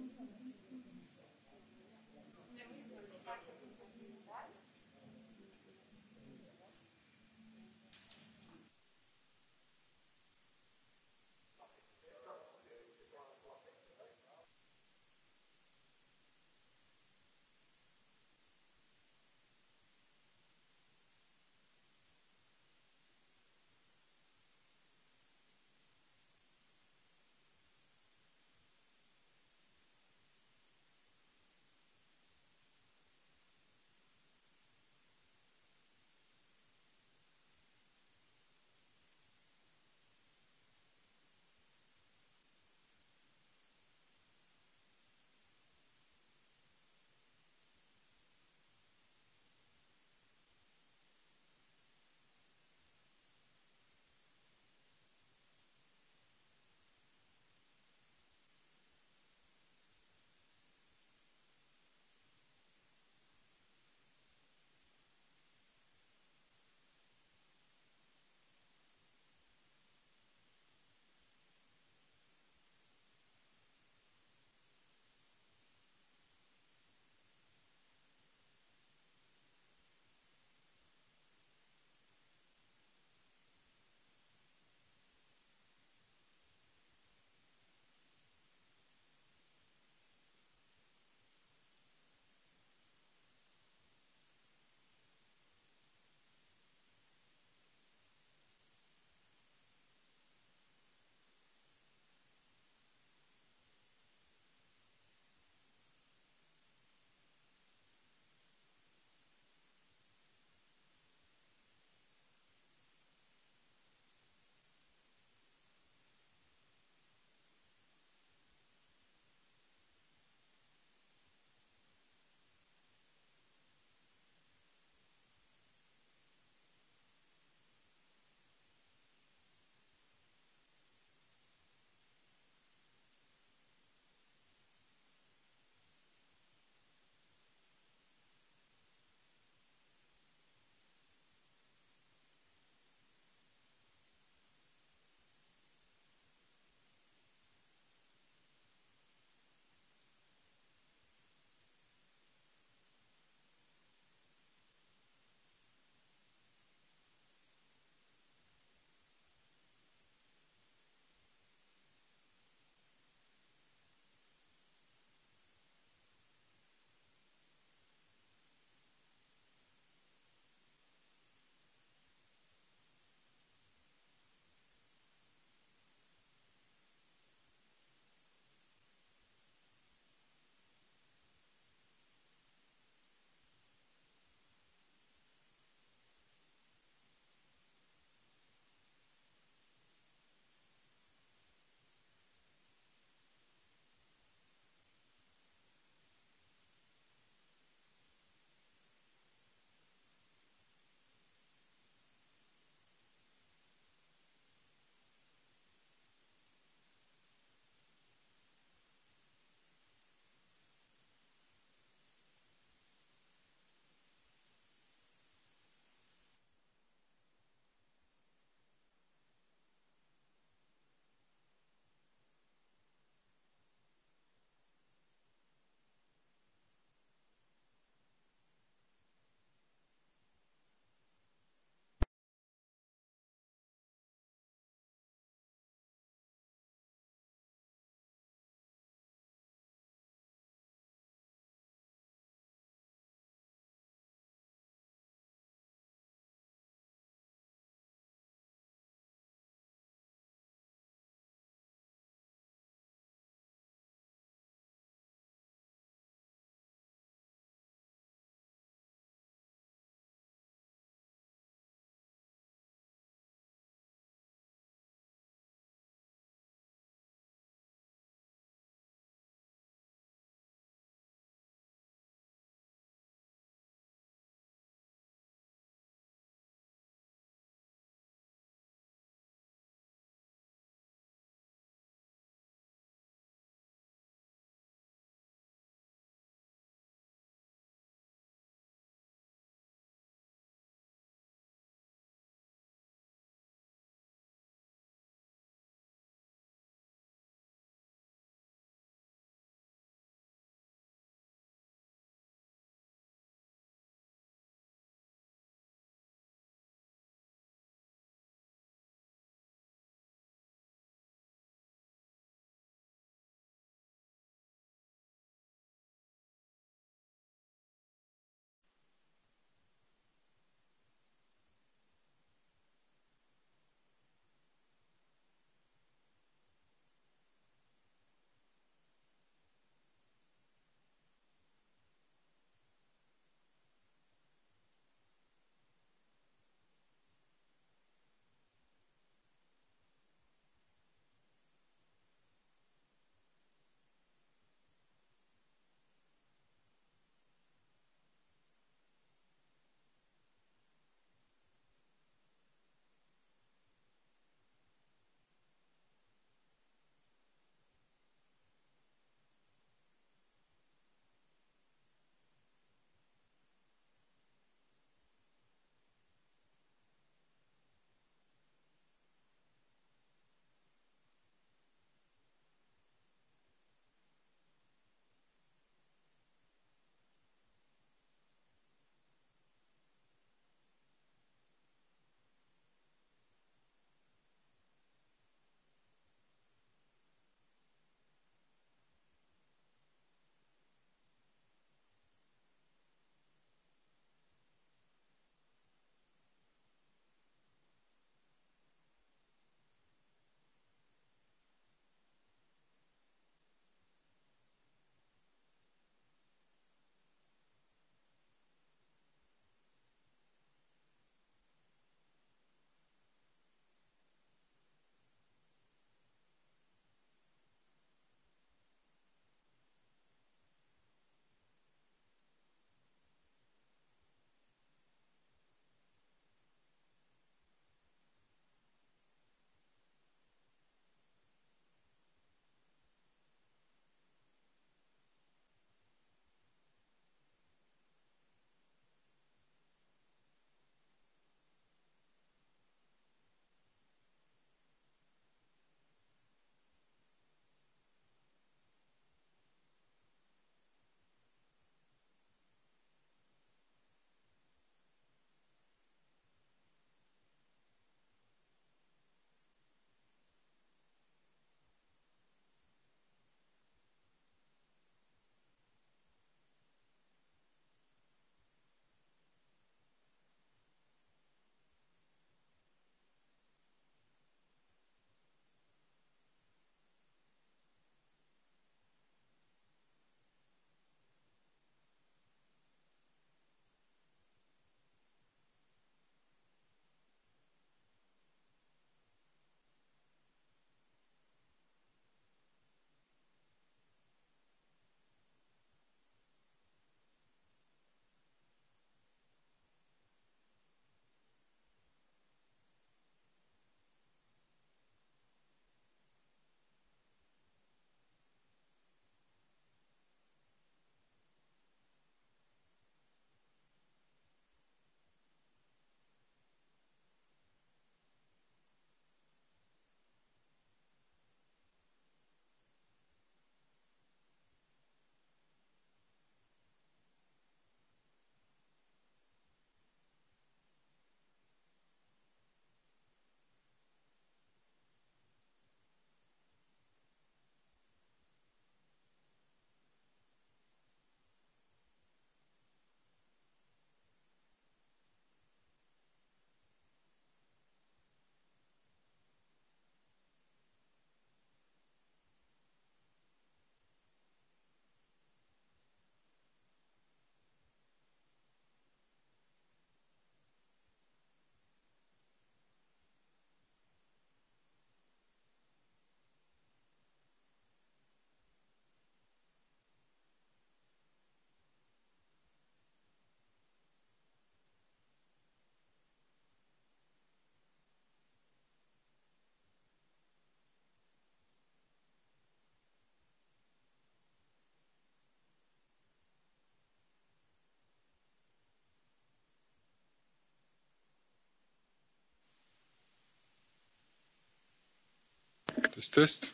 Test, test.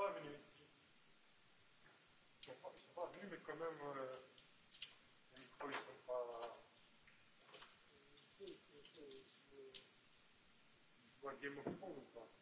Par minutes. Ils sont pas, ils sont pas venus, mais quand même, euh, les micros, ils sont pas. Ils jouent à Game of Thrones ou pas